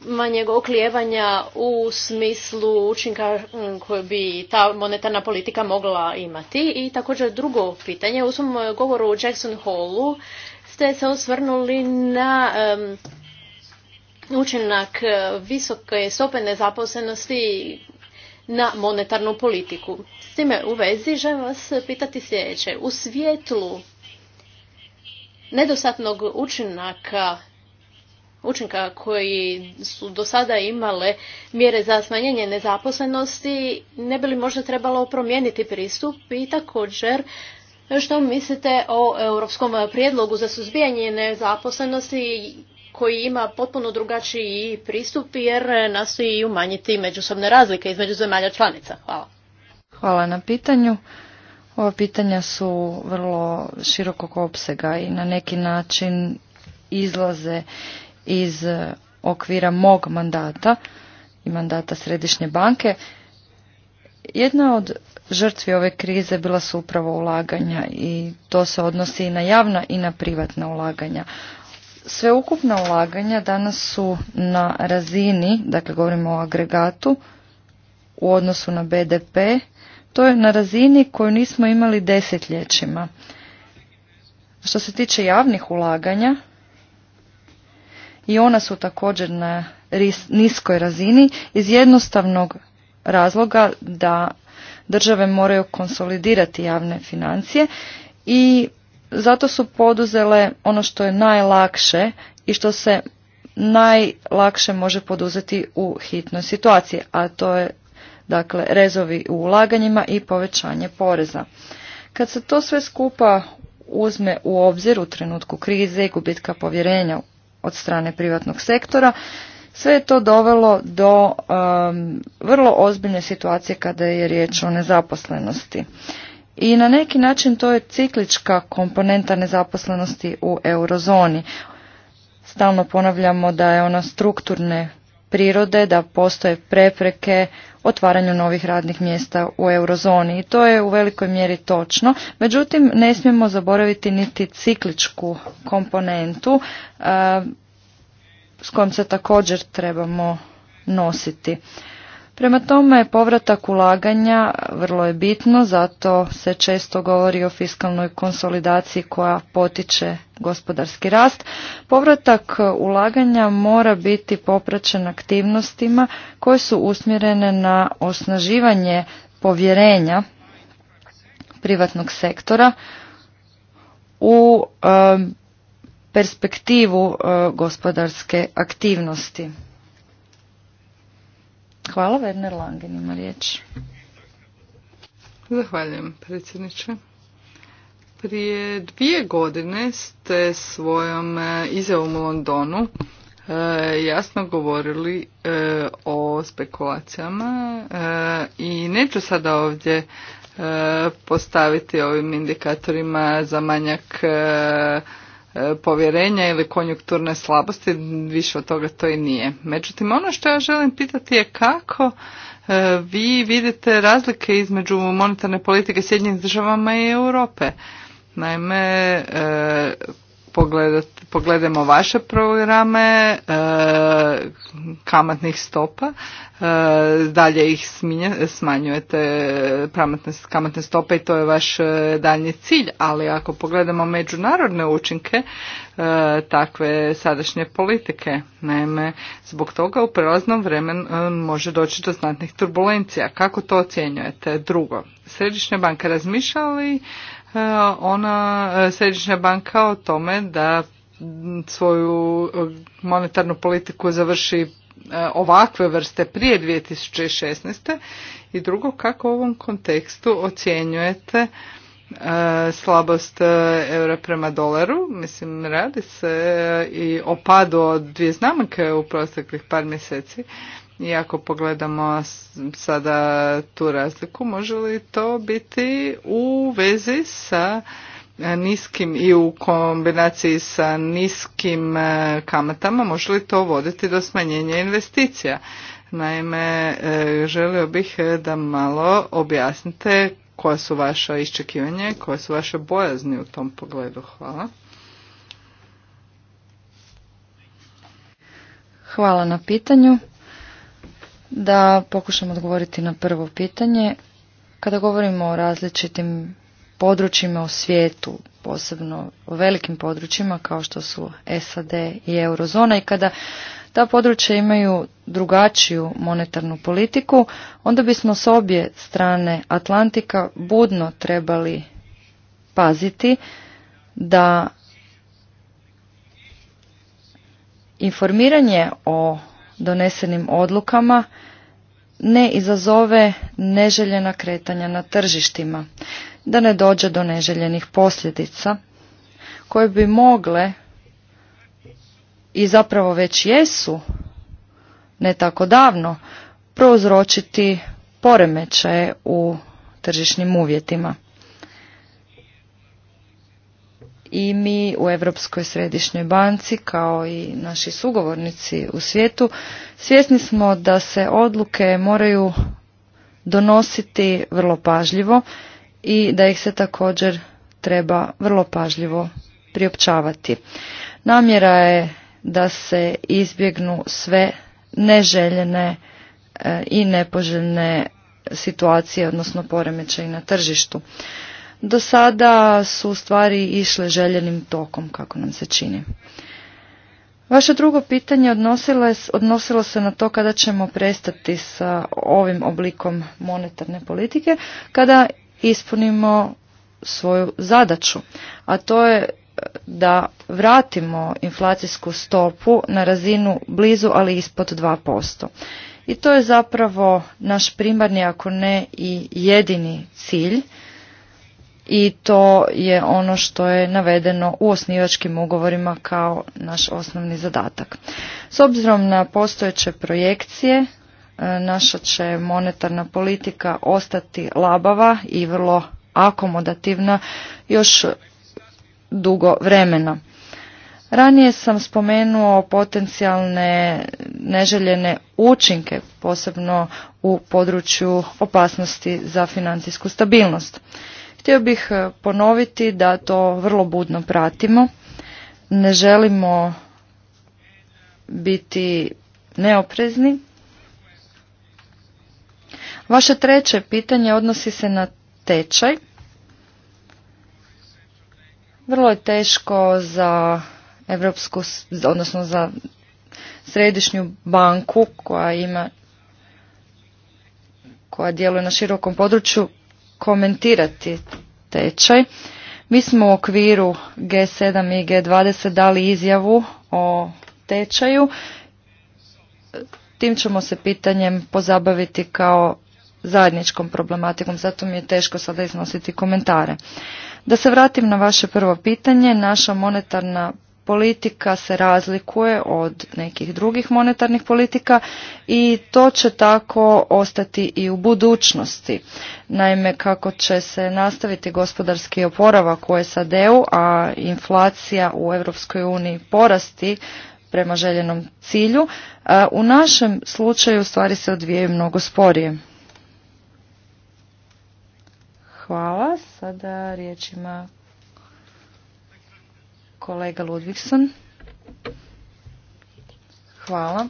manjeg oklijevanja u smislu učinka mm, koje bi ta monetarna politika mogla imati. I također drugo pitanje, u svom govoru o Jackson Hallu ste se osvrnuli na učinak visoke stope nezaposlenosti na monetarnu politiku. S time u vezi želim vas pitati sljedeće. U svijetlu nedostatnog učinaka učinka koji su do sada imale mjere za smanjenje nezaposlenosti, ne bi li možda trebalo promijeniti pristup i također što mislite o europskom prijedlogu za suzbijanje nezaposlenosti koji ima potpuno drugačiji pristup jer nastoji umanjiti međusobne razlike između zemalja članica. Hvala. Hvala na pitanju. Ova pitanja su vrlo širokog opsega i na neki način izlaze iz okvira mog mandata i mandata Središnje banke. Jedna od žrtvi ove krize bila su upravo ulaganja i to se odnosi i na javna i na privatna ulaganja. Sveukupna ulaganja danas su na razini, dakle govorimo o agregatu, u odnosu na BDP, to je na razini koju nismo imali desetljećima. Što se tiče javnih ulaganja, i ona su također na niskoj razini iz jednostavnog razloga da države moraju konsolidirati javne financije i zato su poduzele ono što je najlakše i što se najlakše može poduzeti u hitnoj situaciji, a to je dakle rezovi u ulaganjima i povećanje poreza. Kad se to sve skupa uzme u obzir u trenutku krize i gubitka povjerenja od strane privatnog sektora, sve je to dovelo do um, vrlo ozbiljne situacije kada je riječ o nezaposlenosti i na neki način to je ciklička komponenta nezaposlenosti u eurozoni. Stalno ponavljamo da je ona strukturne prirode, da postoje prepreke otvaranju novih radnih mjesta u eurozoni i to je u velikoj mjeri točno. Međutim, ne smijemo zaboraviti niti cikličku komponentu s kojom se također trebamo nositi. Prema tome, povratak ulaganja vrlo je bitno, zato se često govori o fiskalnoj konsolidaciji koja potiče gospodarski rast. Povratak ulaganja mora biti popraćen aktivnostima koje su usmjerene na osnaživanje povjerenja privatnog sektora u perspektivu e, gospodarske aktivnosti. Hvala, Werner Langen ima riječ. Zahvaljujem, predsjedniče. Prije dvije godine ste svojom e, izjavom u Londonu e, jasno govorili e, o spekulacijama i neću sada ovdje postaviti ovim indikatorima za manjak E, povjerenja ili konjunkturne slabosti, više od toga to i nije. Međutim, ono što ja želim pitati je kako e, vi vidite razlike između monetarne politike Sjedinjenih državama i Europe. Naime, e, pogledamo vaše programe e, kamatnih stopa, e, dalje ih smanjujete kamatne stope i to je vaš e, daljnji cilj, ali ako pogledamo međunarodne učinke takve sadašnje politike, naime, zbog toga u prelaznom vremenu može doći do znatnih turbulencija. Kako to ocjenjujete? Drugo, Središnja banka razmišlja ona e, središnja banka o tome da svoju e, monetarnu politiku završi e, ovakve vrste prije 2016. I drugo, kako u ovom kontekstu ocjenjujete slabost eura prema dolaru? Mislim, radi se i o padu od dvije znamke u proteklih par mjeseci. I ako pogledamo sada tu razliku, može li to biti u vezi sa niskim i u kombinaciji sa niskim e, kamatama, može li to voditi do smanjenja investicija? Naime, e, želio bih e, da malo objasnite koja su vaša iščekivanja, koje su vaše bojazni u tom pogledu. Hvala. Hvala na pitanju da pokušam odgovoriti na prvo pitanje. Kada govorimo o različitim područjima u svijetu, posebno o velikim područjima kao što su SAD i eurozona i kada ta područja imaju drugačiju monetarnu politiku, onda bismo s obje strane Atlantika budno trebali paziti da informiranje o donesenim odlukama ne izazove neželjena kretanja na tržištima, da ne dođe do neželjenih posljedica koje bi mogle i zapravo već jesu ne tako davno prouzročiti poremećaje u tržišnim uvjetima. i mi u Europskoj središnjoj banci kao i naši sugovornici u svijetu svjesni smo da se odluke moraju donositi vrlo pažljivo i da ih se također treba vrlo pažljivo priopćavati. Namjera je da se izbjegnu sve neželjene e, i nepoželjne situacije, odnosno poremećaj na tržištu do sada su stvari išle željenim tokom, kako nam se čini. Vaše drugo pitanje odnosilo, odnosilo se na to kada ćemo prestati sa ovim oblikom monetarne politike, kada ispunimo svoju zadaću, a to je eh, da vratimo inflacijsku stopu na razinu blizu, ali ispod 2%. I to je zapravo naš primarni, ako ne i jedini cilj i to je ono što je navedeno u osnivačkim ugovorima kao naš osnovni zadatak. S obzirom na postojeće projekcije, e, naša će monetarna politika ostati labava i vrlo akomodativna još dugo vremena. Ranije sam spomenuo potencijalne neželjene učinke, posebno u području opasnosti za financijsku stabilnost. Htio bih e, ponoviti da to vrlo budno pratimo. Ne želimo biti neoprezni. Vaše treće pitanje odnosi se na tečaj. Vrlo je teško za Evropsku, odnosno za središnju banku koja ima koja djeluje na širokom području komentirati tečaj. Mi smo u okviru G7 i G20 dali izjavu o tečaju. Tim ćemo se pitanjem pozabaviti kao zajedničkom problematikom, zato mi je teško sada iznositi komentare. Da se vratim na vaše prvo pitanje, naša monetarna politika se razlikuje od nekih drugih monetarnih politika i to će tako ostati i u budućnosti. Naime, kako će se nastaviti gospodarski oporavak u SAD-u, a inflacija u EU porasti prema željenom cilju, e, u našem slučaju stvari se odvijaju mnogo sporije. Hvala. Sada riječ ima Kolega Ludvigson. Hvala.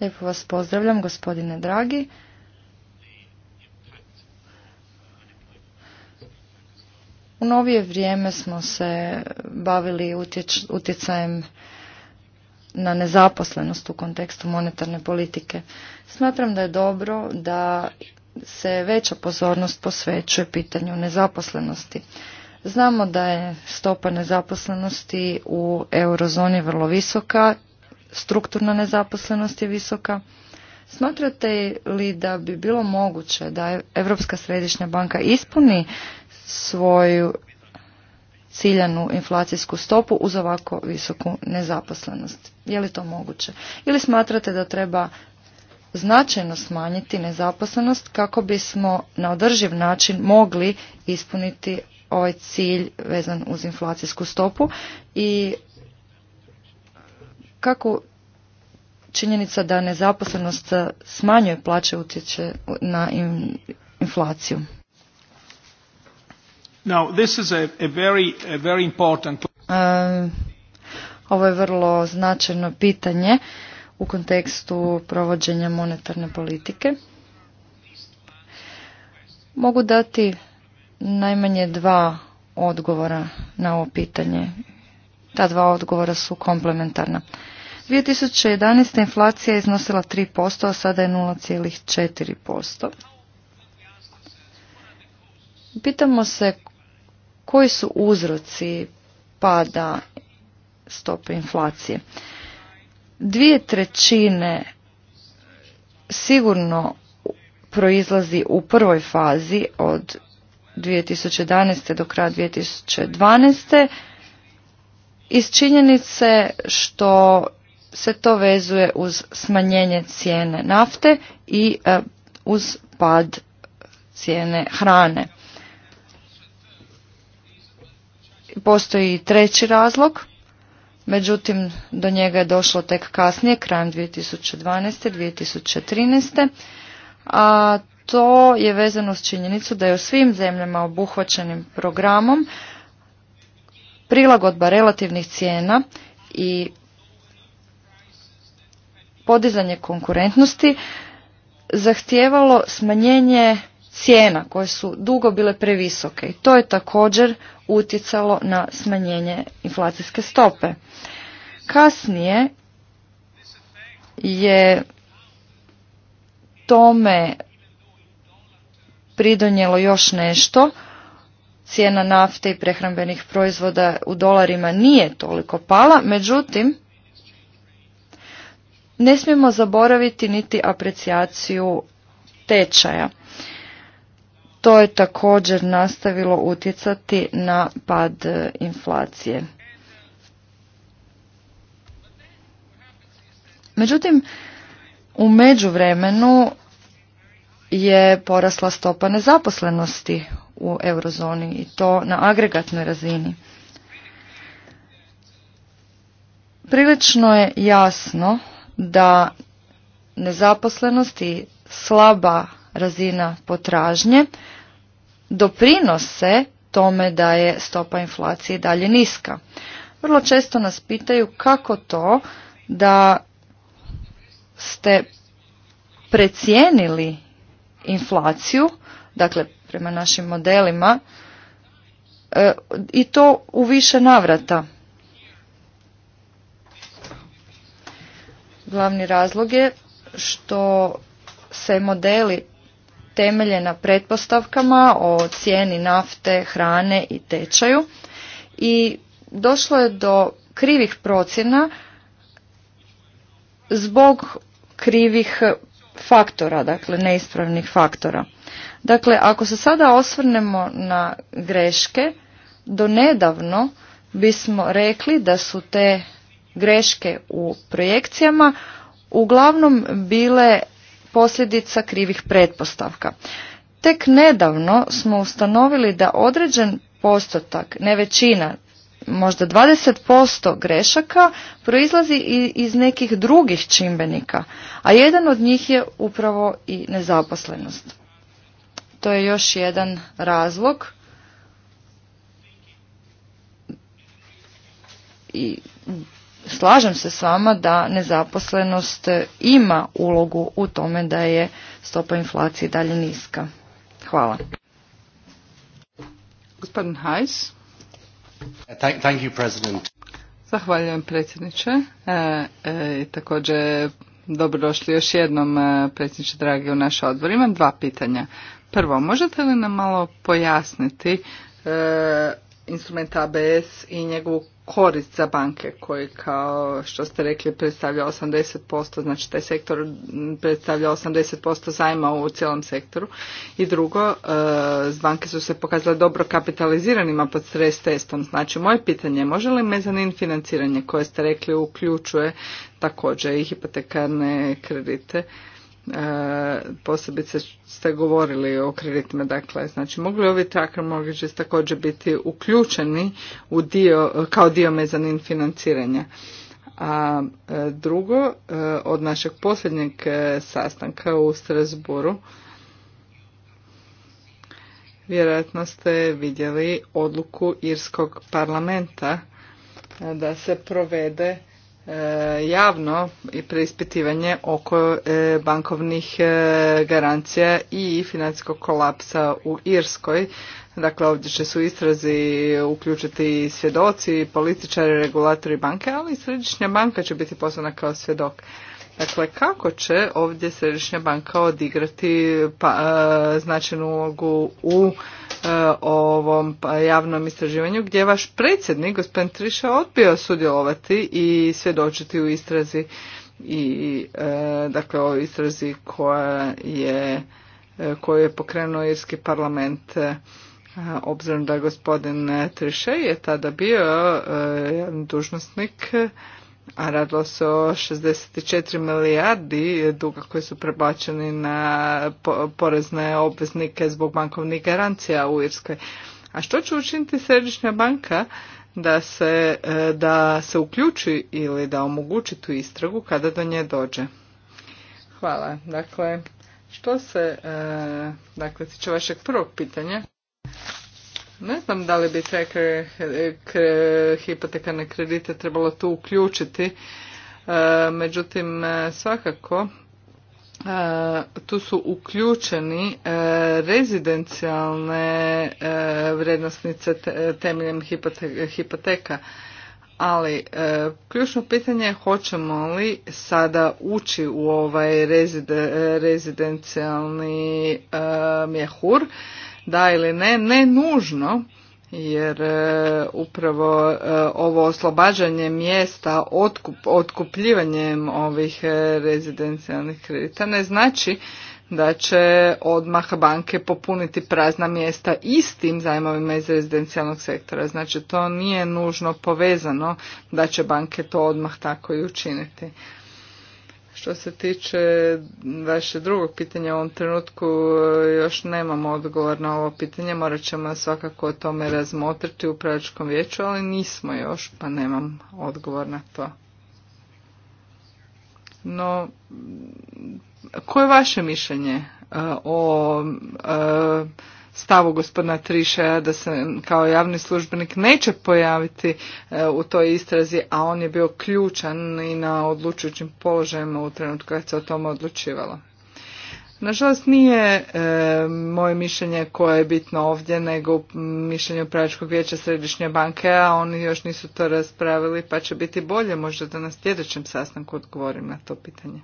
Lijepo vas pozdravljam, gospodine dragi. U novije vrijeme smo se bavili utjecajem na nezaposlenost u kontekstu monetarne politike. Smatram da je dobro da se veća pozornost posvećuje pitanju nezaposlenosti. Znamo da je stopa nezaposlenosti u eurozoni vrlo visoka, strukturna nezaposlenost je visoka. Smatrate li da bi bilo moguće da Europska središnja banka ispuni svoju ciljanu inflacijsku stopu uz ovako visoku nezaposlenost? Je li to moguće? Ili smatrate da treba značajno smanjiti nezaposlenost kako bismo na održiv način mogli ispuniti ovaj cilj vezan uz inflacijsku stopu i kako činjenica da nezaposlenost smanjuje plaće utječe na inflaciju. Now, this is a, very, very important... E, ovo je vrlo značajno pitanje u kontekstu provođenja monetarne politike. Mogu dati najmanje dva odgovora na ovo pitanje. Ta dva odgovora su komplementarna. 2011. inflacija je iznosila 3%, a sada je 0,4%. Pitamo se koji su uzroci pada stope inflacije. Dvije trećine sigurno proizlazi u prvoj fazi od 2011. do kraja 2012. iz činjenice što se to vezuje uz smanjenje cijene nafte i e, uz pad cijene hrane. Postoji i treći razlog, međutim do njega je došlo tek kasnije, krajem 2012. 2013. A to je vezano s činjenicu da je u svim zemljama obuhvaćenim programom prilagodba relativnih cijena i podizanje konkurentnosti zahtijevalo smanjenje cijena koje su dugo bile previsoke i to je također utjecalo na smanjenje inflacijske stope. Kasnije je tome pridonijelo još nešto. Cijena nafte i prehrambenih proizvoda u dolarima nije toliko pala, međutim, ne smijemo zaboraviti niti aprecijaciju tečaja. To je također nastavilo utjecati na pad e, inflacije. Međutim, u međuvremenu je porasla stopa nezaposlenosti u eurozoni i to na agregatnoj razini. Prilično je jasno da nezaposlenost i slaba razina potražnje doprinose tome da je stopa inflacije dalje niska. Vrlo često nas pitaju kako to da ste precijenili inflaciju, dakle prema našim modelima, e, i to u više navrata. Glavni razlog je što se modeli temelje na pretpostavkama o cijeni nafte, hrane i tečaju i došlo je do krivih procjena zbog krivih faktora, dakle neispravnih faktora. Dakle, ako se sada osvrnemo na greške, do nedavno bismo rekli da su te greške u projekcijama uglavnom bile posljedica krivih pretpostavka. Tek nedavno smo ustanovili da određen postotak, ne većina, možda 20% grešaka proizlazi i iz nekih drugih čimbenika, a jedan od njih je upravo i nezaposlenost. To je još jedan razlog i slažem se s vama da nezaposlenost ima ulogu u tome da je stopa inflacije dalje niska. Hvala. Gospodin Hajs. Thank, you, President. Zahvaljujem predsjedniče. E, e, također dobrodošli još jednom e, predsjedniče dragi u naš odbor. Imam dva pitanja. Prvo, možete li nam malo pojasniti e, instrument ABS i njegovu korist za banke koji kao što ste rekli predstavlja 80%, znači taj sektor predstavlja 80% zajma u cijelom sektoru. I drugo, e, banke su se pokazale dobro kapitaliziranima pod stres testom. Znači moje pitanje, može li mezanin financiranje koje ste rekli uključuje također i hipotekarne kredite? E, posebice ste govorili o kreditima, dakle, znači mogu li ovi tracker mortgages također biti uključeni u dio, kao dio mezanin financiranja? A e, drugo, e, od našeg posljednjeg sastanka u Strasburu, vjerojatno ste vidjeli odluku Irskog parlamenta da se provede E, javno i preispitivanje oko e, bankovnih e, garancija i financijskog kolapsa u Irskoj. Dakle, ovdje će su u istrazi uključiti svjedoci, političari, regulatori banke, ali i središnja banka će biti poslana kao svjedok. Dakle, kako će ovdje Središnja banka odigrati pa, e, značajnu ulogu u e, ovom pa, javnom istraživanju gdje je vaš predsjednik, gospodin Triša, odbio sudjelovati i svjedočiti u istrazi i e, dakle o istrazi koja je e, koju je pokrenuo irski parlament obzirom da gospodin Triše je tada bio dužnosnik a radilo se o 64 milijardi duga koji su prebačeni na porezne obveznike zbog bankovnih garancija u Irskoj. A što će učiniti Središnja banka da se, e, da se uključi ili da omogući tu istragu kada do nje dođe? Hvala. Dakle, što se e, dakle, tiče vašeg prvog pitanja, ne znam da li bi te hipotekarne kredite trebalo tu uključiti, e, međutim e, svakako e, tu su uključeni rezidencijalne vrednostnice temeljem hipoteka. Ali ključno pitanje je hoćemo li sada ući u ovaj rezidencijalni mjehur da ili ne, ne nužno jer e, upravo e, ovo oslobađanje mjesta otkup, otkupljivanjem ovih e, rezidencijalnih kredita ne znači da će odmah banke popuniti prazna mjesta istim zajmovima iz rezidencijalnog sektora. Znači to nije nužno povezano da će banke to odmah tako i učiniti. Što se tiče vaše drugog pitanja, u ovom trenutku e, još nemamo odgovor na ovo pitanje, morat ćemo svakako o tome razmotriti u pravičkom vijeću, ali nismo još, pa nemam odgovor na to. No, koje je vaše mišljenje e, o e, stavu gospodina Trišaja da se kao javni službenik neće pojaviti e, u toj istrazi, a on je bio ključan i na odlučujućim položajima u trenutku kad se o tome odlučivalo. Nažalost nije e, moje mišljenje koje je bitno ovdje nego mišljenje upravičkog vijeća Središnje banke, a oni još nisu to raspravili pa će biti bolje možda da na sljedećem sastanku odgovorim na to pitanje.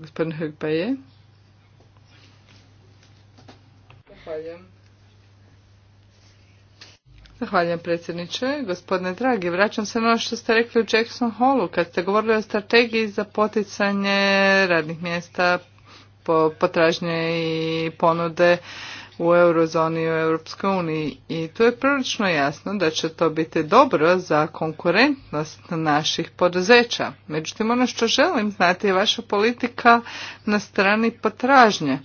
Gospodin pa je. Zahvaljujem. Zahvaljujem predsjedniče. Gospodine dragi, vraćam se na ono što ste rekli u Jackson Hallu kad ste govorili o strategiji za poticanje radnih mjesta, po potražnje i ponude u eurozoni i u Europskoj uniji. I tu je prilično jasno da će to biti dobro za konkurentnost naših poduzeća. Međutim, ono što želim znati je vaša politika na strani potražnje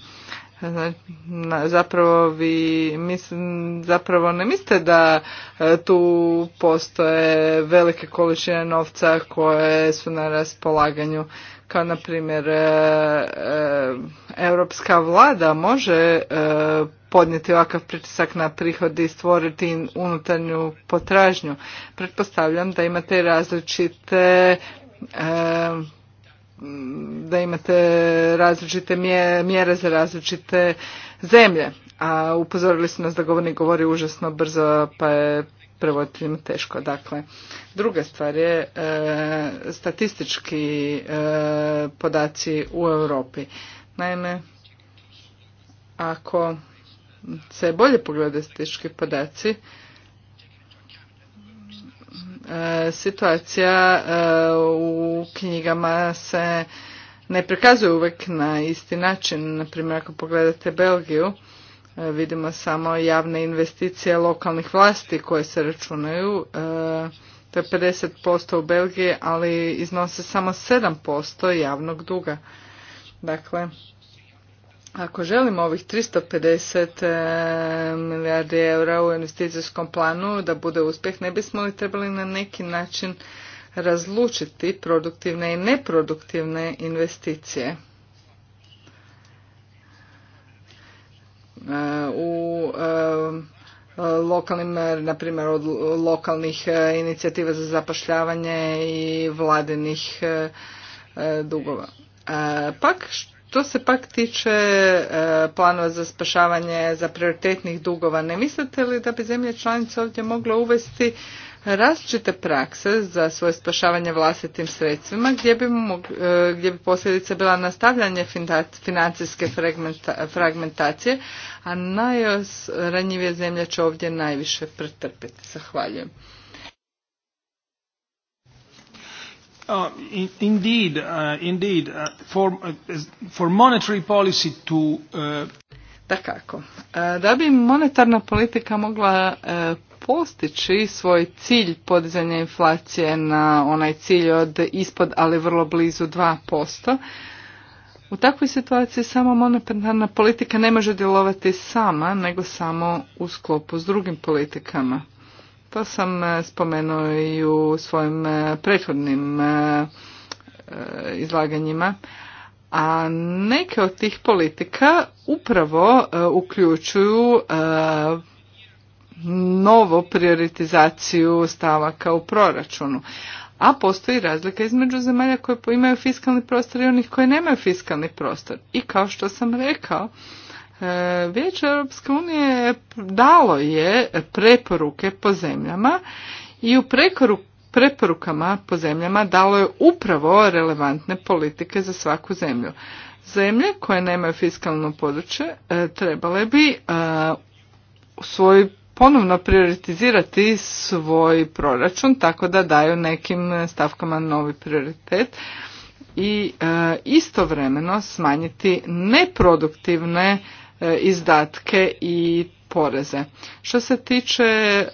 zapravo vi mislim, zapravo ne mislite da e, tu postoje velike količine novca koje su na raspolaganju kao na primjer e, e, europska vlada može podnijeti ovakav pritisak na prihod i stvoriti unutarnju potražnju. Pretpostavljam da imate različite Mm, da imate različite mjere za različite zemlje. A upozorili su nas da govornik govori užasno brzo pa je prevoditeljima teško. Dakle, druga stvar je e, statistički e, podaci u Europi. Naime, ako se bolje pogledaju statistički podaci, E, situacija e, u knjigama se ne prikazuje uvijek na isti način. Naprimjer, ako pogledate Belgiju, e, vidimo samo javne investicije lokalnih vlasti koje se računaju. To je 50% u Belgiji, ali iznose samo 7% javnog duga. Dakle, ako želimo ovih 350 e, milijardi eura u investicijskom planu da bude uspjeh, ne bismo li trebali na neki način razlučiti produktivne i neproduktivne investicije? E, u e, lokalnim, na primjer od lokalnih inicijativa za zapošljavanje i vladinih dugova. Pak što se pak tiče e, planova za spašavanje za prioritetnih dugova, ne mislite li da bi zemlje članice ovdje mogla uvesti različite prakse za svoje spašavanje vlastitim sredstvima gdje bi, mog, e, gdje bi posljedica bila nastavljanje financijske fragmentacije, a najranjivije zemlje će ovdje najviše pretrpiti. Zahvaljujem. Uh, in, indeed, uh, indeed, uh, for, uh, for monetary policy to... Dakako. Da bi monetarna politika mogla postići svoj cilj podizanja inflacije na onaj cilj od ispod, ali vrlo blizu 2%, u takvoj situaciji samo monetarna politika ne može djelovati sama, nego samo u sklopu s drugim politikama. To sam e, spomenuo i u svojim e, prethodnim e, izlaganjima. A neke od tih politika upravo uključuju novo prioritizaciju stavaka u proračunu. A postoji razlika između zemalja koje imaju fiskalni prostor i onih koje nemaju fiskalni prostor. I kao što sam rekao, E, Vijeće Europske unije dalo je preporuke po zemljama i u preporukama po zemljama dalo je upravo relevantne politike za svaku zemlju. Zemlje koje nemaju fiskalno područje e, trebale bi e, svoj ponovno prioritizirati svoj proračun tako da daju nekim stavkama novi prioritet i istovremeno smanjiti neproduktivne E, izdatke i poreze. Što se tiče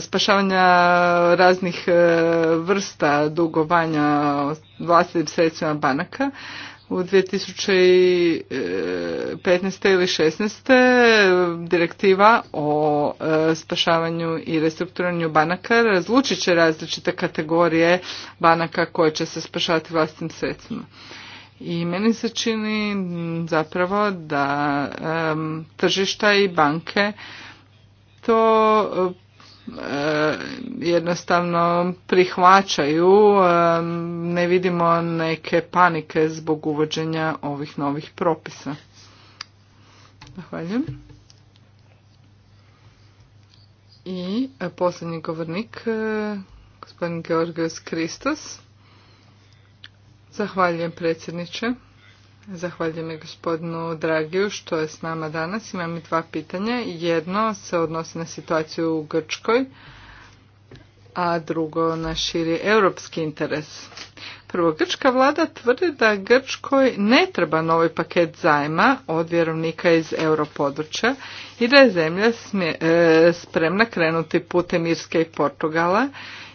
spašavanja raznih e, vrsta dugovanja vlastitim sredstvima banaka, u 2015. ili 2016. direktiva o e, spašavanju i restrukturiranju banaka razlučit će različite kategorije banaka koje će se spašavati vlastnim sredstvima. I meni se čini zapravo da tržišta i banke to eh, jednostavno prihvaćaju, ne vidimo neke panike zbog uvođenja ovih novih propisa. Zahvaljujem. I eh, posljednji govornik, eh, gospodin Georgios Kristos. Zahvaljujem predsjedniče. Zahvaljujem i gospodinu Dragiju što je s nama danas. Imam i dva pitanja. Jedno se odnosi na situaciju u Grčkoj, a drugo na širi europski interes. Prvo, grčka vlada tvrdi da Grčkoj ne treba novi paket zajma od vjerovnika iz europodručja i da je zemlja e, spremna krenuti putem Irske i Portugala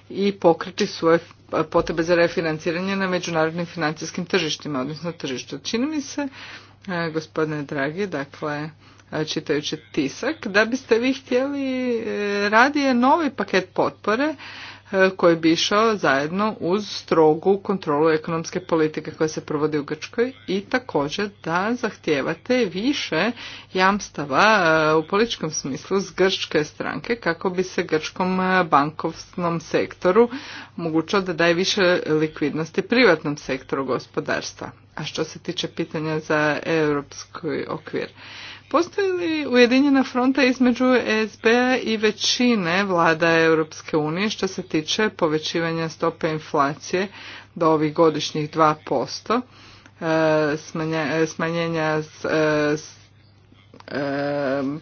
i pokriti svoje potrebe za refinanciranje na međunarodnim financijskim tržištima, odnosno tržištu. Čini mi se, e, gospodine dragi, dakle, e, čitajući tisak, da biste vi htjeli e, radije novi paket potpore E, koji bi išao zajedno uz strogu kontrolu ekonomske politike koja se provodi u Grčkoj i također da zahtijevate više jamstava e, u političkom smislu s grčke stranke kako bi se grčkom e, bankovnom sektoru omogućilo da daje više likvidnosti privatnom sektoru gospodarstva. A što se tiče pitanja za europski okvir, Postoji li ujedinjena fronta između SBA i većine vlada Europske unije što se tiče povećivanja stope inflacije do ovih godišnjih 2%, posto e, e, smanjenja e,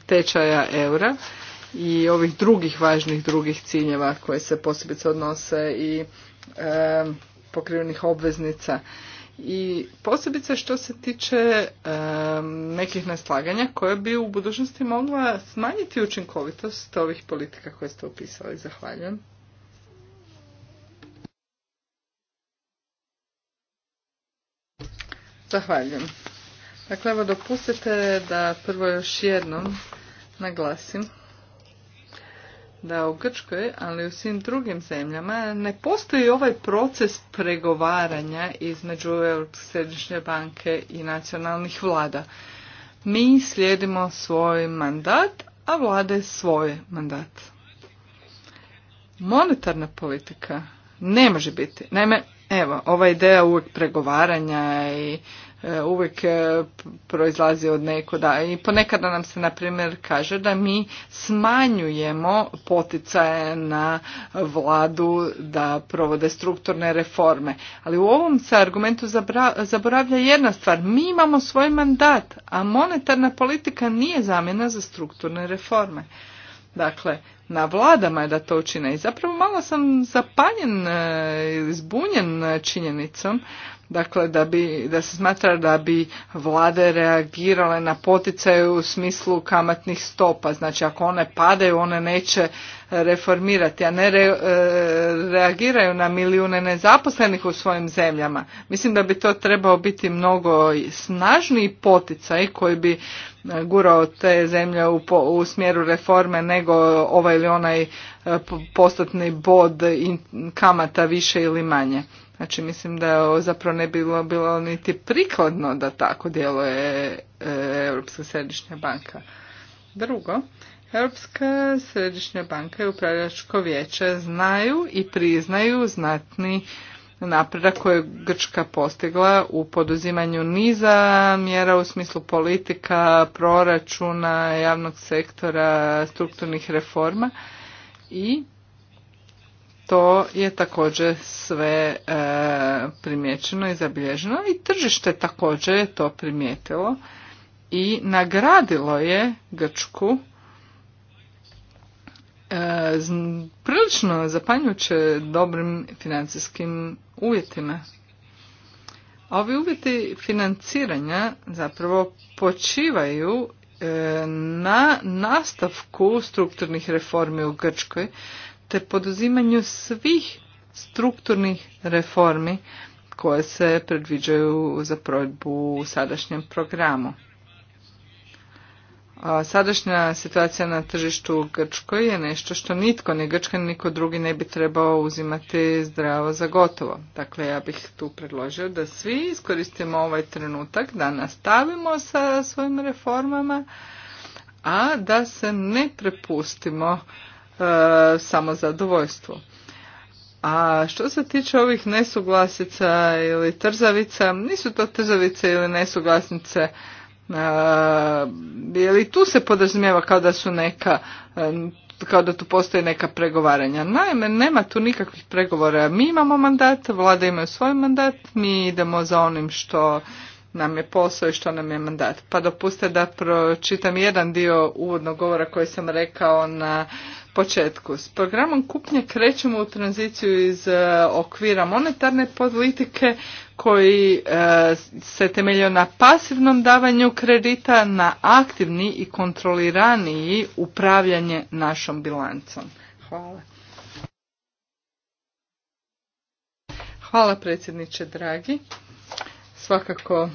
tečaja eura i ovih drugih važnih drugih ciljeva koje se posebice odnose i pokrivenih obveznica i posebice što se tiče nekih neslaganja koje bi u budućnosti mogla smanjiti učinkovitost ovih politika koje ste opisali. Zahvaljujem. Zahvaljujem. Dakle, evo dopustite da prvo još jednom naglasim da u Grčkoj, ali u svim drugim zemljama ne postoji ovaj proces pregovaranja između Europske središnje banke i nacionalnih vlada. Mi slijedimo svoj mandat, a vlade svoj mandat. Monetarna politika ne može biti. Naime, evo, ova ideja uvijek pregovaranja i E, uvijek e, proizlazi od nekoda I ponekada nam se, na primjer, kaže da mi smanjujemo poticaje na vladu da provode strukturne reforme. Ali u ovom se argumentu zaboravlja jedna stvar. Mi imamo svoj mandat, a monetarna politika nije zamjena za strukturne reforme. Dakle, na vladama je da to učine. I zapravo malo sam zapanjen e, ili zbunjen e, činjenicom Dakle, da, bi, da se smatra da bi vlade reagirale na poticaje u smislu kamatnih stopa. Znači, ako one padaju, one neće reformirati, a ne e, reagiraju na milijune nezaposlenih u svojim zemljama. Mislim da bi to trebao biti mnogo snažniji poticaj koji bi gurao te zemlje u, u smjeru reforme nego ovaj ili onaj e, postotni bod kamata više ili manje. Znači mislim da zapravo ne bilo bilo niti prikladno da tako djeluje e, Europska središnja banka. Drugo, Europska središnja banka i upravljačko vijeće znaju i priznaju znatni napredak koje je Grčka postigla u poduzimanju niza mjera u smislu politika, proračuna, javnog sektora, strukturnih reforma i to je također sve e, primjećeno i zabilježeno i tržište također je to primijetilo i nagradilo je Grčku E, prilično zapanjuće dobrim financijskim uvjetima. ovi uvjeti financiranja zapravo počivaju e, na nastavku strukturnih reformi u Grčkoj te poduzimanju svih strukturnih reformi koje se predviđaju za provedbu u sadašnjem programu. Sadašnja situacija na tržištu u Grčkoj je nešto što nitko, ni Grčka, ni niko drugi ne bi trebao uzimati zdravo za gotovo. Dakle, ja bih tu predložio da svi iskoristimo ovaj trenutak, da nastavimo sa svojim reformama, a da se ne prepustimo e, samo zadovoljstvu. A što se tiče ovih nesuglasica ili trzavica, nisu to trzavice ili nesuglasnice, E, je li tu se podrazumijeva kao da su neka e, kao da tu postoje neka pregovaranja. Naime, nema tu nikakvih pregovora. Mi imamo mandat, vlada imaju svoj mandat, mi idemo za onim što nam je posao i što nam je mandat. Pa dopuste da pročitam jedan dio uvodnog govora koji sam rekao na početku. S programom kupnje krećemo u tranziciju iz e, okvira monetarne politike koji e, se temeljio na pasivnom davanju kredita na aktivni i kontroliraniji upravljanje našom bilancom. Hvala. Hvala predsjedniče dragi. Svakako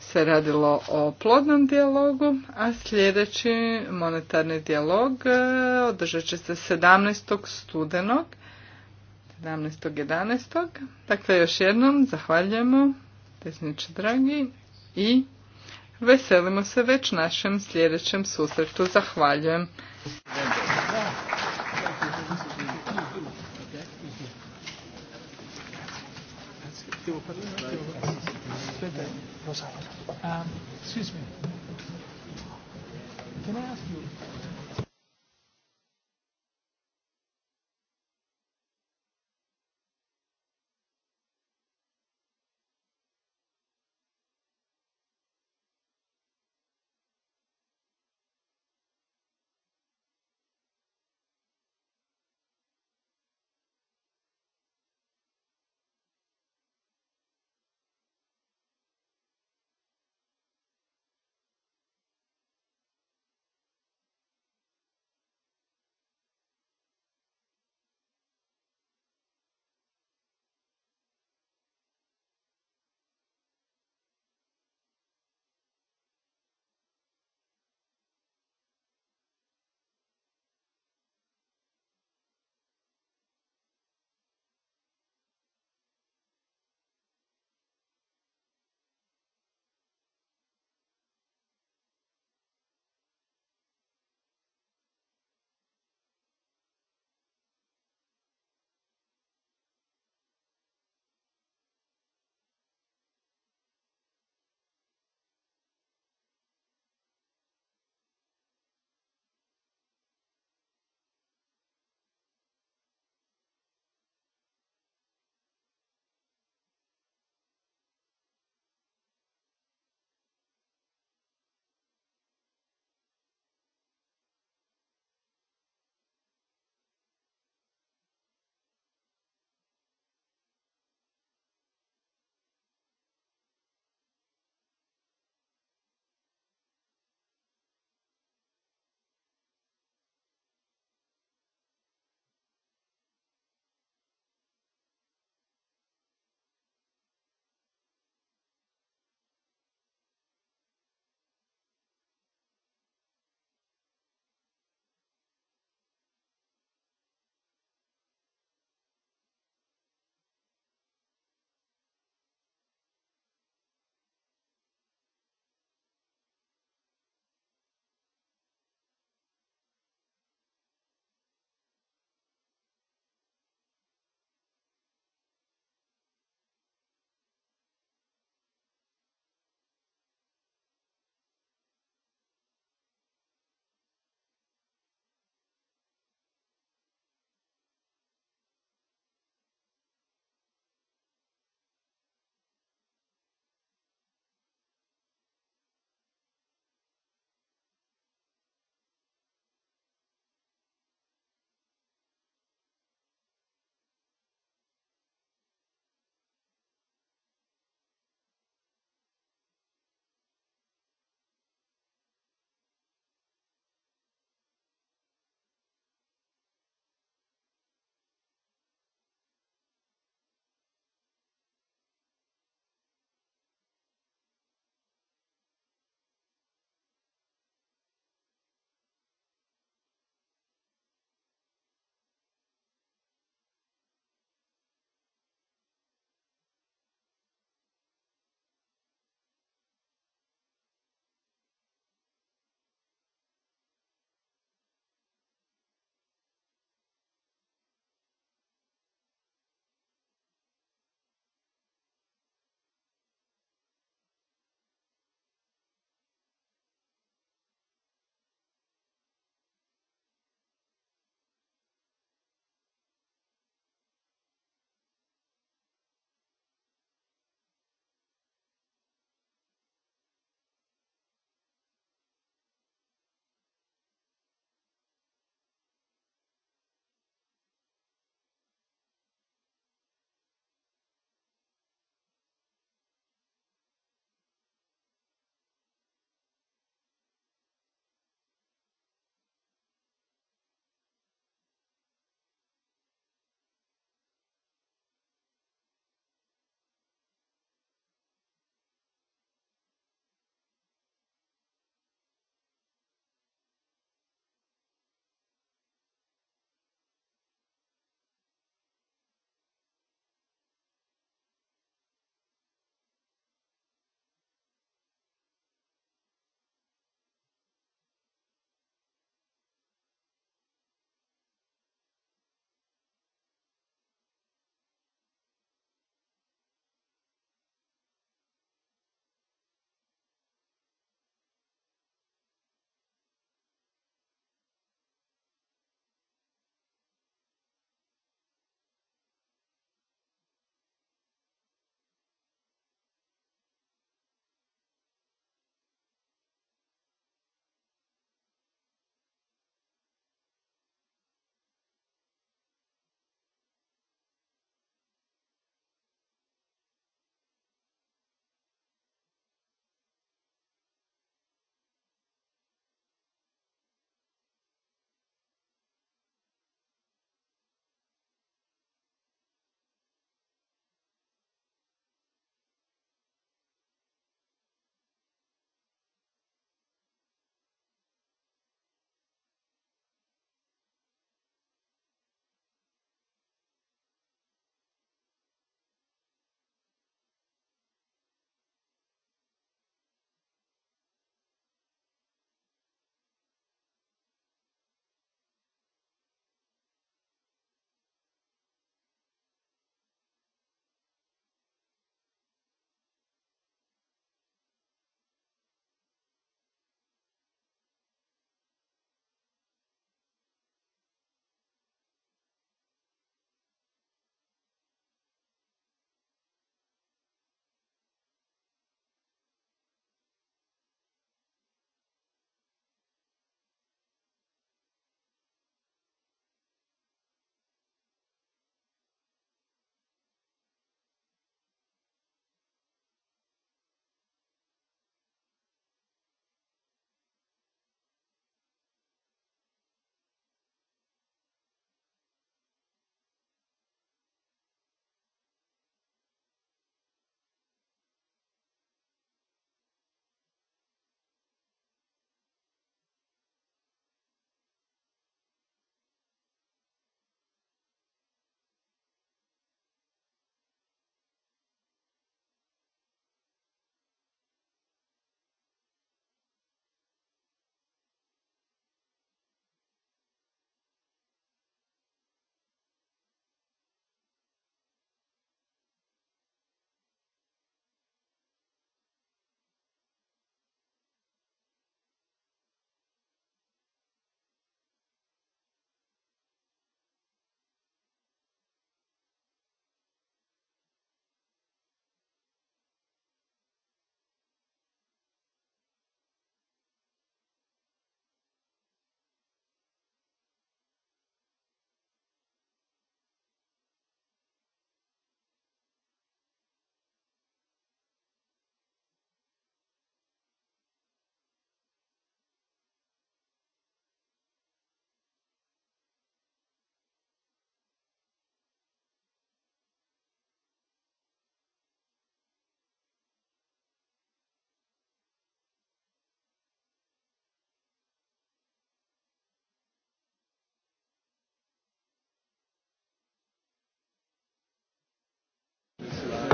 se radilo o plodnom dijalogu, a sljedeći monetarni dijalog e, održat će se 17. studenog 17.11. Dakle, još jednom zahvaljujemo, predsjedniče dragi, i veselimo se već našem sljedećem susretu. Zahvaljujem. Um, excuse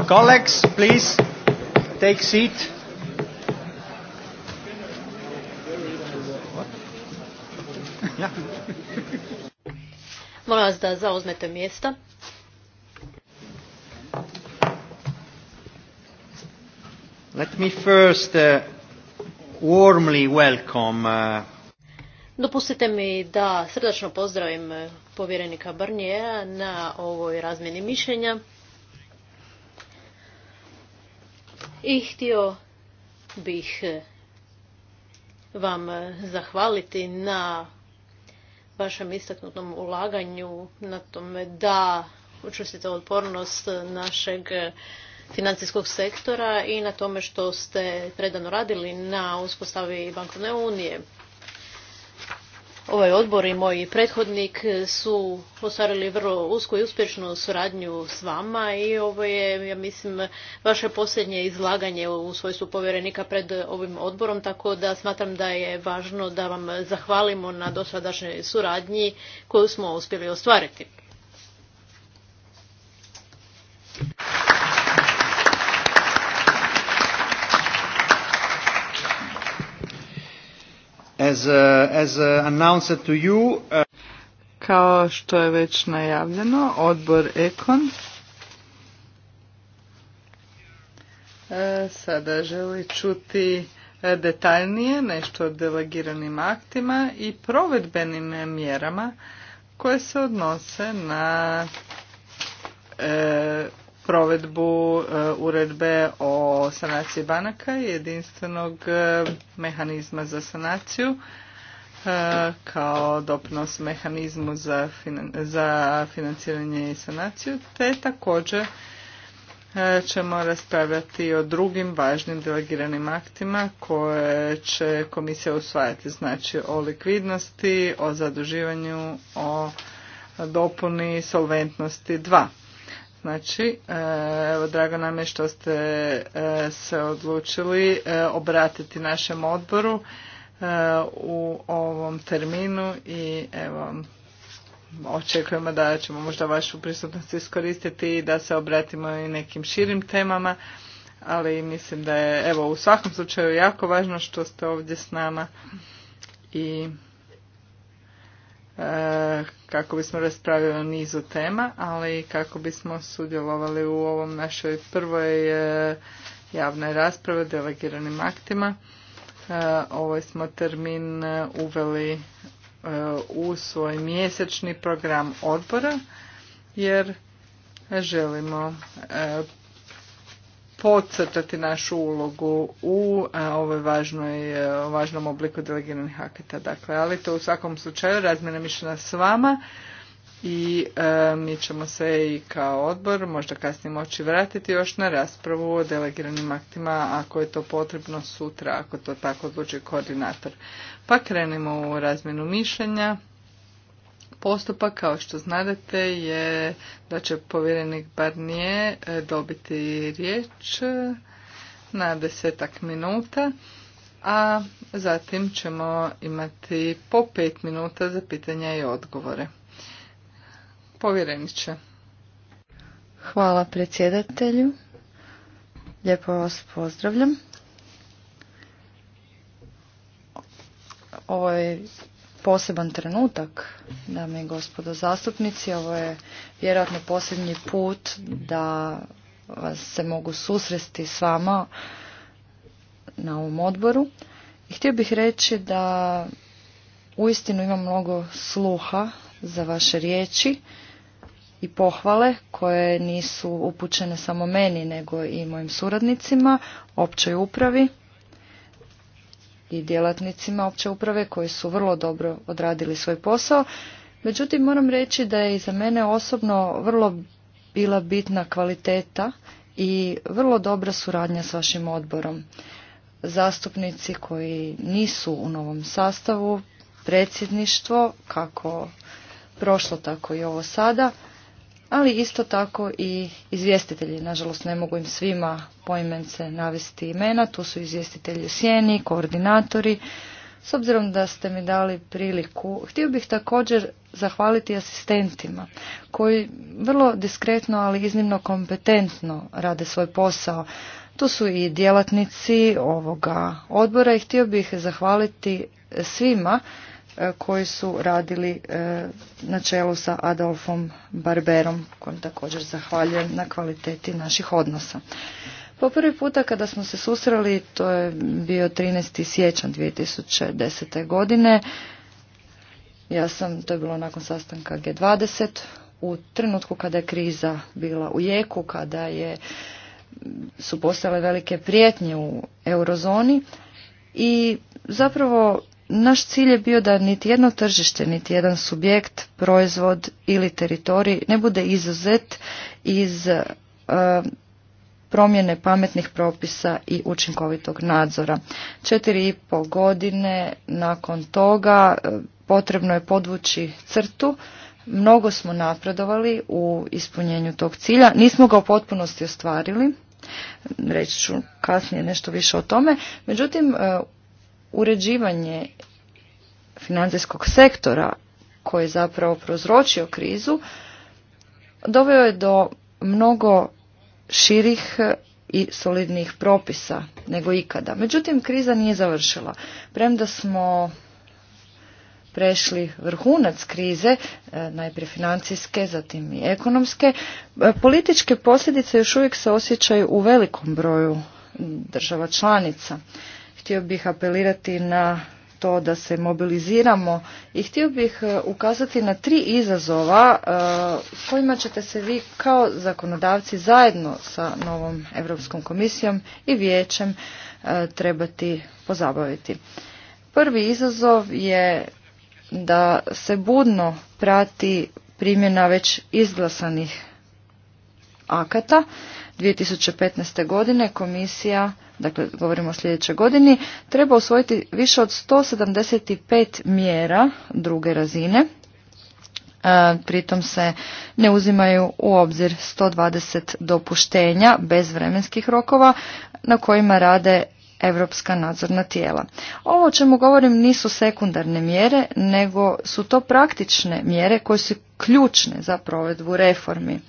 Colleagues, please take seat. Molim vas da zauzmete mjesta. Let me first uh, warmly welcome uh... Dopustite mi da srdačno pozdravim uh, povjerenika Barnijera na ovoj razmjeni mišljenja. i htio bih eh, vam eh, zahvaliti na vašem istaknutom ulaganju, na tome da učestite odpornost našeg eh, financijskog sektora i na tome što ste predano radili na uspostavi bankovne unije. Ovaj odbor i moj prethodnik su ostvarili vrlo usku i uspješnu suradnju s vama i ovo je, ja mislim, vaše posljednje izlaganje u svojstvu povjerenika pred ovim odborom, tako da smatram da je važno da vam zahvalimo na dosadašnjoj suradnji koju smo uspjeli ostvariti. As, uh, as uh, announced to you, uh, kao što je već najavljeno, odbor Ekon sada želi čuti detaljnije nešto o delegiranim aktima i provedbenim mjerama koje se odnose na provedbu e, uredbe o sanaciji banaka i jedinstvenog e, mehanizma za sanaciju e, kao doprinos mehanizmu za, financiranje i sanaciju, te također ćemo raspravljati o drugim važnim delegiranim aktima koje će komisija usvajati, znači o likvidnosti, o zaduživanju, o dopuni solventnosti dva. Znači, e, evo, drago nam je što ste e, se odlučili e, obratiti našem odboru u ovom terminu i evo, očekujemo da ćemo možda vašu prisutnost iskoristiti i da se obratimo i nekim širim temama, ali mislim da je evo u svakom slučaju jako važno što ste ovdje s nama i kako bismo raspravili o nizu tema, ali i kako bismo sudjelovali u ovom našoj prvoj e, javnoj raspravi o delegiranim aktima. E, ovaj smo termin e, uveli u svoj mjesečni program odbora jer želimo podcrtati našu ulogu u ovoj važnoj, e, važnom obliku delegiranih akata. Dakle, ali to u svakom slučaju razmjena mišljena s vama i e, mi ćemo se i kao odbor možda kasnije moći vratiti još na raspravu o delegiranim aktima ako je to potrebno sutra, ako to tako odluči koordinator. Pa krenimo u razmjenu mišljenja. Postupak, kao što znadete, je da će povjerenik Barnije dobiti riječ e, na desetak minuta, a zatim ćemo imati po pet minuta za pitanja i odgovore. Povjereniče. Hvala predsjedatelju. Lijepo vas pozdravljam. Ovo je poseban trenutak, dame i gospodo zastupnici. Ovo je vjerojatno posljednji put da vas se mogu susresti s vama na ovom odboru. I htio bih reći da uistinu imam mnogo sluha za vaše riječi i pohvale koje nisu upućene samo meni nego i mojim suradnicima, općoj upravi i djelatnicima opće uprave koji su vrlo dobro odradili svoj posao. Međutim, moram reći da je i za mene osobno vrlo bila bitna kvaliteta i vrlo dobra suradnja s vašim odborom. Zastupnici koji nisu u novom sastavu, predsjedništvo, kako prošlo tako i ovo sada, ali isto tako i izvjestitelji. Nažalost, ne mogu im svima poimence navesti imena. Tu su izvjestitelji u sjeni, koordinatori. S obzirom da ste mi dali priliku, htio bih također zahvaliti asistentima koji vrlo diskretno, ali iznimno kompetentno rade svoj posao. Tu su i djelatnici ovoga odbora i htio bih zahvaliti svima koji su radili e, na čelu sa Adolfom Barberom, kojom također zahvaljujem na kvaliteti naših odnosa. Po prvi puta kada smo se susreli, to je bio 13. tisuće 2010. godine, ja sam, to je bilo nakon sastanka G20, u trenutku kada je kriza bila u jeku, kada je, su postale velike prijetnje u eurozoni i zapravo naš cilj je bio da niti jedno tržište, niti jedan subjekt, proizvod ili teritorij ne bude izuzet iz e, promjene pametnih propisa i učinkovitog nadzora. Četiri i pol godine nakon toga e, potrebno je podvući crtu. Mnogo smo napredovali u ispunjenju tog cilja. Nismo ga u potpunosti ostvarili. Reći ću kasnije nešto više o tome. Međutim, e, uređivanje financijskog sektora koji je zapravo prozročio krizu, doveo je do mnogo širih i solidnih propisa nego ikada. Međutim, kriza nije završila. Premda smo prešli vrhunac krize, e, najprije financijske, zatim i ekonomske, e, političke posljedice još uvijek se osjećaju u velikom broju država članica. Htio bih apelirati na to da se mobiliziramo i htio bih e, ukazati na tri izazova s e, kojima ćete se vi kao zakonodavci zajedno sa novom Europskom komisijom i vijećem e, trebati pozabaviti. Prvi izazov je da se budno prati primjena već izglasanih akata. 2015. godine komisija dakle govorimo o sljedećoj godini, treba usvojiti više od 175 mjera druge razine. E, pritom se ne uzimaju u obzir 120 dopuštenja bez vremenskih rokova na kojima rade europska nadzorna tijela. Ovo o čemu govorim nisu sekundarne mjere, nego su to praktične mjere koje su ključne za provedbu reformi.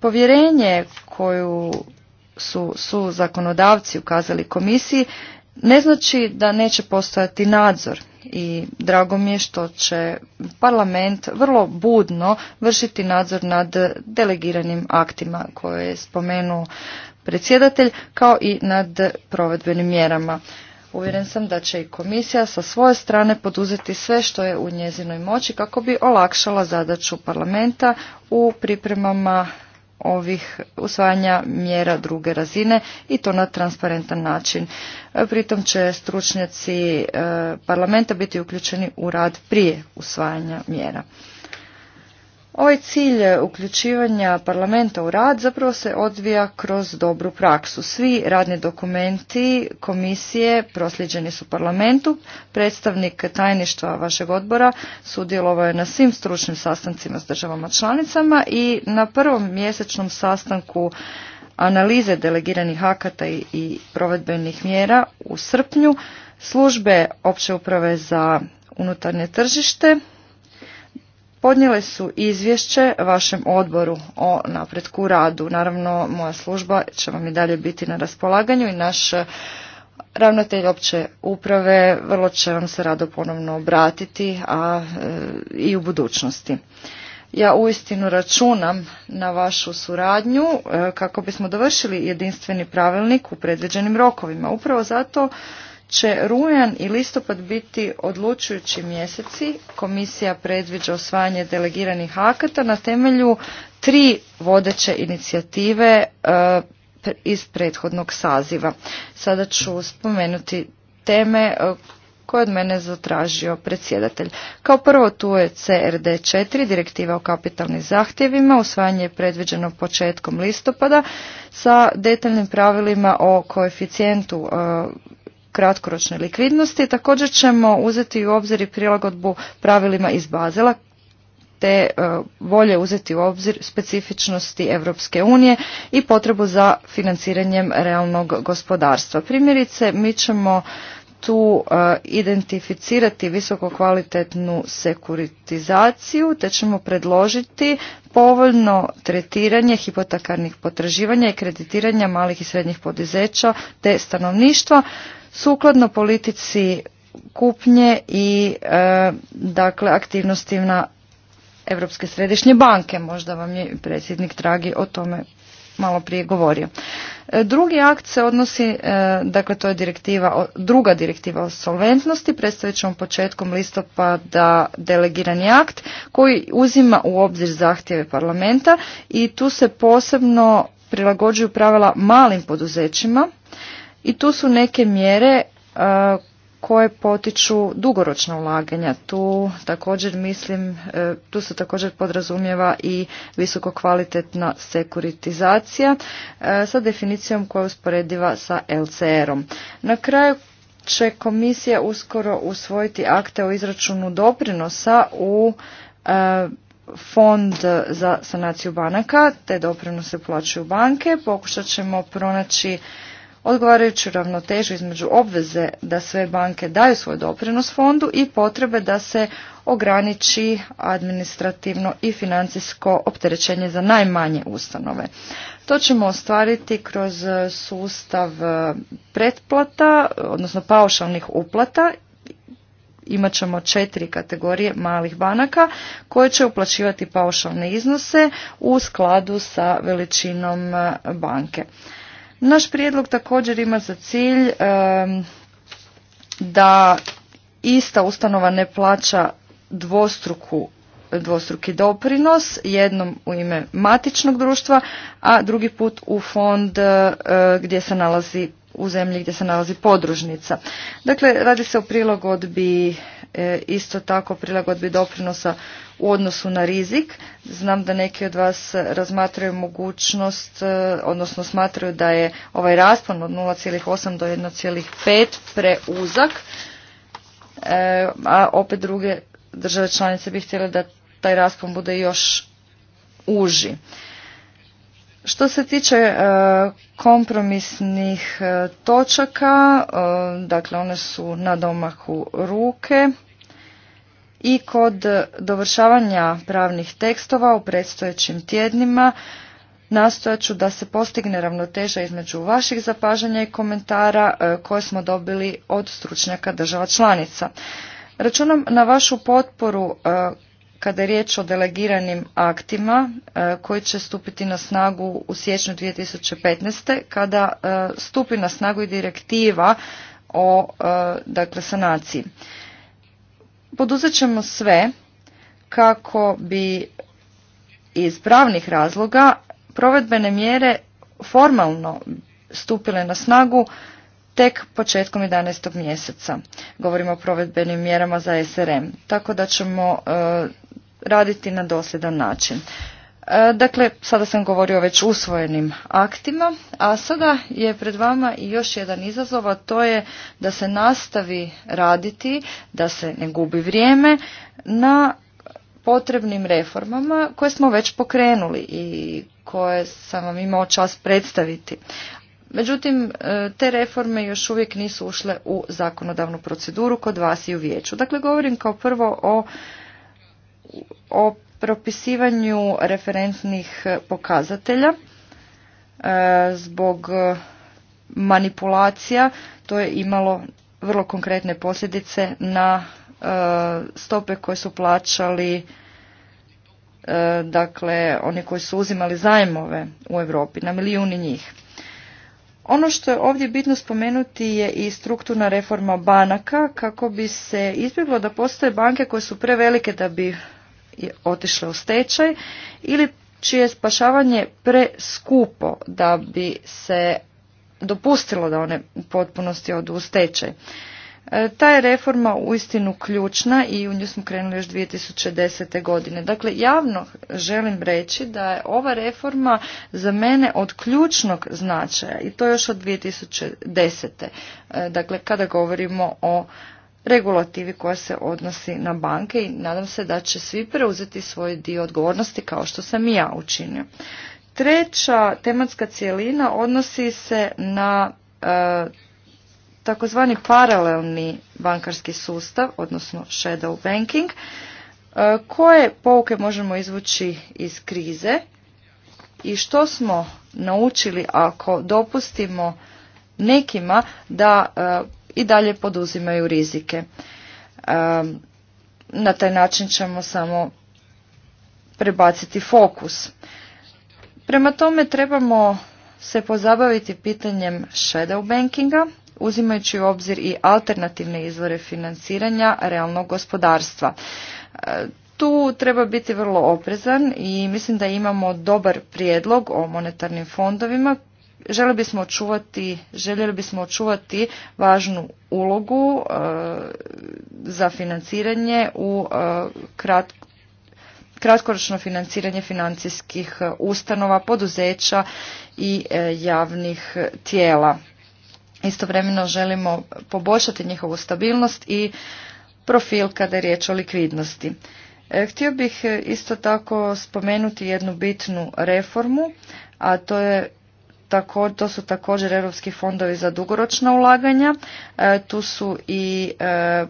Povjerenje koju su, zakonodavci ukazali komisiji ne znači da neće postojati nadzor i drago mi je što će parlament vrlo budno vršiti nadzor nad delegiranim aktima koje je spomenuo predsjedatelj kao i nad provedbenim mjerama. Uvjeren sam da će i komisija sa svoje strane poduzeti sve što je u njezinoj moći kako bi olakšala zadaću parlamenta u pripremama ovih usvajanja mjera druge razine i to na transparentan način. E, pritom će stručnjaci e, parlamenta biti uključeni u rad prije usvajanja mjera. Ovaj cilj uključivanja parlamenta u rad zapravo se odvija kroz dobru praksu. Svi radni dokumenti komisije prosljeđeni su parlamentu. Predstavnik tajništva vašeg odbora sudjelovao je na svim stručnim sastancima s državama članicama i na prvom mjesečnom sastanku analize delegiranih akata i provedbenih mjera u srpnju službe opće uprave za unutarnje tržište podnijele su izvješće vašem odboru o napretku radu. Naravno, moja služba će vam i dalje biti na raspolaganju i naš e, ravnatelj opće uprave vrlo će vam se rado ponovno obratiti a e, i u budućnosti. Ja uistinu računam na vašu suradnju e, kako bismo dovršili jedinstveni pravilnik u predviđenim rokovima. Upravo zato će rujan i listopad biti odlučujući mjeseci. Komisija predviđa osvajanje delegiranih akata na temelju tri vodeće inicijative e, iz prethodnog saziva. Sada ću spomenuti teme e, koje od mene zatražio predsjedatelj. Kao prvo tu je CRD4, direktiva o kapitalnim zahtjevima, usvajanje je predviđeno početkom listopada sa detaljnim pravilima o koeficijentu e, kratkoročne likvidnosti. Također ćemo uzeti u obzir i prilagodbu pravilima iz Bazela te volje e, uzeti u obzir specifičnosti Europske unije i potrebu za financiranjem realnog gospodarstva. Primjerice, mi ćemo tu e, identificirati visoko kvalitetnu sekuritizaciju te ćemo predložiti povoljno tretiranje hipotekarnih potraživanja i kreditiranja malih i srednjih poduzeća te stanovništva sukladno politici kupnje i e, dakle aktivnosti na Europske središnje banke. Možda vam je predsjednik Dragi o tome malo prije govorio. E, drugi akt se odnosi, e, dakle to je direktiva, druga direktiva o solventnosti, predstavit ćemo početkom listopada delegirani akt koji uzima u obzir zahtjeve parlamenta i tu se posebno prilagođuju pravila malim poduzećima i tu su neke mjere koje potiču dugoročna ulaganja. Tu također mislim, e, tu se također podrazumijeva i visokokvalitetna kvalitetna sekuritizacija e, sa definicijom koja je usporediva sa LCR-om. Na kraju će komisija uskoro usvojiti akte o izračunu doprinosa u e, fond za sanaciju banaka, te doprinose plaćaju banke. Pokušat ćemo pronaći odgovarajuću ravnotežu između obveze da sve banke daju svoj doprinos fondu i potrebe da se ograniči administrativno i financijsko opterećenje za najmanje ustanove. To ćemo ostvariti kroz sustav e, pretplata, odnosno paušalnih uplata imat ćemo četiri kategorije malih banaka koje će uplaćivati paušalne iznose u skladu sa veličinom e, banke. Naš prijedlog također ima za cilj da ista ustanova ne plaća dvostruku dvostruki doprinos, jednom u ime matičnog društva, a drugi put u fond eh, gdje se nalazi u zemlji gdje se nalazi podružnica. Dakle, radi se o prilagodbi, eh, isto tako prilagodbi doprinosa u odnosu na rizik. Znam da neki od vas razmatraju mogućnost, e, odnosno smatraju da je ovaj raspon od 0,8 do 1,5 preuzak, e, a opet druge države članice bi htjele da taj raspon bude još uži. Što se tiče e, kompromisnih točaka, dakle one su na domaku ruke i kod dovršavanja pravnih tekstova u predstojećim tjednima nastojat ću da se postigne ravnoteža između vaših zapažanja i komentara e, koje smo dobili od stručnjaka država članica. Računam na vašu potporu e, kada je riječ o delegiranim aktima e, koji će stupiti na snagu u siječnju 2015. kada stupi na snagu i direktiva o dakle, sanaciji poduzet ćemo sve kako bi iz pravnih razloga provedbene mjere formalno stupile na snagu tek početkom 11. mjeseca. Govorimo o provedbenim mjerama za SRM, tako da ćemo e, raditi na dosljedan način. E, dakle, sada sam govorio već usvojenim aktima, a sada je pred vama i još jedan izazov, a to je da se nastavi raditi, da se ne gubi vrijeme na potrebnim reformama koje smo već pokrenuli i koje sam vam imao čas predstaviti. Međutim, e, te reforme još uvijek nisu ušle u zakonodavnu proceduru kod vas i u vijeću. Dakle, govorim kao prvo o, o propisivanju referentnih pokazatelja e, zbog manipulacija to je imalo vrlo konkretne posljedice na e, stope koje su plaćali e, dakle oni koji su uzimali zajmove u Europi na milijuni njih. Ono što je ovdje bitno spomenuti je i strukturna reforma banaka kako bi se izbjeglo da postoje banke koje su prevelike da bi otišle u stečaj ili čije je spašavanje preskupo da bi se dopustilo da one u potpunosti odu u stečaj. E, ta je reforma uistinu ključna i u nju smo krenuli još 2010. godine. Dakle, javno želim reći da je ova reforma za mene od ključnog značaja i to još od 2010. E, dakle, kada govorimo o regulativi koja se odnosi na banke i nadam se da će svi preuzeti svoj dio odgovornosti kao što sam i ja učinio. Treća tematska cijelina odnosi se na e, takozvani paralelni bankarski sustav, odnosno shadow banking, e, koje pouke možemo izvući iz krize i što smo naučili ako dopustimo nekima da e, i dalje poduzimaju rizike. E, na taj način ćemo samo prebaciti fokus. Prema tome trebamo se pozabaviti pitanjem shadow bankinga, uzimajući u obzir i alternativne izvore financiranja realnog gospodarstva. E, tu treba biti vrlo oprezan i mislim da imamo dobar prijedlog o monetarnim fondovima Željeli bismo očuvati, željeli bismo očuvati važnu ulogu e, za financiranje u e, kratkoročno financiranje financijskih ustanova, poduzeća i e, javnih tijela. Istovremeno želimo poboljšati njihovu stabilnost i profil kada je riječ o likvidnosti. Htio bih isto tako spomenuti jednu bitnu reformu, a to je tako, to su također europski fondovi za dugoročna ulaganja. E, tu su i e,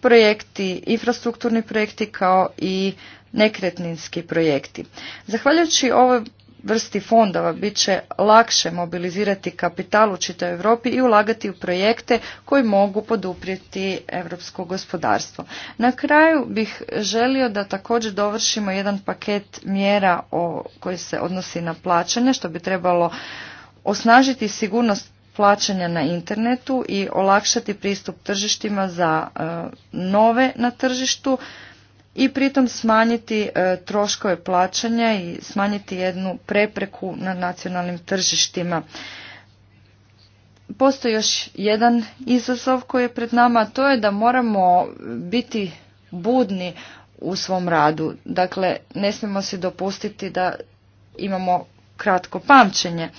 projekti, infrastrukturni projekti kao i nekretninski projekti. Zahvaljujući ovoj vrsti fondova bit će lakše mobilizirati kapital u čitoj Europi i ulagati u projekte koji mogu poduprijeti europsko gospodarstvo. Na kraju bih želio da također dovršimo jedan paket mjera o, koji se odnosi na plaćanje, što bi trebalo osnažiti sigurnost plaćanja na internetu i olakšati pristup tržištima za e, nove na tržištu i pritom smanjiti e, troškove plaćanja i smanjiti jednu prepreku na nacionalnim tržištima. Postoji još jedan izazov koji je pred nama, to je da moramo biti budni u svom radu. Dakle, ne smijemo se dopustiti da imamo kratko pamćenje.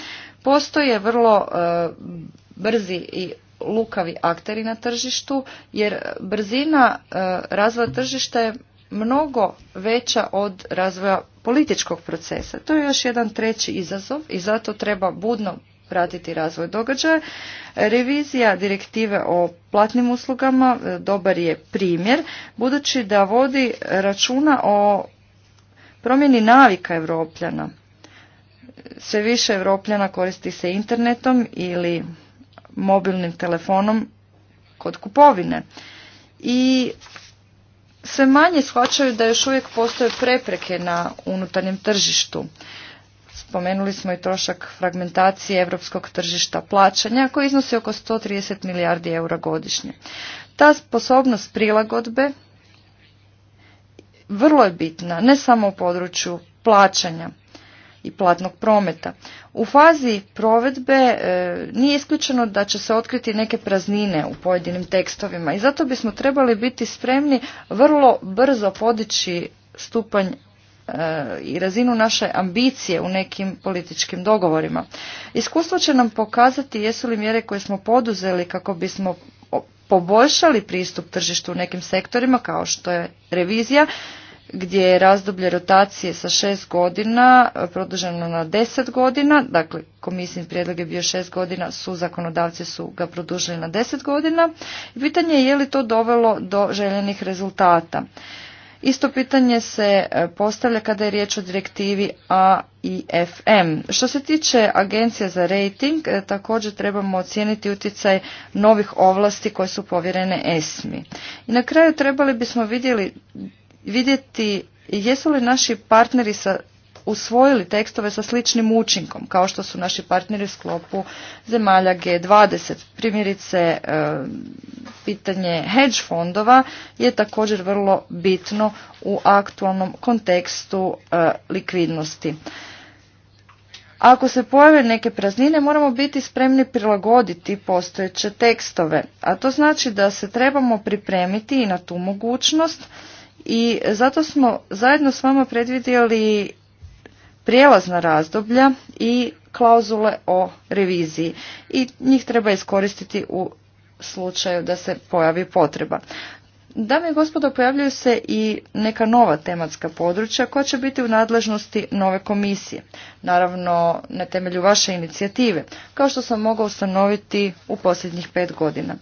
Postoje vrlo e, brzi i lukavi akteri na tržištu jer brzina e, razvoja tržišta je mnogo veća od razvoja političkog procesa. To je još jedan treći izazov i zato treba budno pratiti razvoj događaja. Revizija direktive o platnim uslugama e, dobar je primjer, budući da vodi računa o promjeni navika Evropljana. Sve više Evropljana koristi se internetom ili mobilnim telefonom kod kupovine. I sve manje shvaćaju da još uvijek postoje prepreke na unutarnjem tržištu. Spomenuli smo i trošak fragmentacije europskog tržišta plaćanja koji iznosi oko 130 milijardi eura godišnje. Ta sposobnost prilagodbe vrlo je bitna, ne samo u području plaćanja, i platnog prometa. U fazi provedbe e, nije isključeno da će se otkriti neke praznine u pojedinim tekstovima i zato bismo trebali biti spremni vrlo brzo podići stupanj e, i razinu naše ambicije u nekim političkim dogovorima. Iskustvo će nam pokazati jesu li mjere koje smo poduzeli kako bismo poboljšali pristup tržištu u nekim sektorima kao što je revizija, gdje je razdoblje rotacije sa šest godina e, produženo na deset godina, dakle komisijin prijedlog je bio šest godina, su zakonodavci su ga produžili na deset godina. Pitanje je je li to dovelo do željenih rezultata. Isto pitanje se e, postavlja kada je riječ o direktivi A i FM. Što se tiče agencije za rating, e, također trebamo ocijeniti utjecaj novih ovlasti koje su povjerene ESMI. I na kraju trebali bismo vidjeli vidjeti jesu li naši partneri sa, usvojili tekstove sa sličnim učinkom, kao što su naši partneri u sklopu zemalja G20. Primjerice, e, pitanje hedge fondova je također vrlo bitno u aktualnom kontekstu e, likvidnosti. Ako se pojave neke praznine, moramo biti spremni prilagoditi postojeće tekstove, a to znači da se trebamo pripremiti i na tu mogućnost, i zato smo zajedno s vama predvidjeli prijelazna razdoblja i klauzule o reviziji i njih treba iskoristiti u slučaju da se pojavi potreba. Dame i gospodo, pojavljuju se i neka nova tematska područja koja će biti u nadležnosti nove komisije. Naravno, na temelju vaše inicijative, kao što sam mogao ustanoviti u posljednjih pet godina.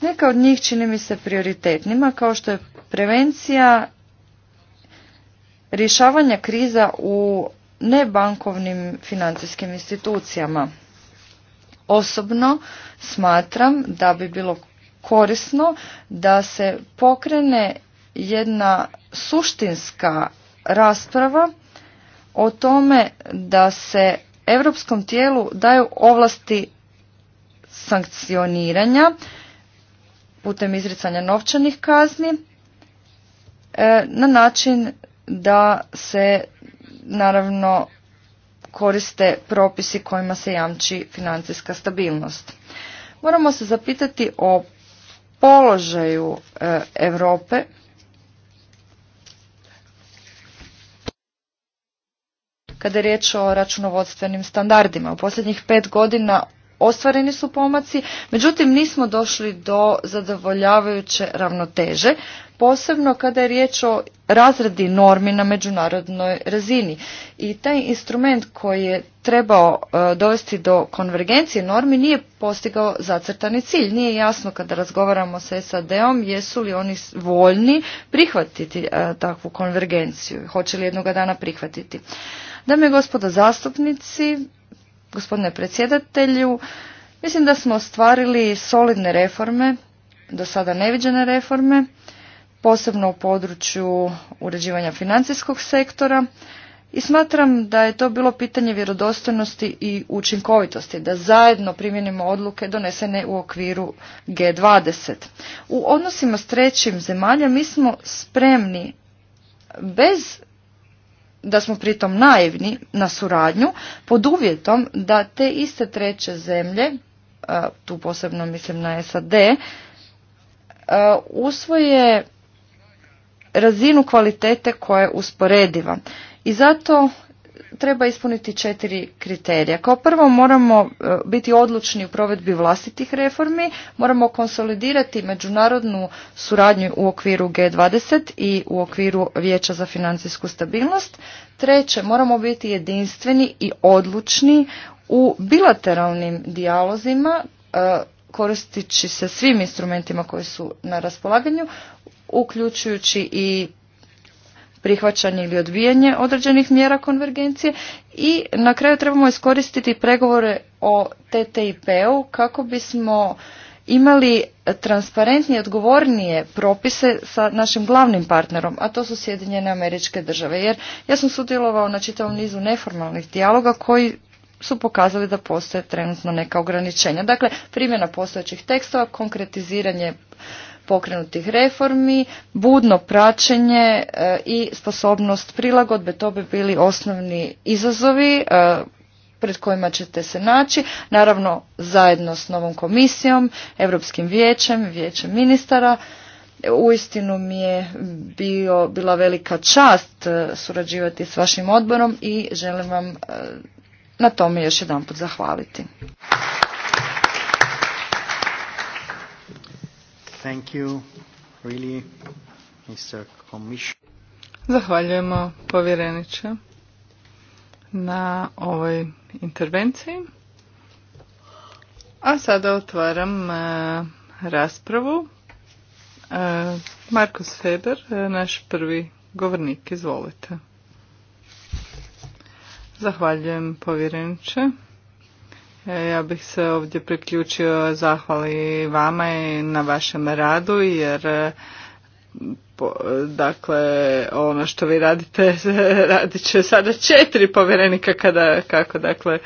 Neka od njih čini mi se prioritetnima, kao što je prevencija rješavanja kriza u nebankovnim financijskim institucijama. Osobno smatram da bi bilo korisno da se pokrene jedna suštinska rasprava o tome da se europskom tijelu daju ovlasti sankcioniranja putem izricanja novčanih kazni e, na način da se naravno koriste propisi kojima se jamči financijska stabilnost. Moramo se zapitati o položaju e, Europe kada je riječ o računovodstvenim standardima. U posljednjih pet godina ostvareni su pomaci, međutim nismo došli do zadovoljavajuće ravnoteže, posebno kada je riječ o razredi normi na međunarodnoj razini. I taj instrument koji je trebao e, dovesti do konvergencije normi nije postigao zacrtani cilj. Nije jasno kada razgovaramo sa SAD-om jesu li oni voljni prihvatiti e, takvu konvergenciju, hoće li jednoga dana prihvatiti. Dame i gospodo zastupnici, Gospodine predsjedatelju, mislim da smo ostvarili solidne reforme, do sada neviđene reforme, posebno u području uređivanja financijskog sektora i smatram da je to bilo pitanje vjerodostojnosti i učinkovitosti, da zajedno primjenimo odluke donesene u okviru G20. U odnosima s trećim zemalja mi smo spremni bez da smo pritom naivni na suradnju pod uvjetom da te iste treće zemlje, e, tu posebno mislim na SAD, e, usvoje razinu kvalitete koja je usporediva. I zato treba ispuniti četiri kriterija. Kao prvo moramo e, biti odlučni u provedbi vlastitih reformi, moramo konsolidirati međunarodnu suradnju u okviru G20 i u okviru Vijeća za financijsku stabilnost. Treće, moramo biti jedinstveni i odlučni u bilateralnim dijalozima e, koristeći se svim instrumentima koji su na raspolaganju, uključujući i prihvaćanje ili odbijanje određenih mjera konvergencije i na kraju trebamo iskoristiti pregovore o TTIP-u kako bismo imali transparentnije i odgovornije propise sa našim glavnim partnerom, a to su Sjedinjene američke države. Jer ja sam sudjelovao na čitavom nizu neformalnih dijaloga koji su pokazali da postoje trenutno neka ograničenja. Dakle, primjena postojećih tekstova, konkretiziranje pokrenutih reformi, budno praćenje e, i sposobnost prilagodbe, to bi bili osnovni izazovi e, pred kojima ćete se naći, naravno zajedno s novom komisijom, Europskim vijećem, vijećem ministara. Uistinu mi je bio, bila velika čast e, surađivati s vašim odborom i želim vam na tome još jedanput zahvaliti. Thank you, really, Zahvaljujemo povjereniče na ovoj intervenciji. A sada otvaram e, raspravu. E, Markus Feber, e, naš prvi govornik, izvolite. Zahvaljujem povjereniče. E, ja bih se ovdje priključio zahvali vama i na vašem radu jer e, dakle ono što vi radite radit će sada četiri povjerenika kada kako dakle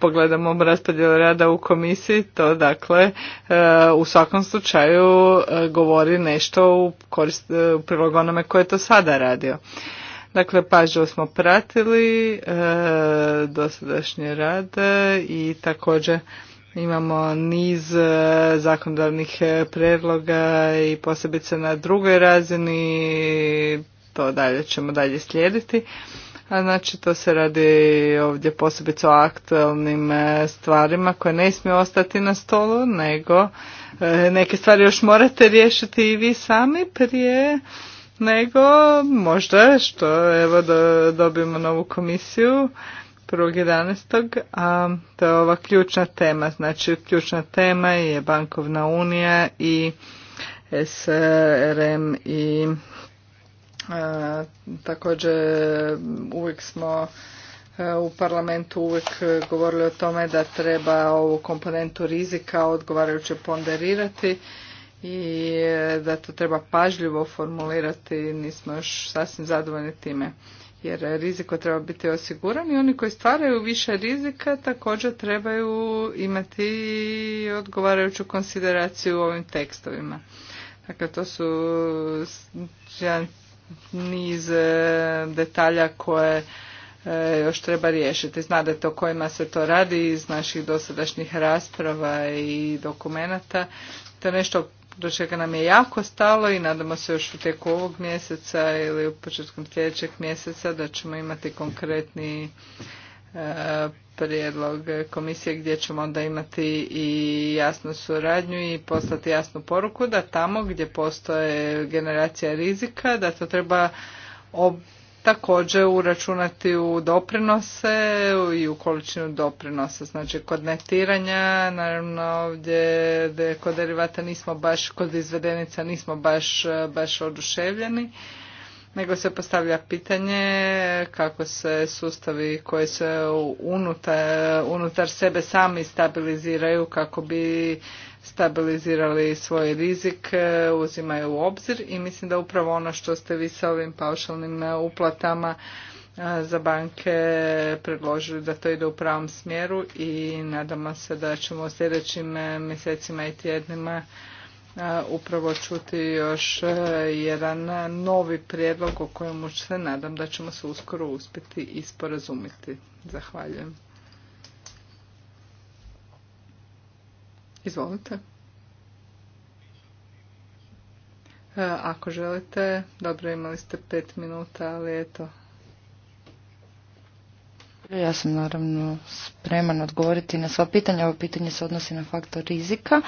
pogledamo raspodjelu rada u komisiji to dakle e, u svakom slučaju govori nešto u, korist, u prilog onome koje je to sada radio. Dakle, pažljivo smo pratili e, dosadašnje rade i također imamo niz e, zakonodavnih e, predloga i posebice na drugoj razini, to dalje ćemo dalje slijediti. A znači to se radi ovdje posebice o aktualnim e, stvarima koje ne smije ostati na stolu, nego neke stvari još morate riješiti i vi sami prije nego možda što evo da dobijemo novu komisiju 1.11. a to je ova ključna tema. Znači ključna tema je bankovna unija i SRM i također uvijek smo u parlamentu uvijek govorili o tome da treba ovu komponentu rizika odgovarajuće ponderirati i e, da to treba pažljivo formulirati, nismo još sasvim zadovoljni time. Jer riziko treba biti osiguran i oni koji stvaraju više rizika također trebaju imati odgovarajuću konsideraciju u ovim tekstovima. Dakle, to su jedan niz e, detalja koje e, još treba riješiti. Znate o kojima se to radi iz naših dosadašnjih rasprava i dokumenata. To je nešto do čega nam je jako stalo i nadamo se još u tijeku ovog mjeseca ili u početkom sljedećeg mjeseca da ćemo imati konkretni e, prijedlog komisije gdje ćemo onda imati i jasnu suradnju i poslati jasnu poruku da tamo gdje postoje generacija rizika da to treba također uračunati u doprinose i u količinu doprinosa. Znači kod netiranja, naravno ovdje kod derivata nismo baš, kod izvedenica nismo baš, baš oduševljeni, nego se postavlja pitanje kako se sustavi koji se unutar, unutar sebe sami stabiliziraju kako bi stabilizirali svoj rizik uzimaju u obzir i mislim da upravo ono što ste vi sa ovim paušalnim e, uplatama e, za banke predložili da to ide u pravom smjeru i nadamo se da ćemo u sljedećim e, mjesecima i tjednima upravo čuti još jedan novi prijedlog o kojemu se nadam da ćemo se uskoro uspjeti i sporazumiti. Zahvaljujem. Izvolite. E, ako želite, dobro imali ste pet minuta, ali eto. Ja sam naravno spreman odgovoriti na sva pitanja. Ovo pitanje se odnosi na faktor rizika,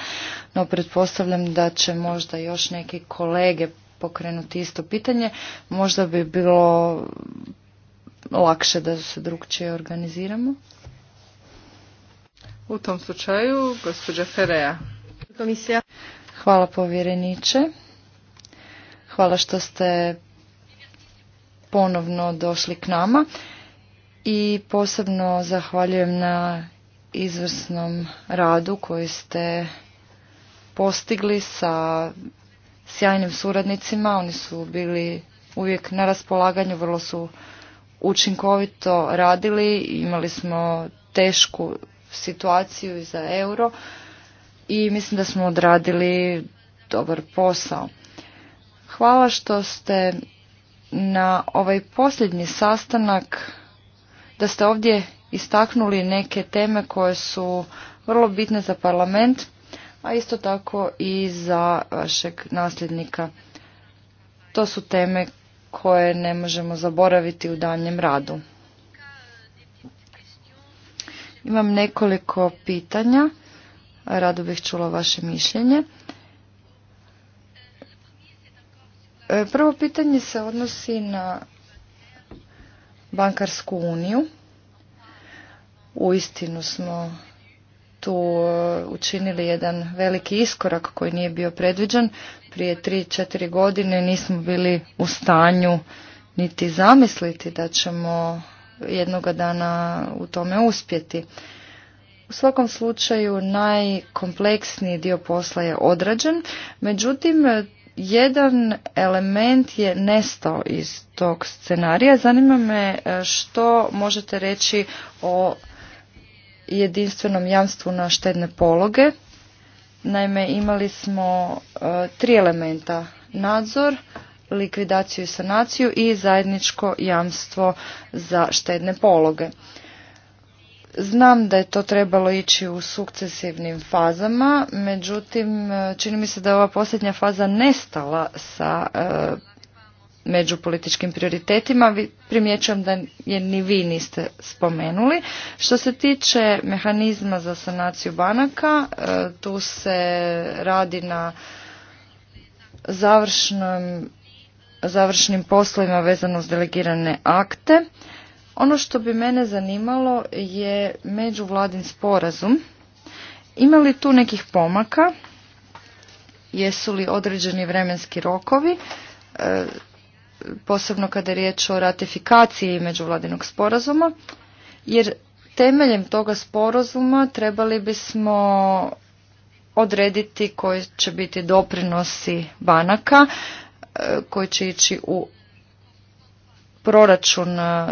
no pretpostavljam da će možda još neki kolege pokrenuti isto pitanje. Možda bi bilo lakše da se drugčije organiziramo. U tom slučaju, gospođa Ferreja. Komisija. Hvala povjereniče. Hvala što ste ponovno došli k nama i posebno zahvaljujem na izvrsnom radu koji ste postigli sa sjajnim suradnicima. Oni su bili uvijek na raspolaganju, vrlo su učinkovito radili, imali smo tešku situaciju i za euro i mislim da smo odradili dobar posao. Hvala što ste na ovaj posljednji sastanak da ste ovdje istaknuli neke teme koje su vrlo bitne za parlament, a isto tako i za vašeg nasljednika. To su teme koje ne možemo zaboraviti u danjem radu. Imam nekoliko pitanja, rado bih čula vaše mišljenje. E, prvo pitanje se odnosi na bankarsku uniju. Uistinu smo tu e, učinili jedan veliki iskorak koji nije bio predviđen. Prije 3-4 godine nismo bili u stanju niti zamisliti da ćemo jednoga dana u tome uspjeti. U svakom slučaju najkompleksniji dio posla je odrađen, međutim jedan element je nestao iz tog scenarija. Zanima me e, što možete reći o jedinstvenom jamstvu na štedne pologe. Naime, imali smo e, tri elementa. Nadzor, likvidaciju i sanaciju i zajedničko jamstvo za štedne pologe. Znam da je to trebalo ići u sukcesivnim fazama, međutim e, čini mi se da je ova posljednja faza nestala sa e, prioritetima. Primjećujem da je ni vi niste spomenuli. Što se tiče mehanizma za sanaciju banaka, e, tu se radi na završnom završnim poslovima vezano s delegirane akte. Ono što bi mene zanimalo je međuvladin sporazum. Ima li tu nekih pomaka? Jesu li određeni vremenski rokovi? E, posebno kada je riječ o ratifikaciji međuvladinog sporazuma, jer temeljem toga sporazuma trebali bismo odrediti koji će biti doprinosi banaka koji će ići u proračun e,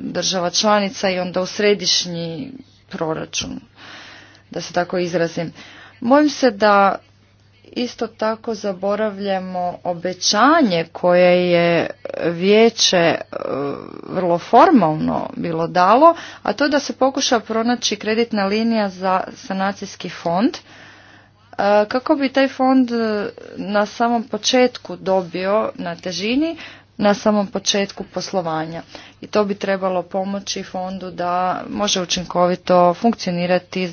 država članica i onda u središnji proračun, da se tako izrazim. Mojim se da isto tako zaboravljamo obećanje koje je vijeće e, vrlo formalno bilo dalo, a to da se pokuša pronaći kreditna linija za sanacijski fond E, kako bi taj fond e, na samom početku dobio na težini, na samom početku poslovanja. I to bi trebalo pomoći fondu da može učinkovito funkcionirati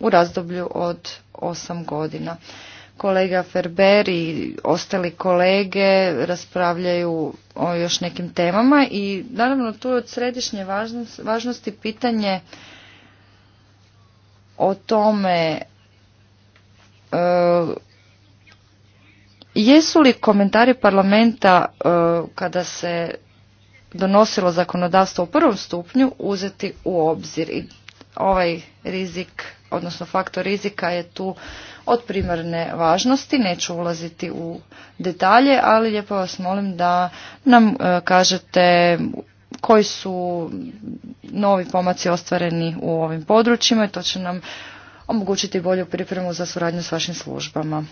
u razdoblju od 8 godina. Kolega Ferber i ostali kolege raspravljaju o još nekim temama i naravno tu je od središnje važnosti pitanje o tome E, jesu li komentari parlamenta e, kada se donosilo zakonodavstvo u prvom stupnju uzeti u obzir i ovaj rizik, odnosno faktor rizika je tu od primarne važnosti, neću ulaziti u detalje, ali lijepo vas molim da nam e, kažete koji su novi pomaci ostvareni u ovim područjima i to će nam omogućiti bolju pripremu za suradnju s vašim službama.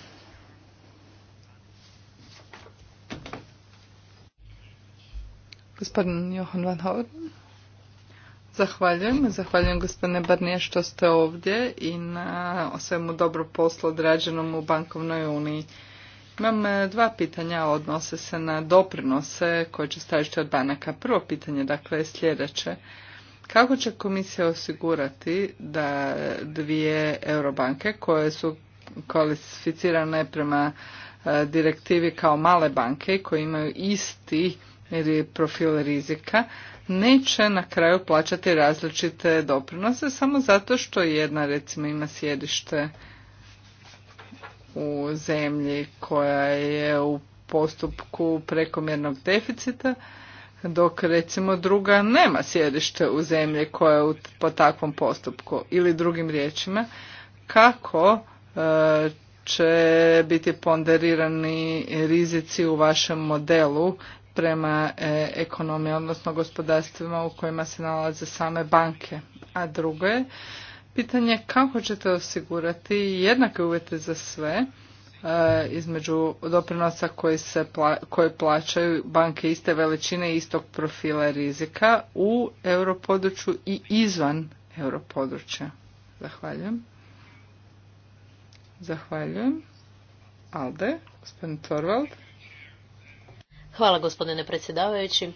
Gospodin Johan van Houten. Zahvaljujem. Zahvaljujem gospodine Barnije što ste ovdje i na svemu dobro poslu odrađenom u Bankovnoj uniji. Imam e, dva pitanja, odnose se na doprinose koje će staviti od banaka. Prvo pitanje dakle je sljedeće. Kako će komisija osigurati da dvije eurobanke koje su kvalificirane prema e, direktivi kao male banke koje imaju isti profil rizika neće na kraju plaćati različite doprinose samo zato što jedna recimo ima sjedište u zemlji koja je u postupku prekomjernog deficita dok recimo druga nema sjedište u zemlji koja je po takvom postupku ili drugim riječima kako e, će biti ponderirani rizici u vašem modelu prema ekonomije, ekonomiji odnosno gospodarstvima u kojima se nalaze same banke a drugo je pitanje kako ćete osigurati jednake uvjete za sve E, između doprinosa koji se pla, koje plaćaju banke iste veličine i istog profila rizika u europodručju i izvan europodručja. Zahvaljujem. Zahvaljujem. Alde, gospodin Torvald. Hvala gospodine predsjedavajući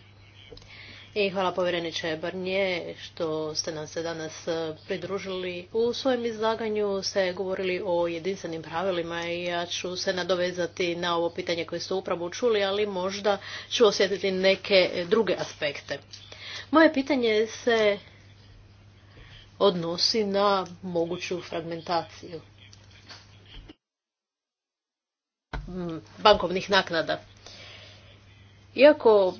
i hvala povjereniče Barnije što ste nam se danas e, pridružili. U svojem izlaganju ste govorili o jedinstvenim pravilima i ja ću se nadovezati na ovo pitanje koje ste upravo čuli, ali možda ću osjetiti neke druge aspekte. Moje pitanje se odnosi na moguću fragmentaciju bankovnih naknada. Iako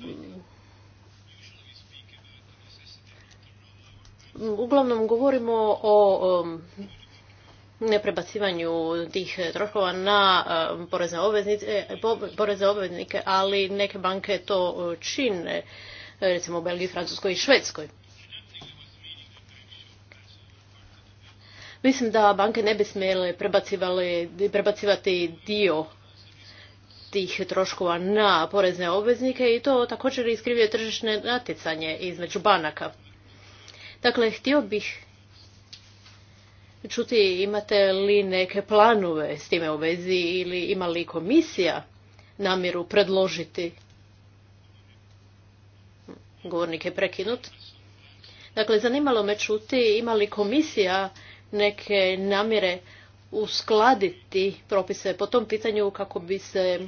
Uglavnom govorimo o neprebacivanju tih troškova na um, porezne obveznike, obveznike, ali neke banke to uh, čine, recimo u Belgiji, Francuskoj i Švedskoj. Mislim da banke ne bi smjele prebacivati dio tih troškova na porezne obveznike i to također iskrivljuje tržišne natjecanje između banaka. Dakle, htio bih čuti imate li neke planove s time u vezi ili ima li komisija namjeru predložiti. Govornik je prekinut. Dakle, zanimalo me čuti ima li komisija neke namjere uskladiti propise po tom pitanju kako bi se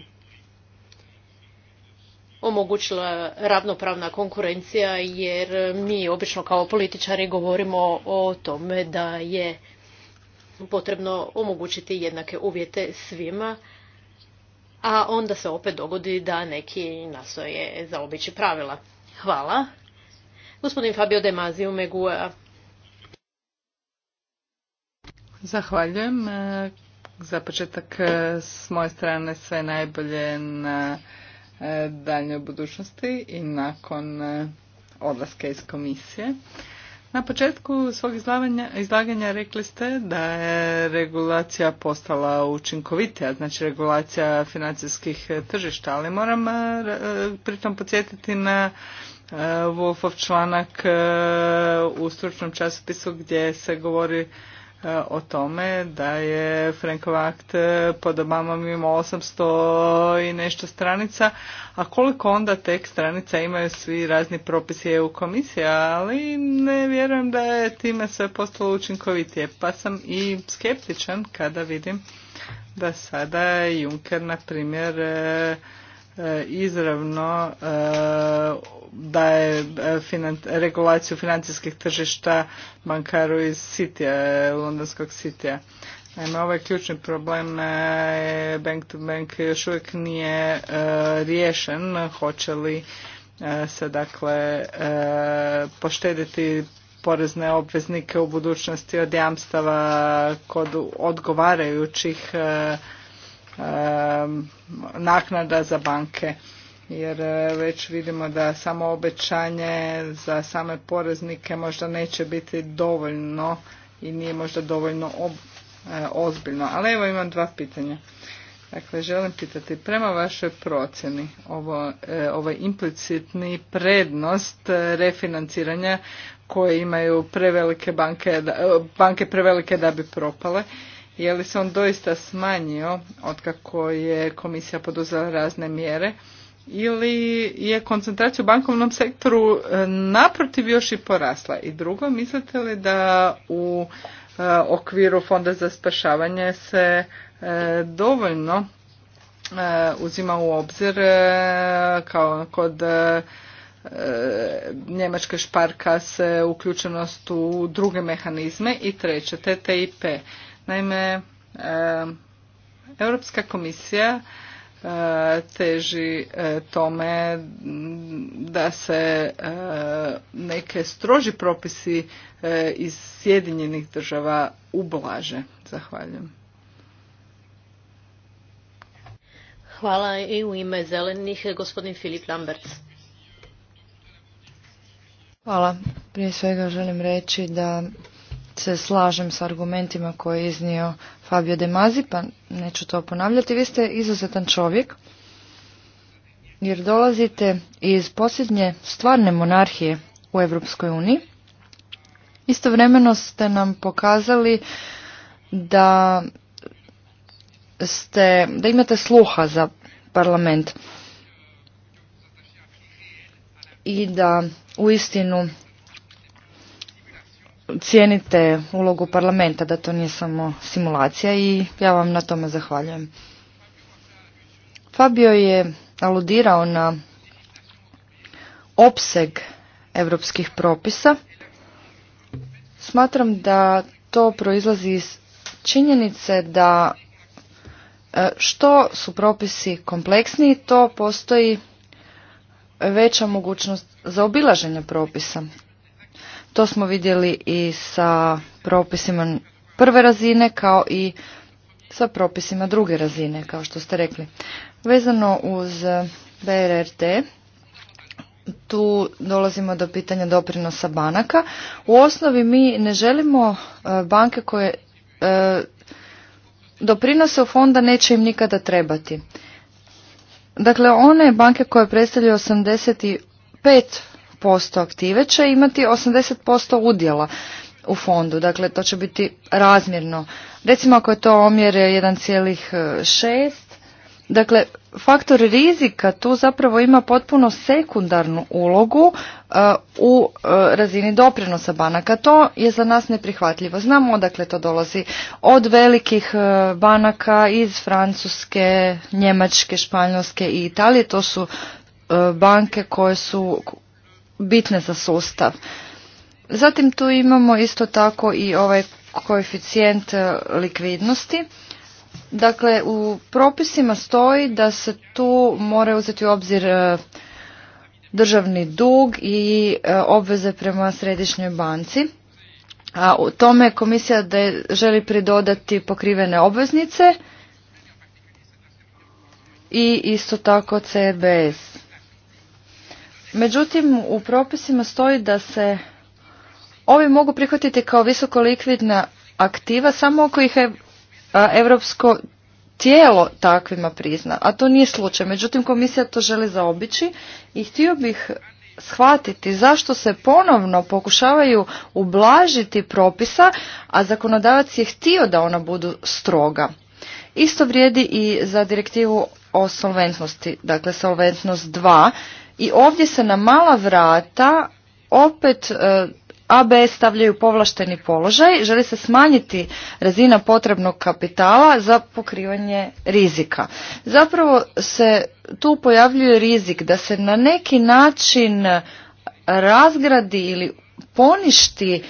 omogućila ravnopravna konkurencija jer mi obično kao političari govorimo o tome da je potrebno omogućiti jednake uvjete svima, a onda se opet dogodi da neki nastoje zaobići pravila. Hvala. Gospodin Fabio De Mazio Megua. Zahvaljujem. E, za početak e, s moje strane sve najbolje na E, daljnjoj budućnosti i nakon e, odlaska iz komisije. Na početku svog izlaganja, izlaganja rekli ste da je regulacija postala učinkovitija, znači regulacija financijskih tržišta, ali moram e, pritom podsjetiti na Wolfov članak u stručnom časopisu gdje se govori E, o tome da je Frankov akt e, pod Obamom imao 800 i nešto stranica, a koliko onda tek stranica imaju svi razni propisi EU komisija, ali ne vjerujem da je time sve postalo učinkovitije, pa sam i skeptičan kada vidim da sada Juncker, na primjer, e, izravno eh, daje je eh, regulaciju financijskih tržišta bankaru iz Citya, londonskog Citya. Naime, ovaj ključni problem eh, bank to bank još uvijek nije riješen. Hoće li se dakle poštediti porezne obveznike u budućnosti od jamstava kod odgovarajućih naknada za banke jer e, već vidimo da samo obećanje za same poreznike možda neće biti dovoljno i nije možda dovoljno e, ozbiljno. Ali evo imam dva pitanja. Dakle, želim pitati, prema vašoj procjeni ovo, e, ovaj implicitni prednost refinanciranja koje imaju prevelike banke, banke prevelike da bi propale, je li se on doista smanjio otkako je komisija poduzela razne mjere ili je koncentracija u bankovnom sektoru e, naprotiv još i porasla? I drugo, mislite li da u e, okviru Fonda za spašavanje se e, dovoljno uzima u obzir kao kod Njemačke šparka se uključenost u druge mehanizme i treće TTIP. Naime, e, Europska komisija e, teži e, tome da se neke stroži propisi iz Sjedinjenih država ublaže. Zahvaljujem. Hvala i u ime zelenih gospodin Filip Lamberts. Hvala. Prije svega želim reći da se slažem s argumentima koje je iznio Fabio De Mazi, pa neću to ponavljati. Vi ste izuzetan čovjek, jer dolazite iz posljednje stvarne monarhije u Europskoj uniji. Istovremeno ste nam pokazali da, ste, da imate sluha za parlament i da u istinu cijenite ulogu parlamenta, da to nije samo simulacija i ja vam na tome zahvaljujem. Fabio je aludirao na opseg europskih propisa. Smatram da to proizlazi iz činjenice da e, što su propisi kompleksniji, to postoji veća mogućnost za obilaženje propisa. To smo vidjeli i sa propisima prve razine kao i sa propisima druge razine, kao što ste rekli. Vezano uz BRRT, tu dolazimo do pitanja doprinosa banaka. U osnovi mi ne želimo e, banke koje e, doprinose u fonda neće im nikada trebati. Dakle, one banke koje predstavljaju 85 posto aktive će imati 80% udjela u fondu. Dakle, to će biti razmjerno. Recimo ako je to omjer 1,6, dakle, faktor rizika tu zapravo ima potpuno sekundarnu ulogu e, u e, razini doprinosa banaka. To je za nas neprihvatljivo. Znamo odakle to dolazi od velikih e, banaka iz Francuske, Njemačke, Španjolske i Italije. To su banke koje su bitne za sustav. Zatim tu imamo isto tako i ovaj koeficijent e, likvidnosti. Dakle, u propisima stoji da se tu mora uzeti u obzir e, državni dug i e, obveze prema središnjoj banci. A u tome komisija da želi pridodati pokrivene obveznice i isto tako CBS. Međutim, u propisima stoji da se ovi mogu prihvatiti kao visoko likvidna aktiva samo ako ih je europsko tijelo takvima prizna, a to nije slučaj. Međutim, komisija to želi zaobići i htio bih shvatiti zašto se ponovno pokušavaju ublažiti propisa, a zakonodavac je htio da ona budu stroga. Isto vrijedi i za direktivu o solventnosti, dakle solventnost 2, i ovdje se na mala vrata opet e, AB stavljaju povlašteni položaj, želi se smanjiti razina potrebnog kapitala za pokrivanje rizika. Zapravo se tu pojavljuje rizik da se na neki način razgradi ili poništi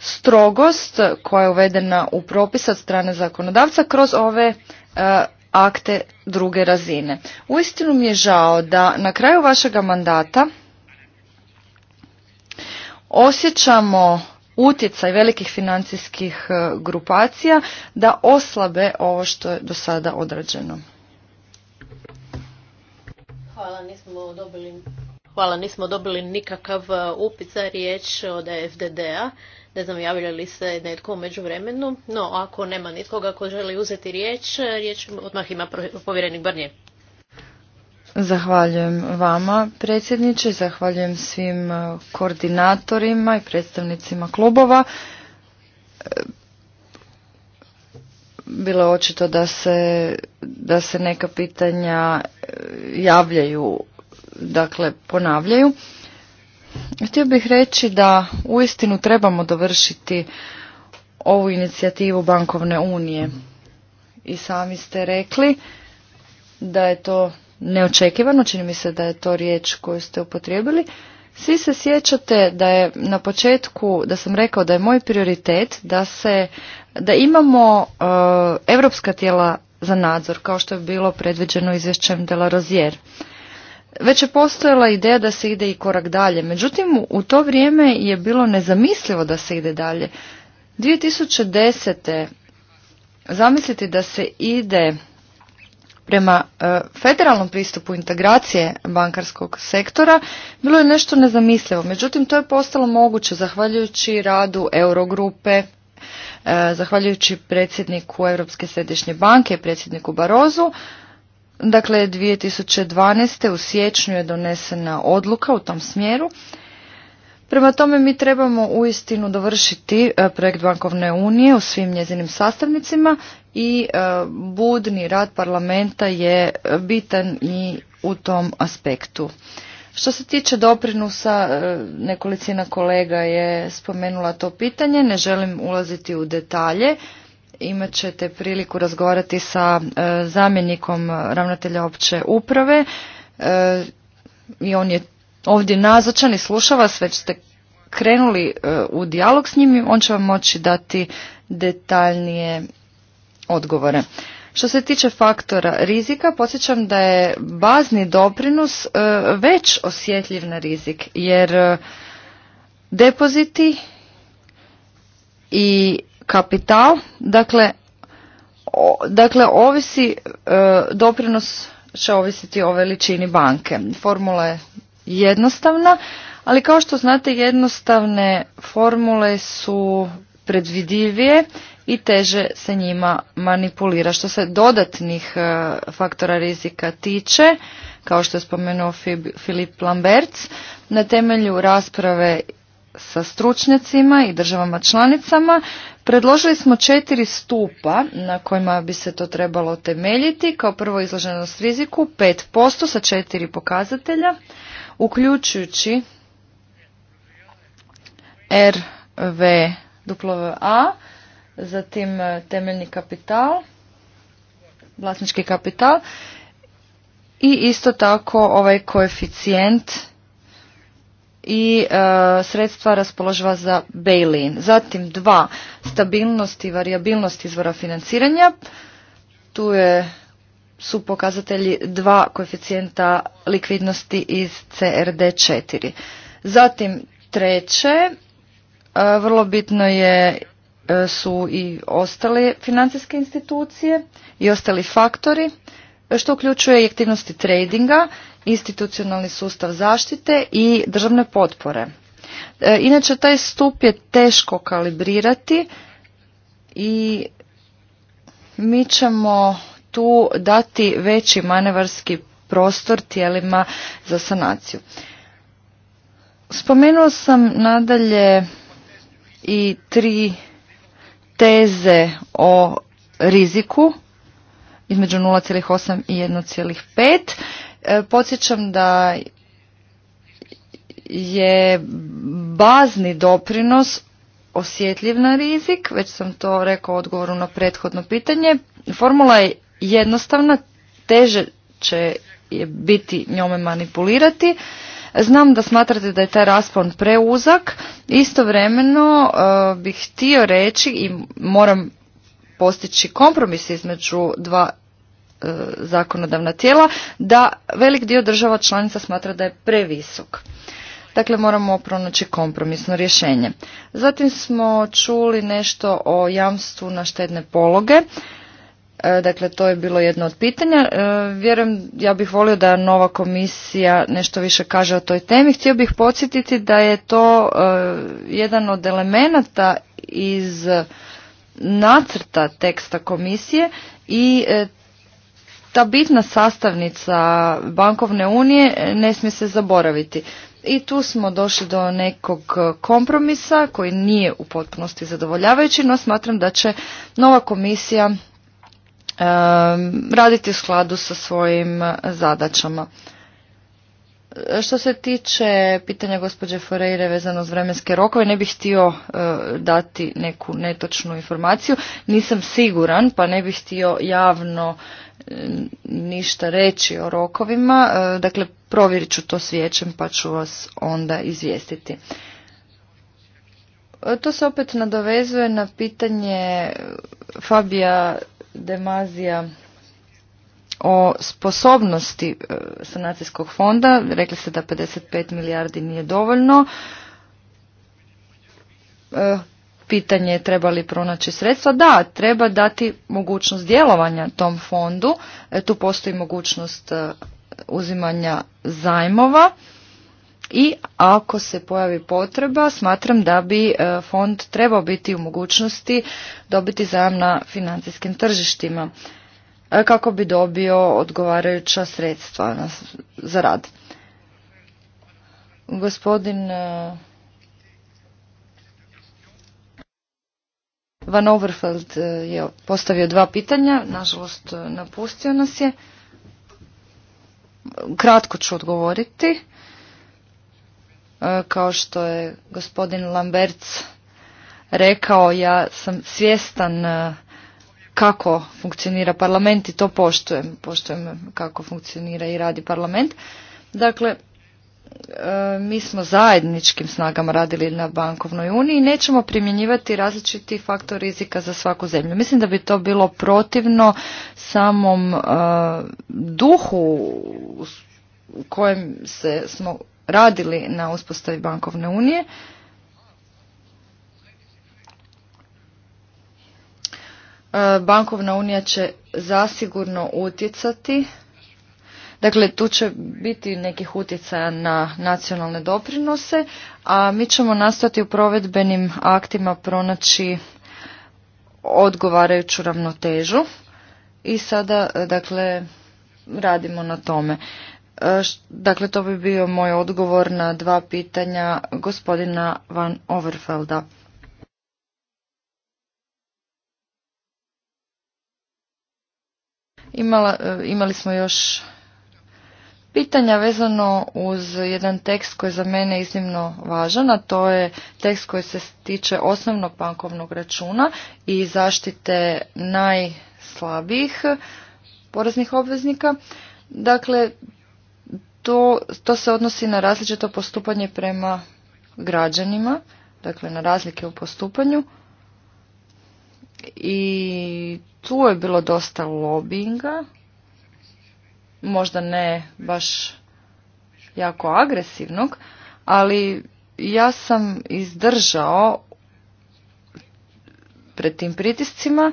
strogost koja je uvedena u propis od strane zakonodavca kroz ove e, akte druge razine. Uistinu mi je žao da na kraju vašega mandata osjećamo utjecaj velikih financijskih e, grupacija da oslabe ovo što je do sada odrađeno. Hvala, nismo dobili, hvala, nismo dobili nikakav e, upit za riječ od FDD-a. Ne znam javlja li se netko u međuvremenu, no ako nema nitkoga ko želi uzeti riječ, riječ odmah ima povjerenik Brnje. Zahvaljujem vama, predsjedniče, zahvaljujem svim e, koordinatorima i predstavnicima klubova. E, bilo je očito da se, da se neka pitanja e, javljaju, dakle ponavljaju. Htio bih reći da uistinu trebamo dovršiti ovu inicijativu bankovne unije. I sami ste rekli da je to neočekivano, čini mi se da je to riječ koju ste upotrijebili. Svi se sjećate da je na početku, da sam rekao da je moj prioritet da se, da imamo europska tijela za nadzor kao što je bilo predviđeno izvješćem de la Rozier već je postojala ideja da se ide i korak dalje. Međutim, u to vrijeme je bilo nezamislivo da se ide dalje. 2010. zamisliti da se ide prema e, federalnom pristupu integracije bankarskog sektora bilo je nešto nezamislivo. Međutim, to je postalo moguće zahvaljujući radu Eurogrupe, e, zahvaljujući predsjedniku Europske središnje banke, predsjedniku Barozu, Dakle, 2012. u siječnju je donesena odluka u tom smjeru. Prema tome mi trebamo uistinu dovršiti e, projekt Bankovne unije u svim njezinim sastavnicima i e, budni rad parlamenta je bitan i u tom aspektu. Što se tiče doprinosa, e, nekolicina kolega je spomenula to pitanje, ne želim ulaziti u detalje imat ćete priliku razgovarati sa e, zamjenikom ravnatelja opće uprave e, i on je ovdje nazočan i sluša vas, već ste krenuli e, u dijalog s njim, i on će vam moći dati detaljnije odgovore. Što se tiče faktora rizika, podsjećam da je bazni doprinos već osjetljiv na rizik, jer depoziti i kapital, dakle, dakle ovisi, e, doprinos će ovisiti o veličini banke. Formula je jednostavna, ali kao što znate jednostavne formule su predvidivije i teže se njima manipulira. Što se dodatnih e, faktora rizika tiče, kao što je spomenuo Filip Lamberts, na temelju rasprave sa stručnjacima i državama članicama Predložili smo četiri stupa na kojima bi se to trebalo temeljiti. Kao prvo izloženost riziku 5% sa četiri pokazatelja, uključujući a zatim e, temeljni kapital, vlasnički kapital i isto tako ovaj koeficijent i e, sredstva raspoloživa za bail-in. Zatim dva, stabilnost i variabilnost izvora financiranja. Tu je, su pokazatelji dva koeficijenta likvidnosti iz CRD4. Zatim treće, e, vrlo bitno je e, su i ostale financijske institucije i ostali faktori što uključuje i aktivnosti tradinga, institucionalni sustav zaštite i državne potpore. E, inače, taj stup je teško kalibrirati i mi ćemo tu dati veći manevarski prostor tijelima za sanaciju. Spomenuo sam nadalje i tri teze o riziku između 0,8 i 1,5. E, podsjećam da je bazni doprinos osjetljiv na rizik, već sam to rekao odgovoru na prethodno pitanje. Formula je jednostavna, teže će je biti njome manipulirati. Znam da smatrate da je taj raspon preuzak, istovremeno uh, bih htio reći i moram postići kompromis između dva e, zakonodavna tijela da velik dio država članica smatra da je previsok. Dakle, moramo pronaći kompromisno rješenje. Zatim smo čuli nešto o jamstvu na štedne pologe. E, dakle, to je bilo jedno od pitanja. E, vjerujem, ja bih volio da nova komisija nešto više kaže o toj temi. Htio bih podsjetiti da je to jedan od elemenata iz nacrta teksta komisije i e, ta bitna sastavnica bankovne unije ne smije se zaboraviti. I tu smo došli do nekog kompromisa koji nije u potpunosti zadovoljavajući, no smatram da će nova komisija e, raditi u skladu sa svojim zadaćama. Što se tiče pitanja gospođe Foreire vezano s vremenske rokove, ne bih htio e, dati neku netočnu informaciju. Nisam siguran, pa ne bih htio javno e, ništa reći o rokovima. E, dakle, provjerit ću to s vijećem pa ću vas onda izvijestiti. To se opet nadovezuje na pitanje Fabija Demazija o sposobnosti e, sanacijskog fonda. Rekli ste da 55 milijardi nije dovoljno. E, pitanje je treba li pronaći sredstva. Da, treba dati mogućnost djelovanja tom fondu. E, tu postoji mogućnost uzimanja zajmova i ako se pojavi potreba smatram da bi fond trebao biti u mogućnosti dobiti zajam na financijskim tržištima. E, kako bi dobio odgovarajuća sredstva za rad. Gospodin e, Van Overfeld e, je postavio dva pitanja, nažalost napustio nas je. Kratko ću odgovoriti. Kao što je gospodin Lamberts rekao, ja sam svjestan kako funkcionira parlament i to poštujem. Poštujem kako funkcionira i radi parlament. Dakle, e, mi smo zajedničkim snagama radili na bankovnoj uniji i nećemo primjenjivati različiti faktor rizika za svaku zemlju. Mislim da bi to bilo protivno samom e, duhu u kojem se smo radili na uspostavi bankovne unije. E, bankovna unija će zasigurno utjecati Dakle, tu će biti nekih utjecaja na nacionalne doprinose, a mi ćemo nastati u provedbenim aktima pronaći odgovarajuću ravnotežu i sada, e, dakle, radimo na tome. E, dakle, to bi bio moj odgovor na dva pitanja gospodina Van Overfelda. Imala, e, imali smo još pitanja vezano uz jedan tekst koji je za mene iznimno važan, a to je tekst koji se tiče osnovnog bankovnog računa i zaštite najslabijih poreznih obveznika. Dakle, to, to se odnosi na različito postupanje prema građanima, dakle na razlike u postupanju i tu je bilo dosta lobinga, možda ne baš jako agresivnog, ali ja sam izdržao pred tim pritiscima,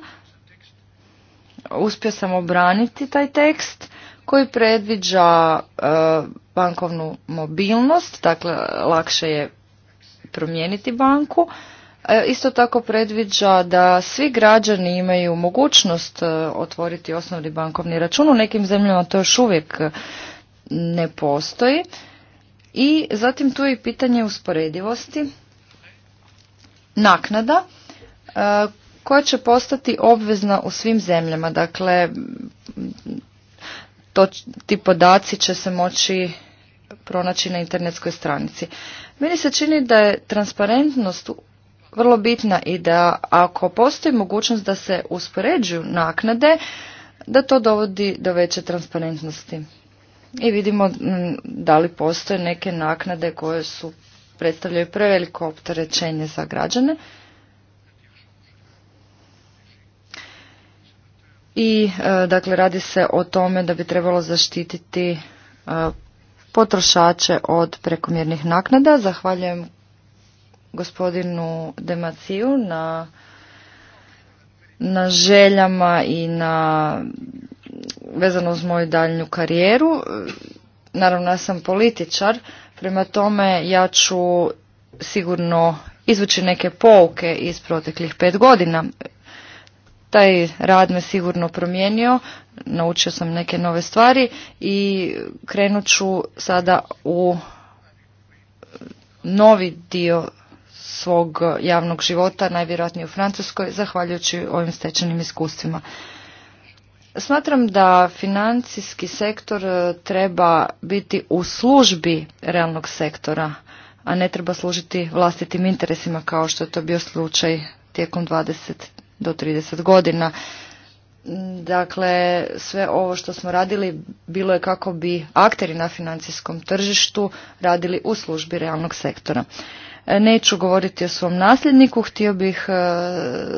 uspio sam obraniti taj tekst koji predviđa e, bankovnu mobilnost, dakle lakše je promijeniti banku, E, isto tako predviđa da svi građani imaju mogućnost e, otvoriti osnovni bankovni račun. U nekim zemljama to još uvijek ne postoji. I zatim tu je i pitanje usporedivosti naknada e, koja će postati obvezna u svim zemljama. Dakle, to, ti podaci će se moći pronaći na internetskoj stranici. Meni se čini da je transparentnost vrlo bitna i da ako postoji mogućnost da se uspoređuju naknade, da to dovodi do veće transparentnosti. I vidimo mm, da li postoje neke naknade koje su predstavljaju preveliko opterećenje za građane. I e, dakle radi se o tome da bi trebalo zaštititi e, potrošače od prekomjernih naknada. Zahvaljujem gospodinu Demaciju na, na željama i na vezano uz moju daljnju karijeru. Naravno, ja sam političar, prema tome ja ću sigurno izvući neke pouke iz proteklih pet godina. Taj rad me sigurno promijenio, naučio sam neke nove stvari i krenut ću sada u novi dio svog javnog života, najvjerojatnije u Francuskoj, zahvaljujući ovim stečenim iskustvima. Smatram da financijski sektor e, treba biti u službi realnog sektora, a ne treba služiti vlastitim interesima kao što je to bio slučaj tijekom 20 do 30 godina. Dakle, sve ovo što smo radili bilo je kako bi akteri na financijskom tržištu radili u službi realnog sektora. Neću govoriti o svom nasljedniku, htio bih e,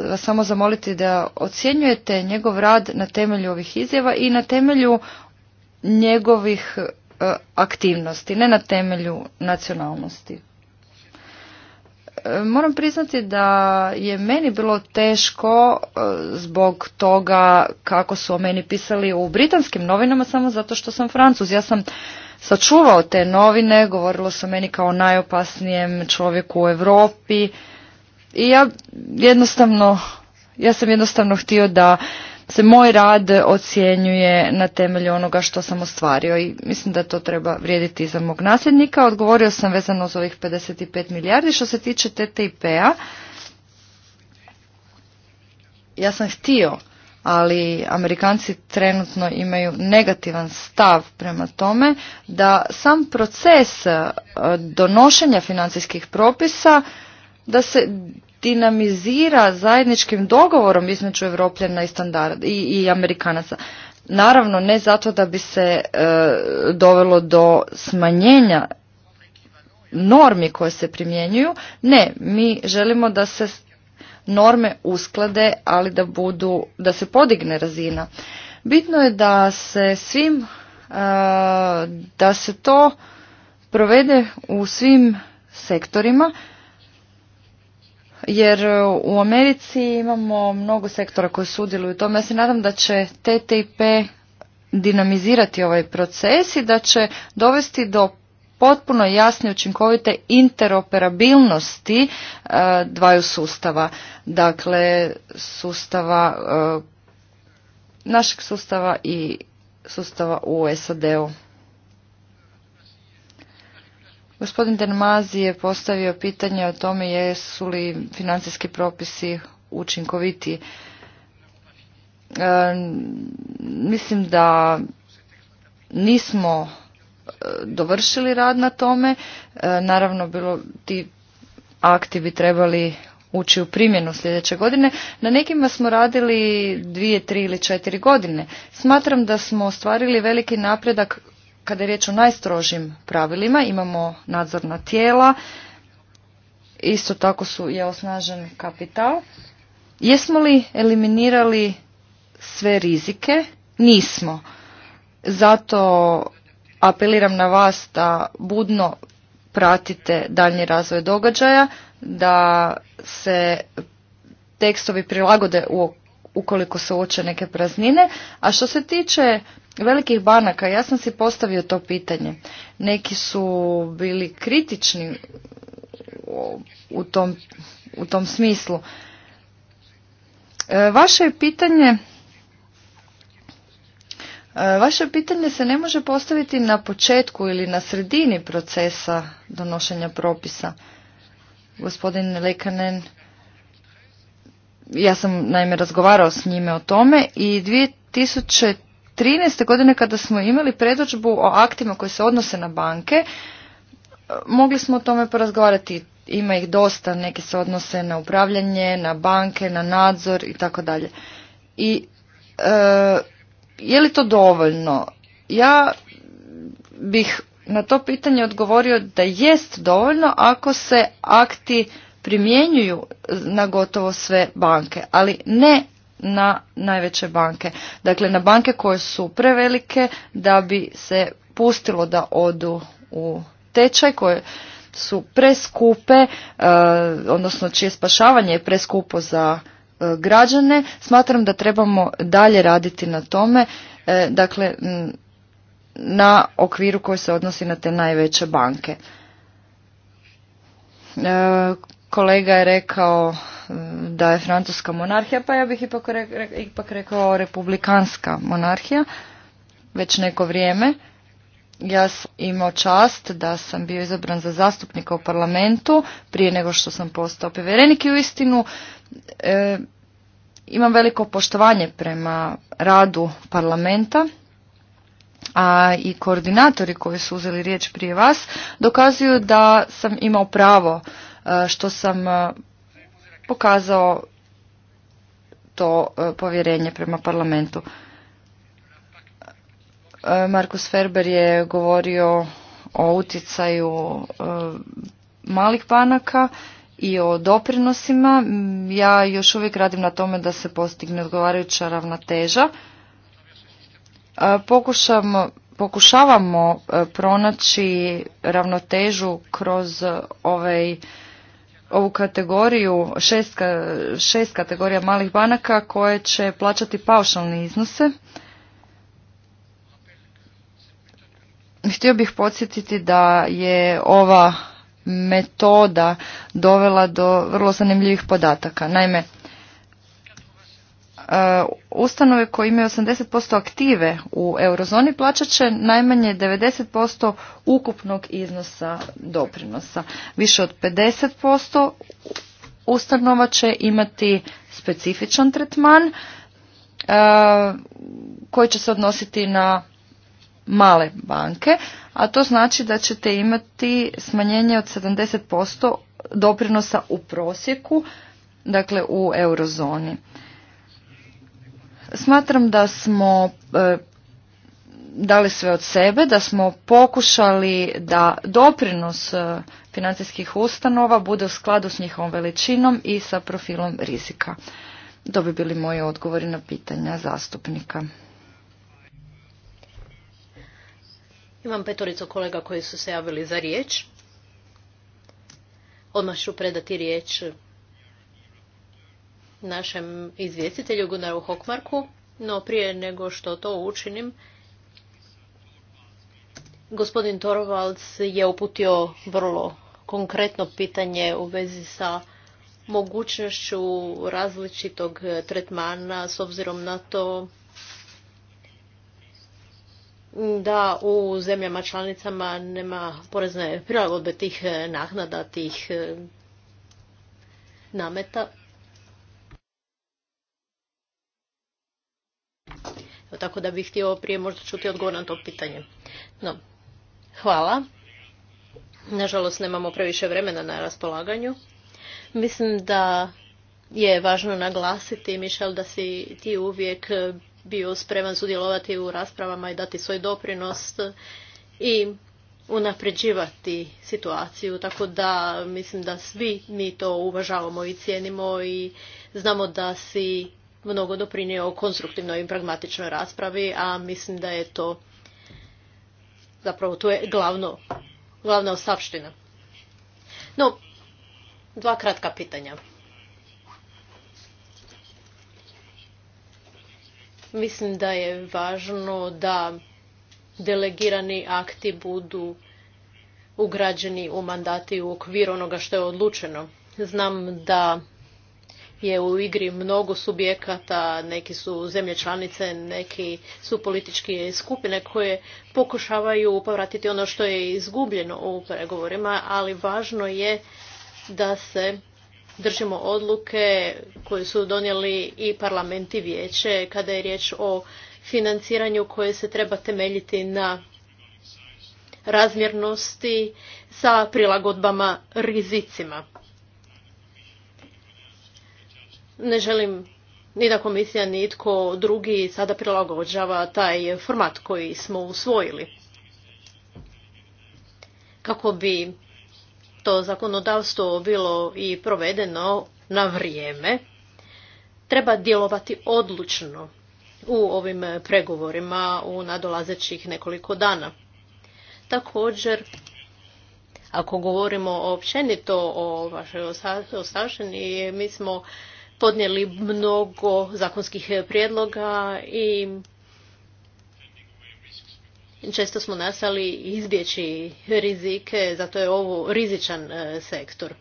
vas samo zamoliti da ocjenjujete njegov rad na temelju ovih izjava i na temelju njegovih e, aktivnosti, ne na temelju nacionalnosti. E, moram priznati da je meni bilo teško zbog toga kako su o meni pisali u britanskim novinama samo zato što sam francuz. Ja sam sačuvao te novine, govorilo se o meni kao najopasnijem čovjeku u Europi i ja jednostavno, ja sam jednostavno htio da se moj rad ocjenjuje na temelju onoga što sam ostvario i mislim da to treba vrijediti za mog nasljednika. Odgovorio sam vezano uz ovih 55 milijardi. Što se tiče TTIP-a, ja sam htio ali Amerikanci trenutno imaju negativan stav prema tome da sam proces e, donošenja financijskih propisa da se dinamizira zajedničkim dogovorom između Evropljena i, standard, i, Amerikanaca. Naravno, ne zato da bi se e, dovelo do smanjenja normi koje se primjenjuju. Ne, mi želimo da se norme usklade, ali da budu, da se podigne razina. Bitno je da se svim, e, da se to provede u svim sektorima, jer u Americi imamo mnogo sektora koji sudjeluju u tome. Ja se nadam da će TTIP dinamizirati ovaj proces i da će dovesti do potpuno jasne učinkovite interoperabilnosti e, dvaju sustava. Dakle, sustava, e, našeg sustava i sustava u SAD-u. Gospodin Denmazi je postavio pitanje o tome jesu li financijski propisi učinkoviti. E, mislim da nismo dovršili rad na tome. E, naravno, bilo ti akti bi trebali ući u primjenu sljedeće godine. Na nekima smo radili dvije, tri ili četiri godine. Smatram da smo ostvarili veliki napredak kada je riječ o najstrožim pravilima. Imamo nadzorna tijela, isto tako su je osnažen kapital. Jesmo li eliminirali sve rizike? Nismo. Zato apeliram na vas da budno pratite daljnji razvoj događaja, da se tekstovi prilagode ukoliko se uoče neke praznine. A što se tiče velikih banaka, ja sam si postavio to pitanje. Neki su bili kritični u tom, u tom smislu. E, vaše je pitanje Vaše pitanje se ne može postaviti na početku ili na sredini procesa donošenja propisa. Gospodin Lekanen, ja sam naime razgovarao s njime o tome i 2013. godine kada smo imali predođbu o aktima koji se odnose na banke, mogli smo o tome porazgovarati. Ima ih dosta, neki se odnose na upravljanje, na banke, na nadzor i tako dalje. I e, je li to dovoljno? Ja bih na to pitanje odgovorio da jest dovoljno ako se akti primjenjuju na gotovo sve banke, ali ne na najveće banke. Dakle, na banke koje su prevelike da bi se pustilo da odu u tečaj koje su preskupe, e, odnosno čije spašavanje je preskupo za E, građane. Smatram da trebamo dalje raditi na tome, e, dakle na okviru koji se odnosi na te najveće banke. E, kolega je rekao da je francuska monarhija, pa ja bih ipak, rekao republikanska monarhija već neko vrijeme. Ja sam imao čast da sam bio izabran za zastupnika u parlamentu prije nego što sam postao povjerenik i u istinu E, imam veliko poštovanje prema radu parlamenta, a i koordinatori koji su uzeli riječ prije vas dokazuju da sam imao pravo e, što sam e, pokazao to povjerenje prema parlamentu. Markus Ferber je govorio o utjecaju malih banaka i o doprinosima. Ja još uvijek radim na tome da se postigne odgovarajuća ravnoteža. E, pokušavamo e, pronaći ravnotežu kroz ovaj, ovu kategoriju, šest, šest kategorija malih banaka koje će plaćati paušalne iznose. Htio bih podsjetiti da je ova metoda dovela do vrlo zanimljivih podataka. Naime, e, ustanove koje imaju 80% aktive u eurozoni plaćat će najmanje 90% ukupnog iznosa doprinosa. Više od 50% ustanova će imati specifičan tretman e, koji će se odnositi na male banke, a to znači da ćete imati smanjenje od 70% doprinosa u prosjeku, dakle u eurozoni. Smatram da smo e, dali sve od sebe, da smo pokušali da doprinos e, financijskih ustanova bude u skladu s njihovom veličinom i sa profilom rizika. To bi bili moji odgovori na pitanja zastupnika. Imam petoricu kolega koji su se javili za riječ. Odmah ću predati riječ našem izvjestitelju Gunaru Hokmarku, no prije nego što to učinim, gospodin Torvalds je uputio vrlo konkretno pitanje u vezi sa mogućnošću različitog tretmana s obzirom na to da u zemljama članicama nema porezne prilagodbe tih eh, naknada, tih eh, nameta. Tako da bih htio prije možda čuti odgovor na to pitanje. No, hvala. Nažalost, nemamo previše vremena na raspolaganju. Mislim da je važno naglasiti, Mišel, da si ti uvijek eh, bio spreman sudjelovati u raspravama i dati svoj doprinos i unapređivati situaciju. Tako da mislim da svi mi to uvažavamo i cijenimo i znamo da si mnogo doprinio konstruktivnoj i pragmatičnoj raspravi, a mislim da je to zapravo to je glavno, glavna ostavština. No, dva kratka pitanja. Mislim da je važno da delegirani akti budu ugrađeni u mandati u okviru onoga što je odlučeno. Znam da je u igri mnogo subjekata, neki su zemlje članice, neki su političke skupine koje pokušavaju povratiti ono što je izgubljeno u pregovorima, ali važno je da se držimo odluke koje su donijeli i parlament i vijeće kada je riječ o financiranju koje se treba temeljiti na razmjernosti sa prilagodbama rizicima. Ne želim ni da komisija ni drugi sada prilagođava taj format koji smo usvojili. Kako bi to zakonodavstvo bilo i provedeno na vrijeme, treba djelovati odlučno u ovim pregovorima u nadolazećih nekoliko dana. Također, ako govorimo općenito o vašoj osašeni, mi smo podnijeli mnogo zakonskih prijedloga i često smo nastali izbjeći rizike, zato je ovo rizičan e, sektor.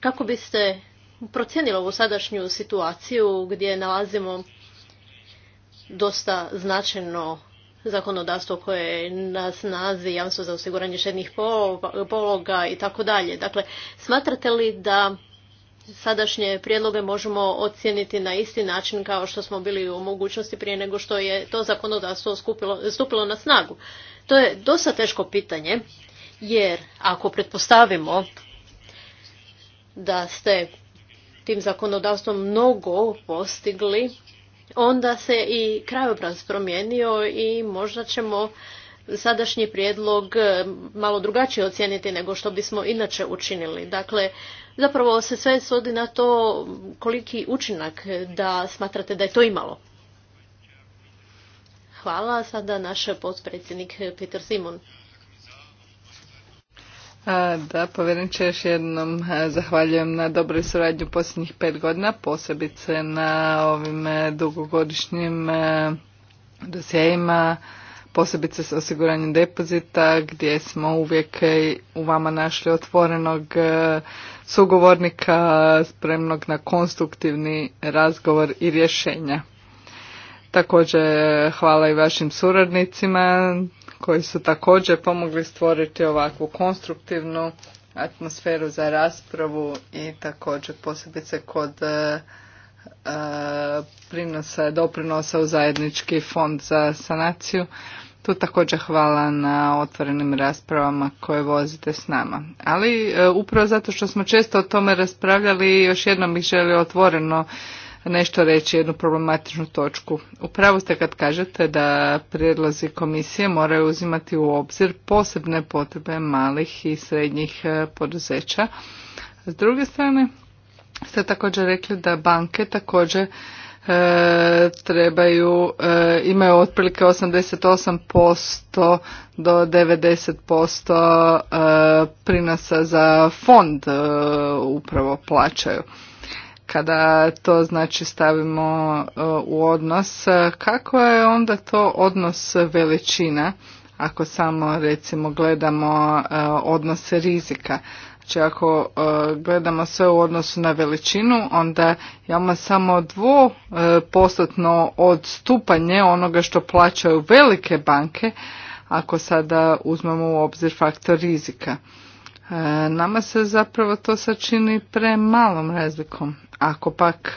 Kako biste procijenili ovu sadašnju situaciju gdje nalazimo dosta značajno zakonodavstvo koje je na snazi, jamstvo za osiguranje šednih pologa i tako dalje. Dakle, smatrate li da sadašnje prijedloge možemo ocijeniti na isti način kao što smo bili u mogućnosti prije nego što je to zakonodavstvo stupilo na snagu. To je dosta teško pitanje jer ako pretpostavimo da ste tim zakonodavstvom mnogo postigli, onda se i krajobraz promijenio i možda ćemo sadašnji prijedlog malo drugačije ocijeniti nego što bismo inače učinili. Dakle, zapravo se sve svodi na to koliki učinak da smatrate da je to imalo. Hvala. Sada naš potpredsjednik Peter Simon. Da, povjerenče, još jednom zahvaljujem na dobroj suradnju posljednjih pet godina, posebice na ovim e, dugogodišnjim e, dosjejima, posebice s osiguranjem depozita, gdje smo uvijek e, u vama našli otvorenog sugovornika spremnog na konstruktivni razgovor i rješenja. Također hvala i vašim suradnicima koji su također pomogli stvoriti ovakvu konstruktivnu atmosferu za raspravu i također posebice kod e, e, prinosa, doprinosa u zajednički fond za sanaciju. Tu također hvala na otvorenim raspravama koje vozite s nama. Ali e, upravo zato što smo često o tome raspravljali, još jednom bih želio otvoreno nešto reći, jednu problematičnu točku. Upravo ste kad kažete da prijedlozi komisije moraju uzimati u obzir posebne potrebe malih i srednjih e, poduzeća. S druge strane, ste također rekli da banke također E, trebaju, e, imaju otprilike 88% do 90% e, prinosa za fond upravo plaćaju. Kada to znači stavimo u odnos, kako je onda to odnos veličina ako samo recimo gledamo odnose rizika? Znači ako e, gledamo sve u odnosu na veličinu, onda imamo samo dvo e, postotno odstupanje onoga što plaćaju velike banke, ako sada uzmemo u obzir faktor rizika. E, nama se zapravo to sačini malom razlikom. Ako pak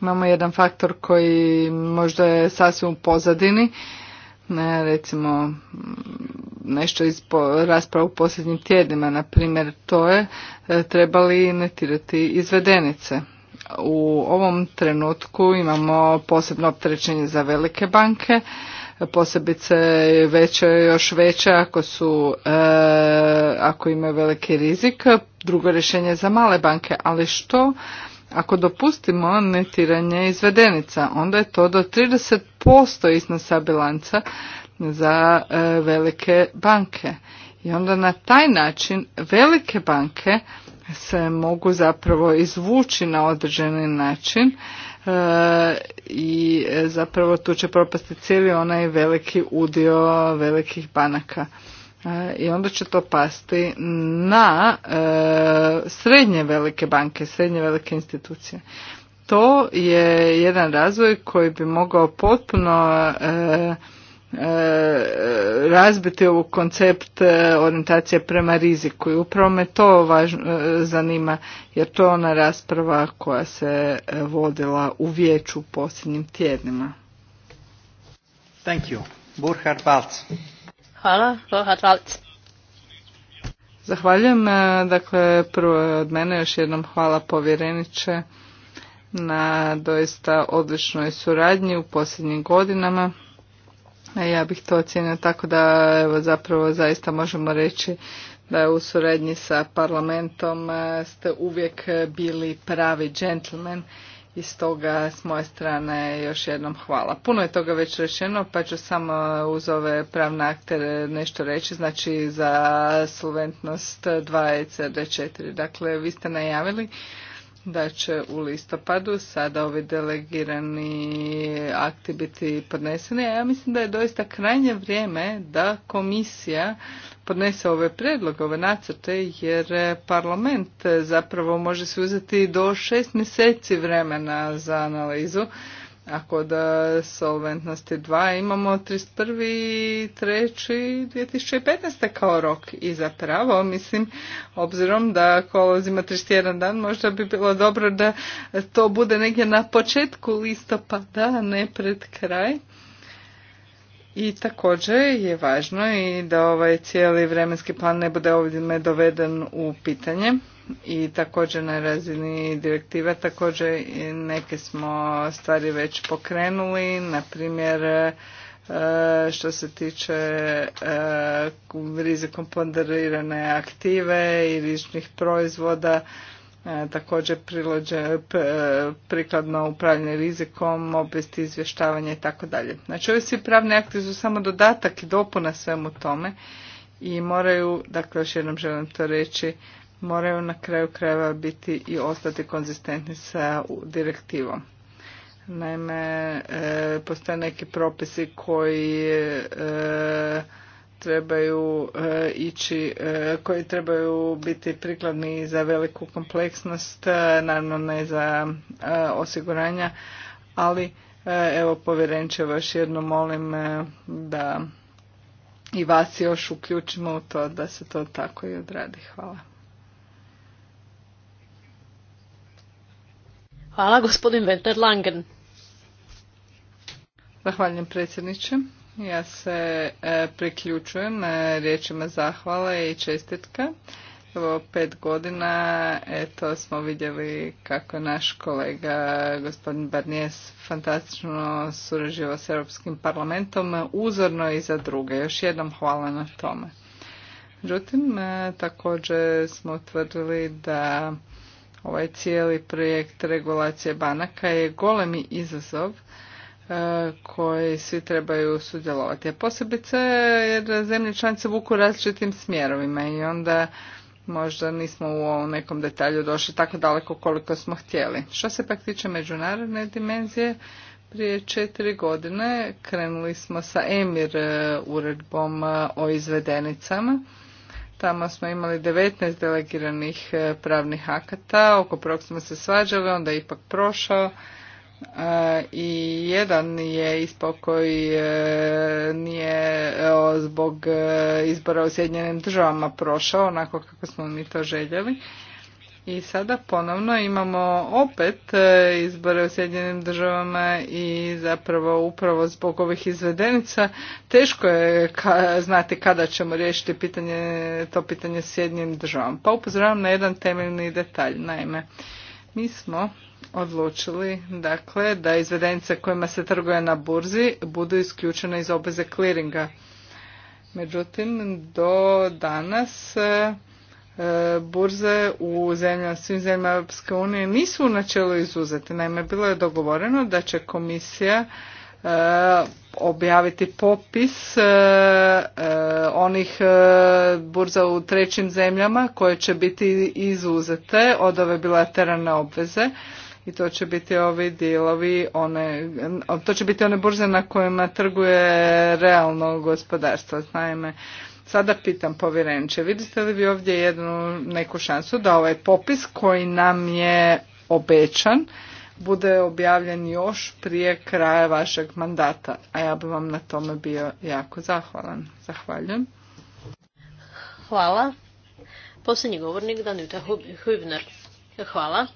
imamo jedan faktor koji možda je sasvim u pozadini, ne, recimo nešto iz rasprava u posljednjim tjednima, na primjer, to je e, trebali netirati izvedenice. U ovom trenutku imamo posebno opterećenje za velike banke, posebice veće, još veće ako su e, ako imaju veliki rizik, drugo rješenje za male banke, ali što ako dopustimo netiranje izvedenica, onda je to do 30% iznosa bilanca za e, velike banke. I onda na taj način velike banke se mogu zapravo izvući na određeni način e, i e, zapravo tu će propasti cijeli onaj veliki udio velikih banaka. E, i onda će to pasti na e, srednje velike banke, srednje velike institucije. To je jedan razvoj koji bi mogao potpuno e, razbiti ovu koncept orijentacije prema riziku i upravo me to važno, zanima jer to je ona rasprava koja se vodila u vijeću posljednjim tjednima. Thank you. Burhard Hvala. Zahvaljujem. E, dakle, prvo od mene još jednom hvala povjereniče na doista odličnoj suradnji u posljednjim godinama. E, ja bih to ocjenio tako da evo, zapravo zaista možemo reći da u suradnji sa parlamentom e, ste uvijek bili pravi džentlmen i stoga s moje strane još jednom hvala. Puno je toga već rečeno, pa ću samo uh, uz ove pravne akte nešto reći, znači za solventnost 2 ECD4. Dakle, vi ste najavili da će u listopadu sada ovi delegirani akti biti podneseni. Ja mislim da je doista krajnje vrijeme da komisija podnese ove predloge, ove nacrte, jer parlament zapravo može se uzeti do šest mjeseci vremena za analizu a kod e, solventnosti 2 imamo 31.3.2015. kao rok i zapravo mislim obzirom da kolozima ima 31 dan možda bi bilo dobro da to bude negdje na početku listopada ne pred kraj. I također je važno i da ovaj cijeli vremenski plan ne bude ovdje doveden u pitanje i također na razini direktiva također neke smo stvari već pokrenuli, na primjer e, što se tiče e, rizikom ponderirane aktive i rizičnih proizvoda, e, također prilođe, prikladno upravljanje rizikom, obvesti izvještavanja i tako dalje. Znači ovi svi pravni akti su samo dodatak i dopuna svemu tome i moraju, dakle još jednom želim to reći, moraju na kraju krajeva biti i ostati konzistentni sa direktivom. Naime, e, postoje neki propisi koji e, trebaju e, ići, koji trebaju biti prikladni za veliku kompleksnost, naravno ne za osiguranja, ali evo povjerenče još jedno molim da i vas još uključimo u to da se to tako i odradi. Hvala. Hvala, gospodin Venter Langen. Zahvaljujem predsjedniče. Ja se e, priključujem e, riječima zahvale i čestitka. Evo pet godina, eto smo vidjeli kako naš kolega gospodin Barnijes fantastično surađiva s Europskim parlamentom, uzorno i za druge. Još jednom hvala na tome. Međutim, e, također smo utvrdili da Ovaj cijeli projekt regulacije banaka je golemi izazov e, koji svi trebaju sudjelovati. A posebice jer zemlje članice vuku različitim smjerovima i onda možda nismo u ovom nekom detalju došli tako daleko koliko smo htjeli. Što se pak tiče međunarodne dimenzije, prije četiri godine krenuli smo sa EMIR e, uredbom e, o izvedenicama Tamo smo imali 19 delegiranih e, pravnih akata, oko prvog smo se svađali, onda je ipak prošao e, i jedan je ispao koji e, nije zbog izbora u Sjedinjenim državama prošao onako kako smo mi to željeli. I sada ponovno imamo opet e, izbore u Sjedinjenim državama i zapravo upravo zbog ovih izvedenica teško je ka, znati kada ćemo riješiti pitanje, to pitanje s Sjedinjenim državama. Pa upozoravam na jedan temeljni detalj. Naime, mi smo odlučili dakle, da izvedenice kojima se trguje na burzi budu isključene iz obveze kliringa. Međutim, do danas e, E, burze u zemlja, svim zemljama Europske unije nisu u načelu izuzete. Naime, bilo je dogovoreno da će komisija e, objaviti popis e, onih burza u trećim zemljama koje će biti izuzete od ove bilateralne obveze i to će biti ovi dijelovi one, to će biti one burze na kojima trguje realno gospodarstvo. Naime, Sada pitam povjerenče, vidite li vi ovdje jednu neku šansu da ovaj popis koji nam je obećan bude objavljen još prije kraja vašeg mandata, a ja bi vam na tome bio jako zahvalan. Zahvaljujem. Hvala. Posljednji govornik Danuta Huvner. Hvala.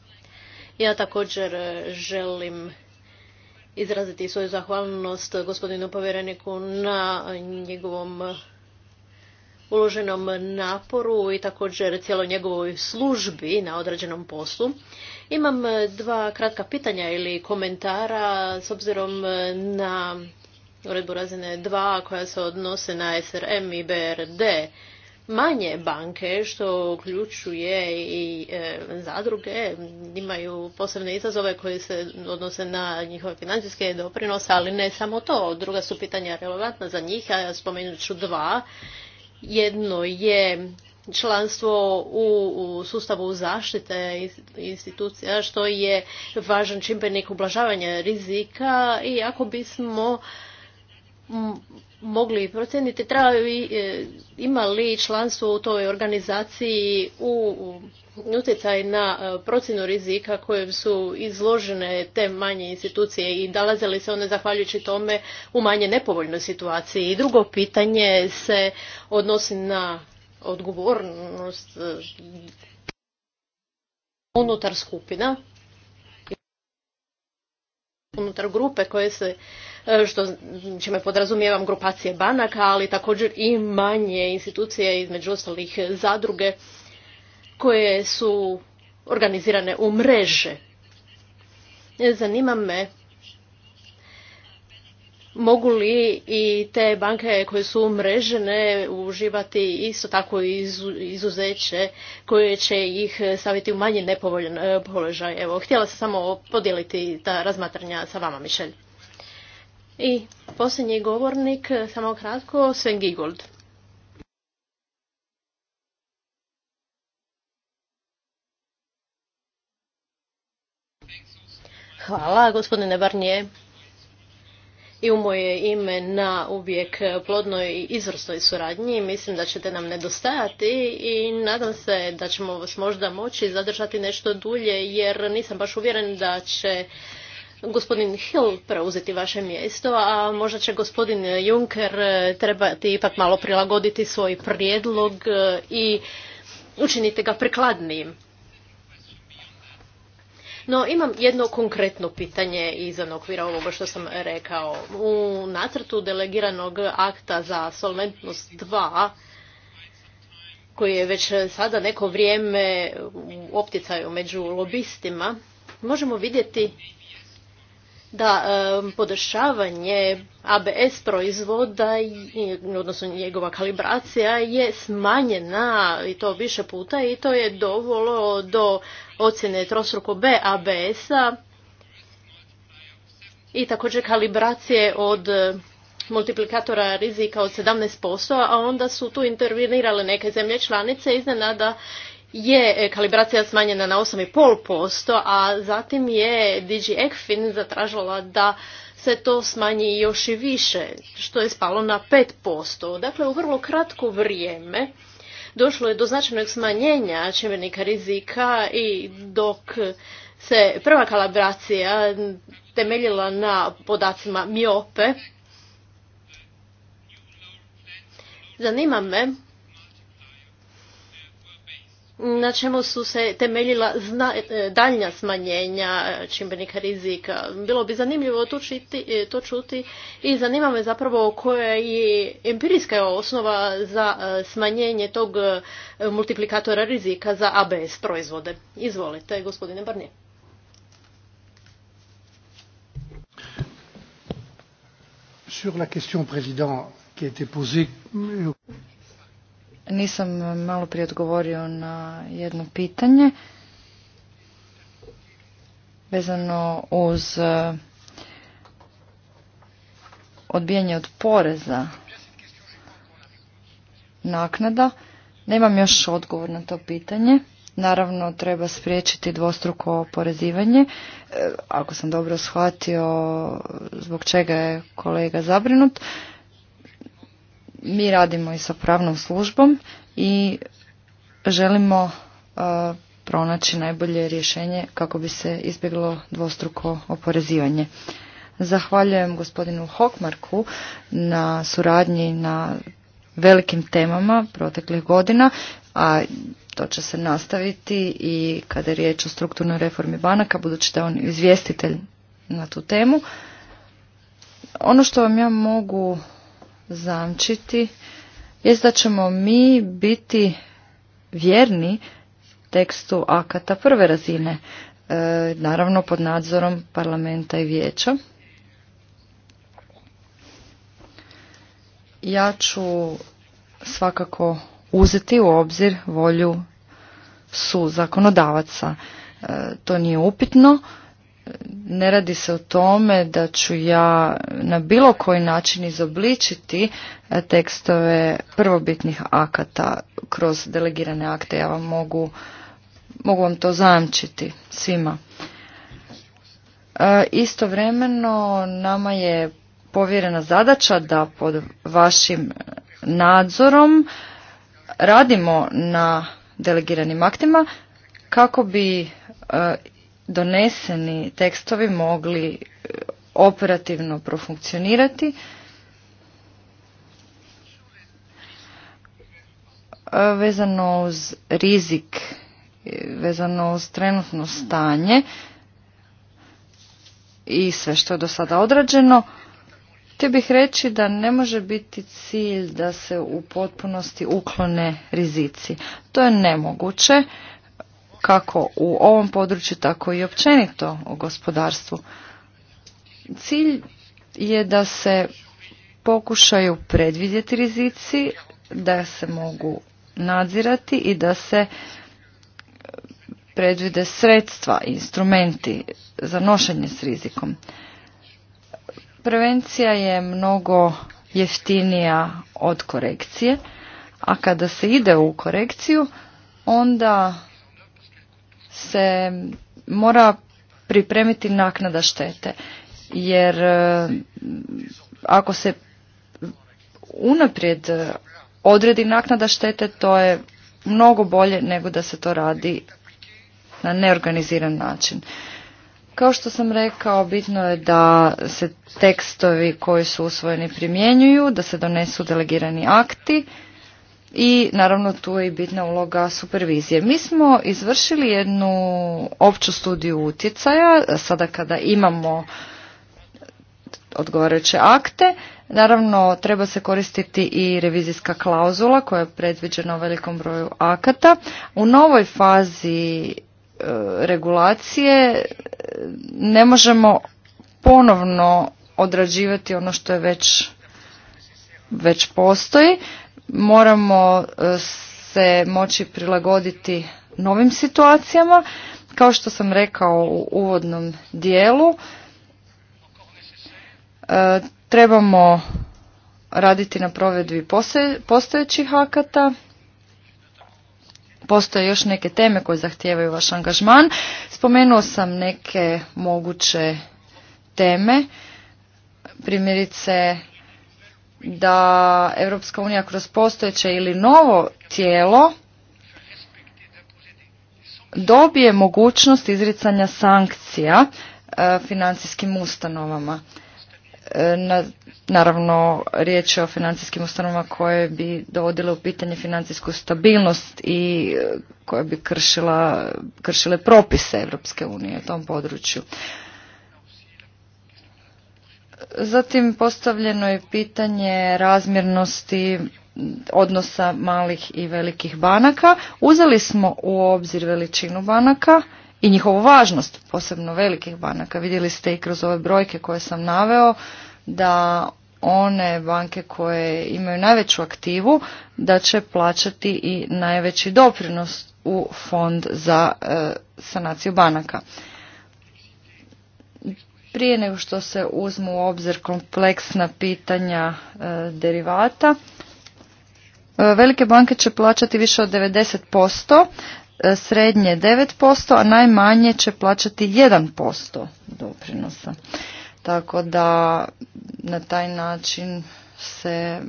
Ja također e, želim izraziti svoju zahvalnost gospodinu povjereniku na njegovom uloženom naporu i također cijelo njegovoj službi na određenom poslu. Imam e, dva kratka pitanja ili komentara s obzirom e, na uredbu razine 2 koja se odnose na SRM i BRD manje banke, što uključuje i e, zadruge, imaju posebne izazove koje se odnose na njihove financijske doprinose, ali ne samo to. Druga su pitanja relevantna za njih, a ja spomenut ću dva. Jedno je članstvo u sustavu zaštite institucija što je važan čimbenik ublažavanja rizika i ako bismo mogli procijeniti traju e, ima li članstvo u toj organizaciji u utjecaj na e, procjenu rizika kojem su izložene te manje institucije i nalaze li se one zahvaljujući tome u manje nepovoljnoj situaciji. I drugo pitanje se odnosi na odgovornost e, unutar skupina unutar grupe koje se E, što čime podrazumijevam grupacije banaka, ali također i manje institucije, između ostalih zadruge, koje su organizirane u mreže. Zanima me mogu li i te banke koje su umrežene uživati isto tako izuzeće koje će ih staviti u manji nepovoljan e, položaj. Evo, htjela sam samo podijeliti ta razmatranja sa vama, Mišelj. I posljednji govornik, samo kratko, Sven Gigold. Hvala, gospodine Barnije. I u moje ime na uvijek plodnoj i izvrsnoj suradnji. Mislim da ćete nam nedostajati i nadam se da ćemo vas možda moći zadržati nešto dulje jer nisam baš uvjeren da će gospodin Hill preuzeti vaše mjesto, a možda će gospodin Juncker e, trebati ipak malo prilagoditi svoj prijedlog e, i učiniti ga prikladnijim. No, imam jedno konkretno pitanje izvan okvira ovoga što sam rekao. U nacrtu delegiranog akta za solventnost 2 koji je već sada neko vrijeme u opticaju među lobistima, možemo vidjeti da podešavanje ABS proizvoda, odnosno njegova kalibracija je smanjena i to više puta i to je dovolo do ocjene trostruko B ABS-a i također kalibracije od multiplikatora rizika od 17%, a onda su tu intervenirale neke zemlje članice iznenada je e, kalibracija smanjena na 8,5%, a zatim je DG Ekfin zatražila da se to smanji još i više, što je spalo na 5%. Dakle, u vrlo kratko vrijeme došlo je do značajnog smanjenja čimbenika rizika i dok se prva kalibracija temeljila na podacima miope, zanima me na čemu su se temeljila zna, e, daljnja smanjenja e, čimbenika rizika. Bilo bi zanimljivo to, e, to čuti i zanima me zapravo koja je empirijska osnova za smanjenje tog multiplikatora rizika za ABS proizvode. Izvolite, gospodine Barnier. Sur la question, président, qui a été posée, nisam malo prije odgovorio na jedno pitanje vezano uz eh, odbijanje od poreza naknada. Nemam još odgovor na to pitanje. Naravno, treba spriječiti dvostruko porezivanje. Eh, ako sam dobro shvatio zbog čega je kolega zabrinut, mi radimo i sa pravnom službom i želimo e, pronaći najbolje rješenje kako bi se izbjeglo dvostruko oporezivanje. Zahvaljujem gospodinu Hokmarku na suradnji na velikim temama proteklih godina, a to će se nastaviti i kada je riječ o strukturnoj reformi banaka, budući da je on izvjestitelj na tu temu. Ono što vam ja mogu zamčiti jest da ćemo mi biti vjerni tekstu akata prve razine, e, naravno pod nadzorom parlamenta i vijeća. Ja ću svakako uzeti u obzir volju su zakonodavaca. E, to nije upitno, ne radi se o tome da ću ja na bilo koji način izobličiti e, tekstove prvobitnih akata kroz delegirane akte. Ja vam mogu, mogu vam to zajamčiti svima. E, istovremeno nama je povjerena zadaća da pod vašim nadzorom radimo na delegiranim aktima kako bi e, doneseni tekstovi mogli e, operativno profunkcionirati. E, vezano uz rizik, e, vezano uz trenutno stanje i sve što je do sada odrađeno, te bih reći da ne može biti cilj da se u potpunosti uklone rizici. To je nemoguće kako u ovom području, tako i općenito u gospodarstvu. Cilj je da se pokušaju predvidjeti rizici, da se mogu nadzirati i da se predvide sredstva, instrumenti za nošenje s rizikom. Prevencija je mnogo jeftinija od korekcije, a kada se ide u korekciju, onda se mora pripremiti naknada štete jer e, ako se unaprijed odredi naknada štete to je mnogo bolje nego da se to radi na neorganiziran način. Kao što sam rekao, bitno je da se tekstovi koji su usvojeni primjenjuju, da se donesu delegirani akti i naravno tu je i bitna uloga supervizije. Mi smo izvršili jednu opću studiju utjecaja, sada kada imamo odgovarajuće akte, naravno treba se koristiti i revizijska klauzula koja je predviđena u velikom broju akata. U novoj fazi e, regulacije e, ne možemo ponovno odrađivati ono što je već već postoji moramo e, se moći prilagoditi novim situacijama. Kao što sam rekao u uvodnom dijelu, e, trebamo raditi na provedbi postojećih akata. Postoje još neke teme koje zahtijevaju vaš angažman. Spomenuo sam neke moguće teme, primjerice da Europska unija kroz postojeće ili novo tijelo dobije mogućnost izricanja sankcija e, financijskim ustanovama. E, naravno, riječ je o financijskim ustanovama koje bi dovodile u pitanje financijsku stabilnost i e, koje bi kršila, kršile propise Europske unije u tom području. Zatim postavljeno je pitanje razmjernosti odnosa malih i velikih banaka. Uzeli smo u obzir veličinu banaka i njihovu važnost, posebno velikih banaka. Vidjeli ste i kroz ove brojke koje sam naveo da one banke koje imaju najveću aktivu da će plaćati i najveći doprinos u fond za e, sanaciju banaka. Prije nego što se uzmu u obzir kompleksna pitanja e, derivata, e, velike banke će plaćati više od 90%, e, srednje 9%, a najmanje će plaćati 1% doprinosa. Tako da na taj način se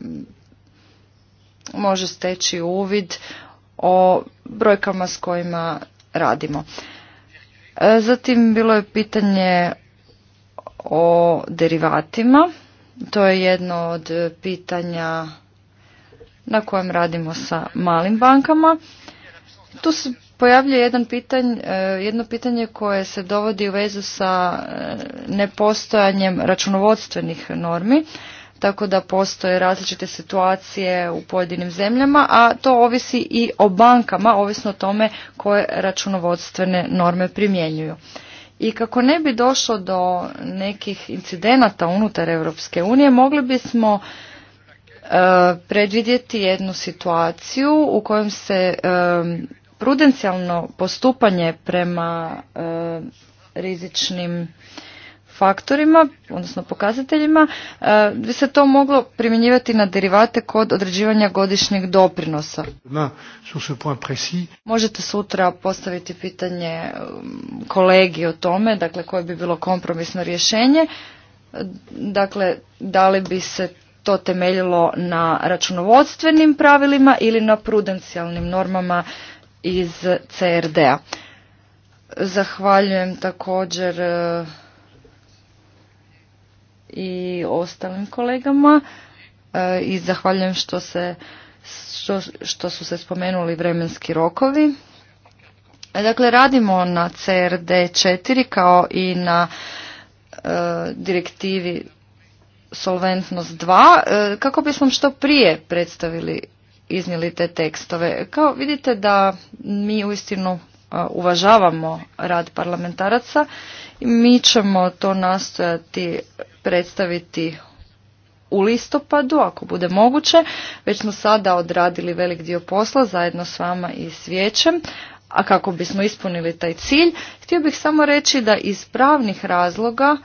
može steći uvid o brojkama s kojima radimo. Zatim bilo je pitanje o derivatima. To je jedno od pitanja na kojem radimo sa malim bankama. Tu se pojavljuje jedan e, jedno pitanje koje se dovodi u vezu sa e, nepostojanjem računovodstvenih normi, tako da postoje različite situacije u pojedinim zemljama, a to ovisi i o bankama, ovisno o tome koje računovodstvene norme primjenjuju i kako ne bi došlo do nekih incidenata unutar Europske unije mogli bismo e, predvidjeti jednu situaciju u kojem se e, prudencijalno postupanje prema e, rizičnim faktorima, odnosno pokazateljima, e, bi se to moglo primjenjivati na derivate kod određivanja godišnjeg doprinosa. Možete sutra postaviti pitanje e, kolegi o tome, dakle koje bi bilo kompromisno rješenje, dakle da li bi se to temeljilo na računovodstvenim pravilima ili na prudencijalnim normama iz CRD-a. Zahvaljujem također e, i ostalim kolegama e, i zahvaljujem što, se, što, su se spomenuli vremenski rokovi. E, dakle, radimo na CRD4 kao i na e, direktivi Solventnost 2 e, kako bismo što prije predstavili iznijeli te tekstove. Kao vidite da mi uistinu uvažavamo rad parlamentaraca i mi ćemo to nastojati predstaviti u listopadu, ako bude moguće. Već smo sada odradili velik dio posla zajedno s vama i s vijećem. A kako bismo ispunili taj cilj, htio bih samo reći da iz pravnih razloga,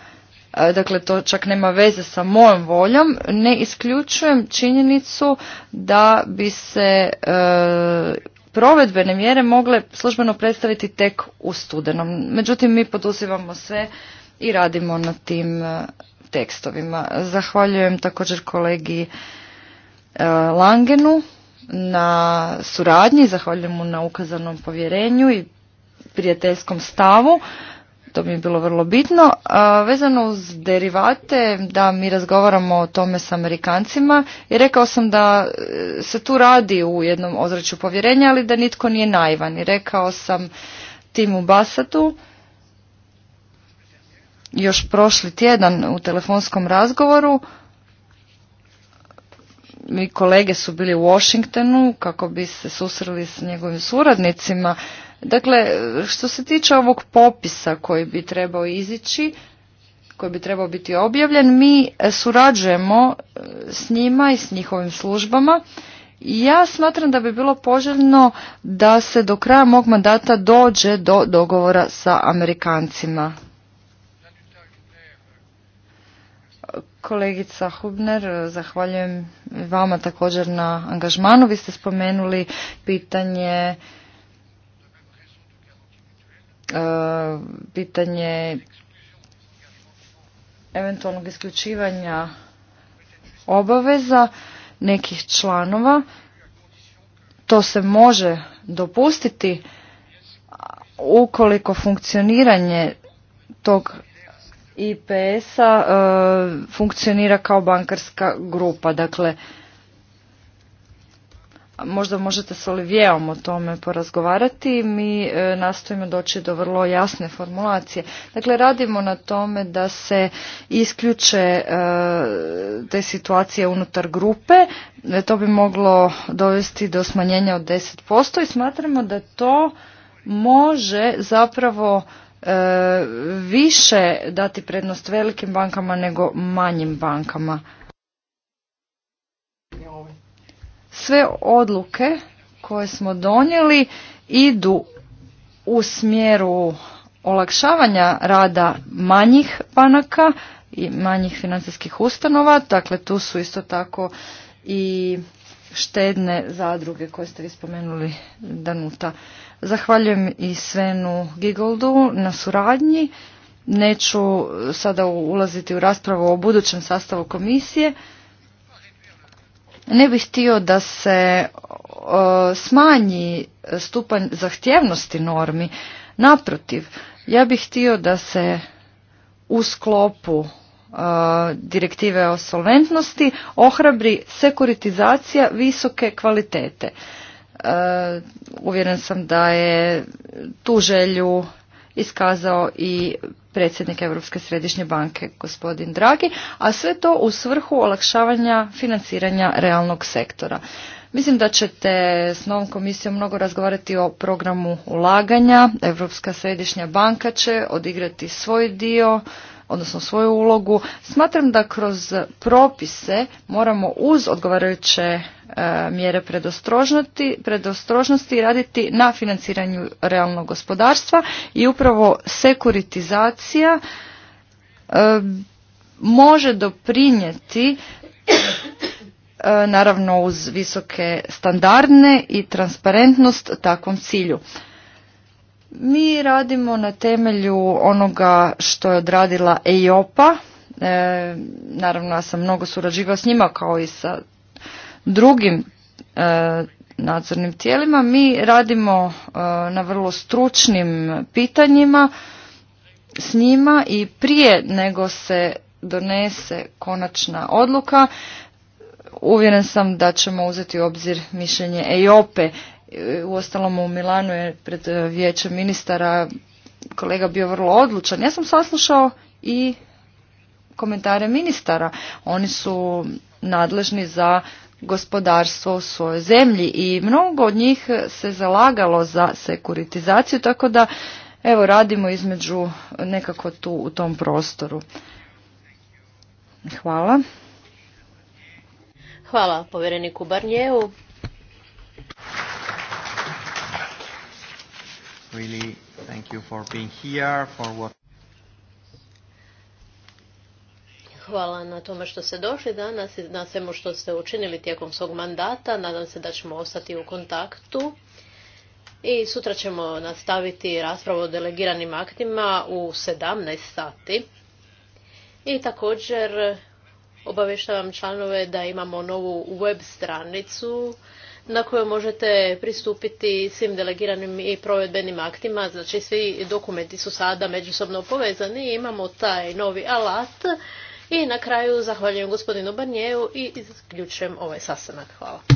e, dakle to čak nema veze sa mojom voljom, ne isključujem činjenicu da bi se e, provedbene mjere mogle službeno predstaviti tek u studenom. Međutim, mi poduzivamo sve i radimo na tim e, tekstovima. Zahvaljujem također kolegi e, Langenu na suradnji, zahvaljujem mu na ukazanom povjerenju i prijateljskom stavu. To mi je bilo vrlo bitno. Vezano uz derivate, da mi razgovaramo o tome s Amerikancima i rekao sam da e, se tu radi u jednom ozračju povjerenja, ali da nitko nije naivan. I rekao sam timu Basatu još prošli tjedan u telefonskom razgovoru. Mi kolege su bili u Washingtonu kako bi se susreli s njegovim suradnicima. Dakle, što se tiče ovog popisa koji bi trebao izići, koji bi trebao biti objavljen, mi surađujemo e, s njima i s njihovim službama. i Ja smatram da bi bilo poželjno da se do kraja mog mandata dođe do dogovora sa Amerikancima. Kolegica Hubner, zahvaljujem vama također na angažmanu. Vi ste spomenuli pitanje e, pitanje eventualnog isključivanja obaveza nekih članova. To se može dopustiti ukoliko funkcioniranje tog IPS-a e, funkcionira kao bankarska grupa. Dakle, možda možete s Olivijevom o tome porazgovarati. Mi e, nastojimo doći do vrlo jasne formulacije. Dakle, radimo na tome da se isključe e, te situacije unutar grupe. To bi moglo dovesti do smanjenja od 10% i smatramo da to može zapravo E, više dati prednost velikim bankama nego manjim bankama. Sve odluke koje smo donijeli idu u smjeru olakšavanja rada manjih banaka i manjih financijskih ustanova, dakle tu su isto tako i štedne zadruge koje ste vi spomenuli Danuta. Zahvaljujem i Svenu Gigoldu na suradnji. Neću sada ulaziti u raspravu o budućem sastavu komisije. Ne bih htio da se smanji stupanj zahtjevnosti normi. Naprotiv, ja bih htio da se u sklopu direktive o solventnosti ohrabri sekuritizacija visoke kvalitete. E, uvjeren sam da je tu želju iskazao i predsjednik Europske središnje banke gospodin Dragi, a sve to u svrhu olakšavanja financiranja realnog sektora. Mislim da ćete s novom komisijom mnogo razgovarati o programu ulaganja. Europska središnja banka će odigrati svoj dio odnosno svoju ulogu. Smatram da kroz propise moramo uz odgovarajuće e, mjere predostrožnosti, raditi na financiranju realnog gospodarstva i upravo sekuritizacija e, može doprinijeti e, naravno uz visoke standardne i transparentnost takvom cilju. Mi radimo na temelju onoga što je odradila EIOPA. E, naravno, ja sam mnogo surađivao s njima kao i sa drugim e, nadzornim tijelima. Mi radimo e, na vrlo stručnim pitanjima s njima i prije nego se donese konačna odluka, uvjeren sam da ćemo uzeti u obzir mišljenje EIOPE Uostalom u Milanu je pred e, vijećem ministara kolega bio vrlo odlučan. Ja sam saslušao i komentare ministara. Oni su nadležni za gospodarstvo u svojoj zemlji i mnogo od njih se zalagalo za sekuritizaciju, tako da evo radimo između nekako tu u tom prostoru. Hvala. Hvala povjereniku Barnjevu. really thank you for being here, for what... Hvala na tome što ste došli danas i na svemu što ste učinili tijekom svog mandata. Nadam se da ćemo ostati u kontaktu. I sutra ćemo nastaviti raspravu o delegiranim aktima u 17 sati. I također obavještavam članove da imamo novu web stranicu na koju možete pristupiti svim delegiranim i provedbenim aktima. Znači svi dokumenti su sada međusobno povezani i imamo taj novi alat. I na kraju zahvaljujem gospodinu Barnijevu i zaključujem ovaj sastanak. Hvala.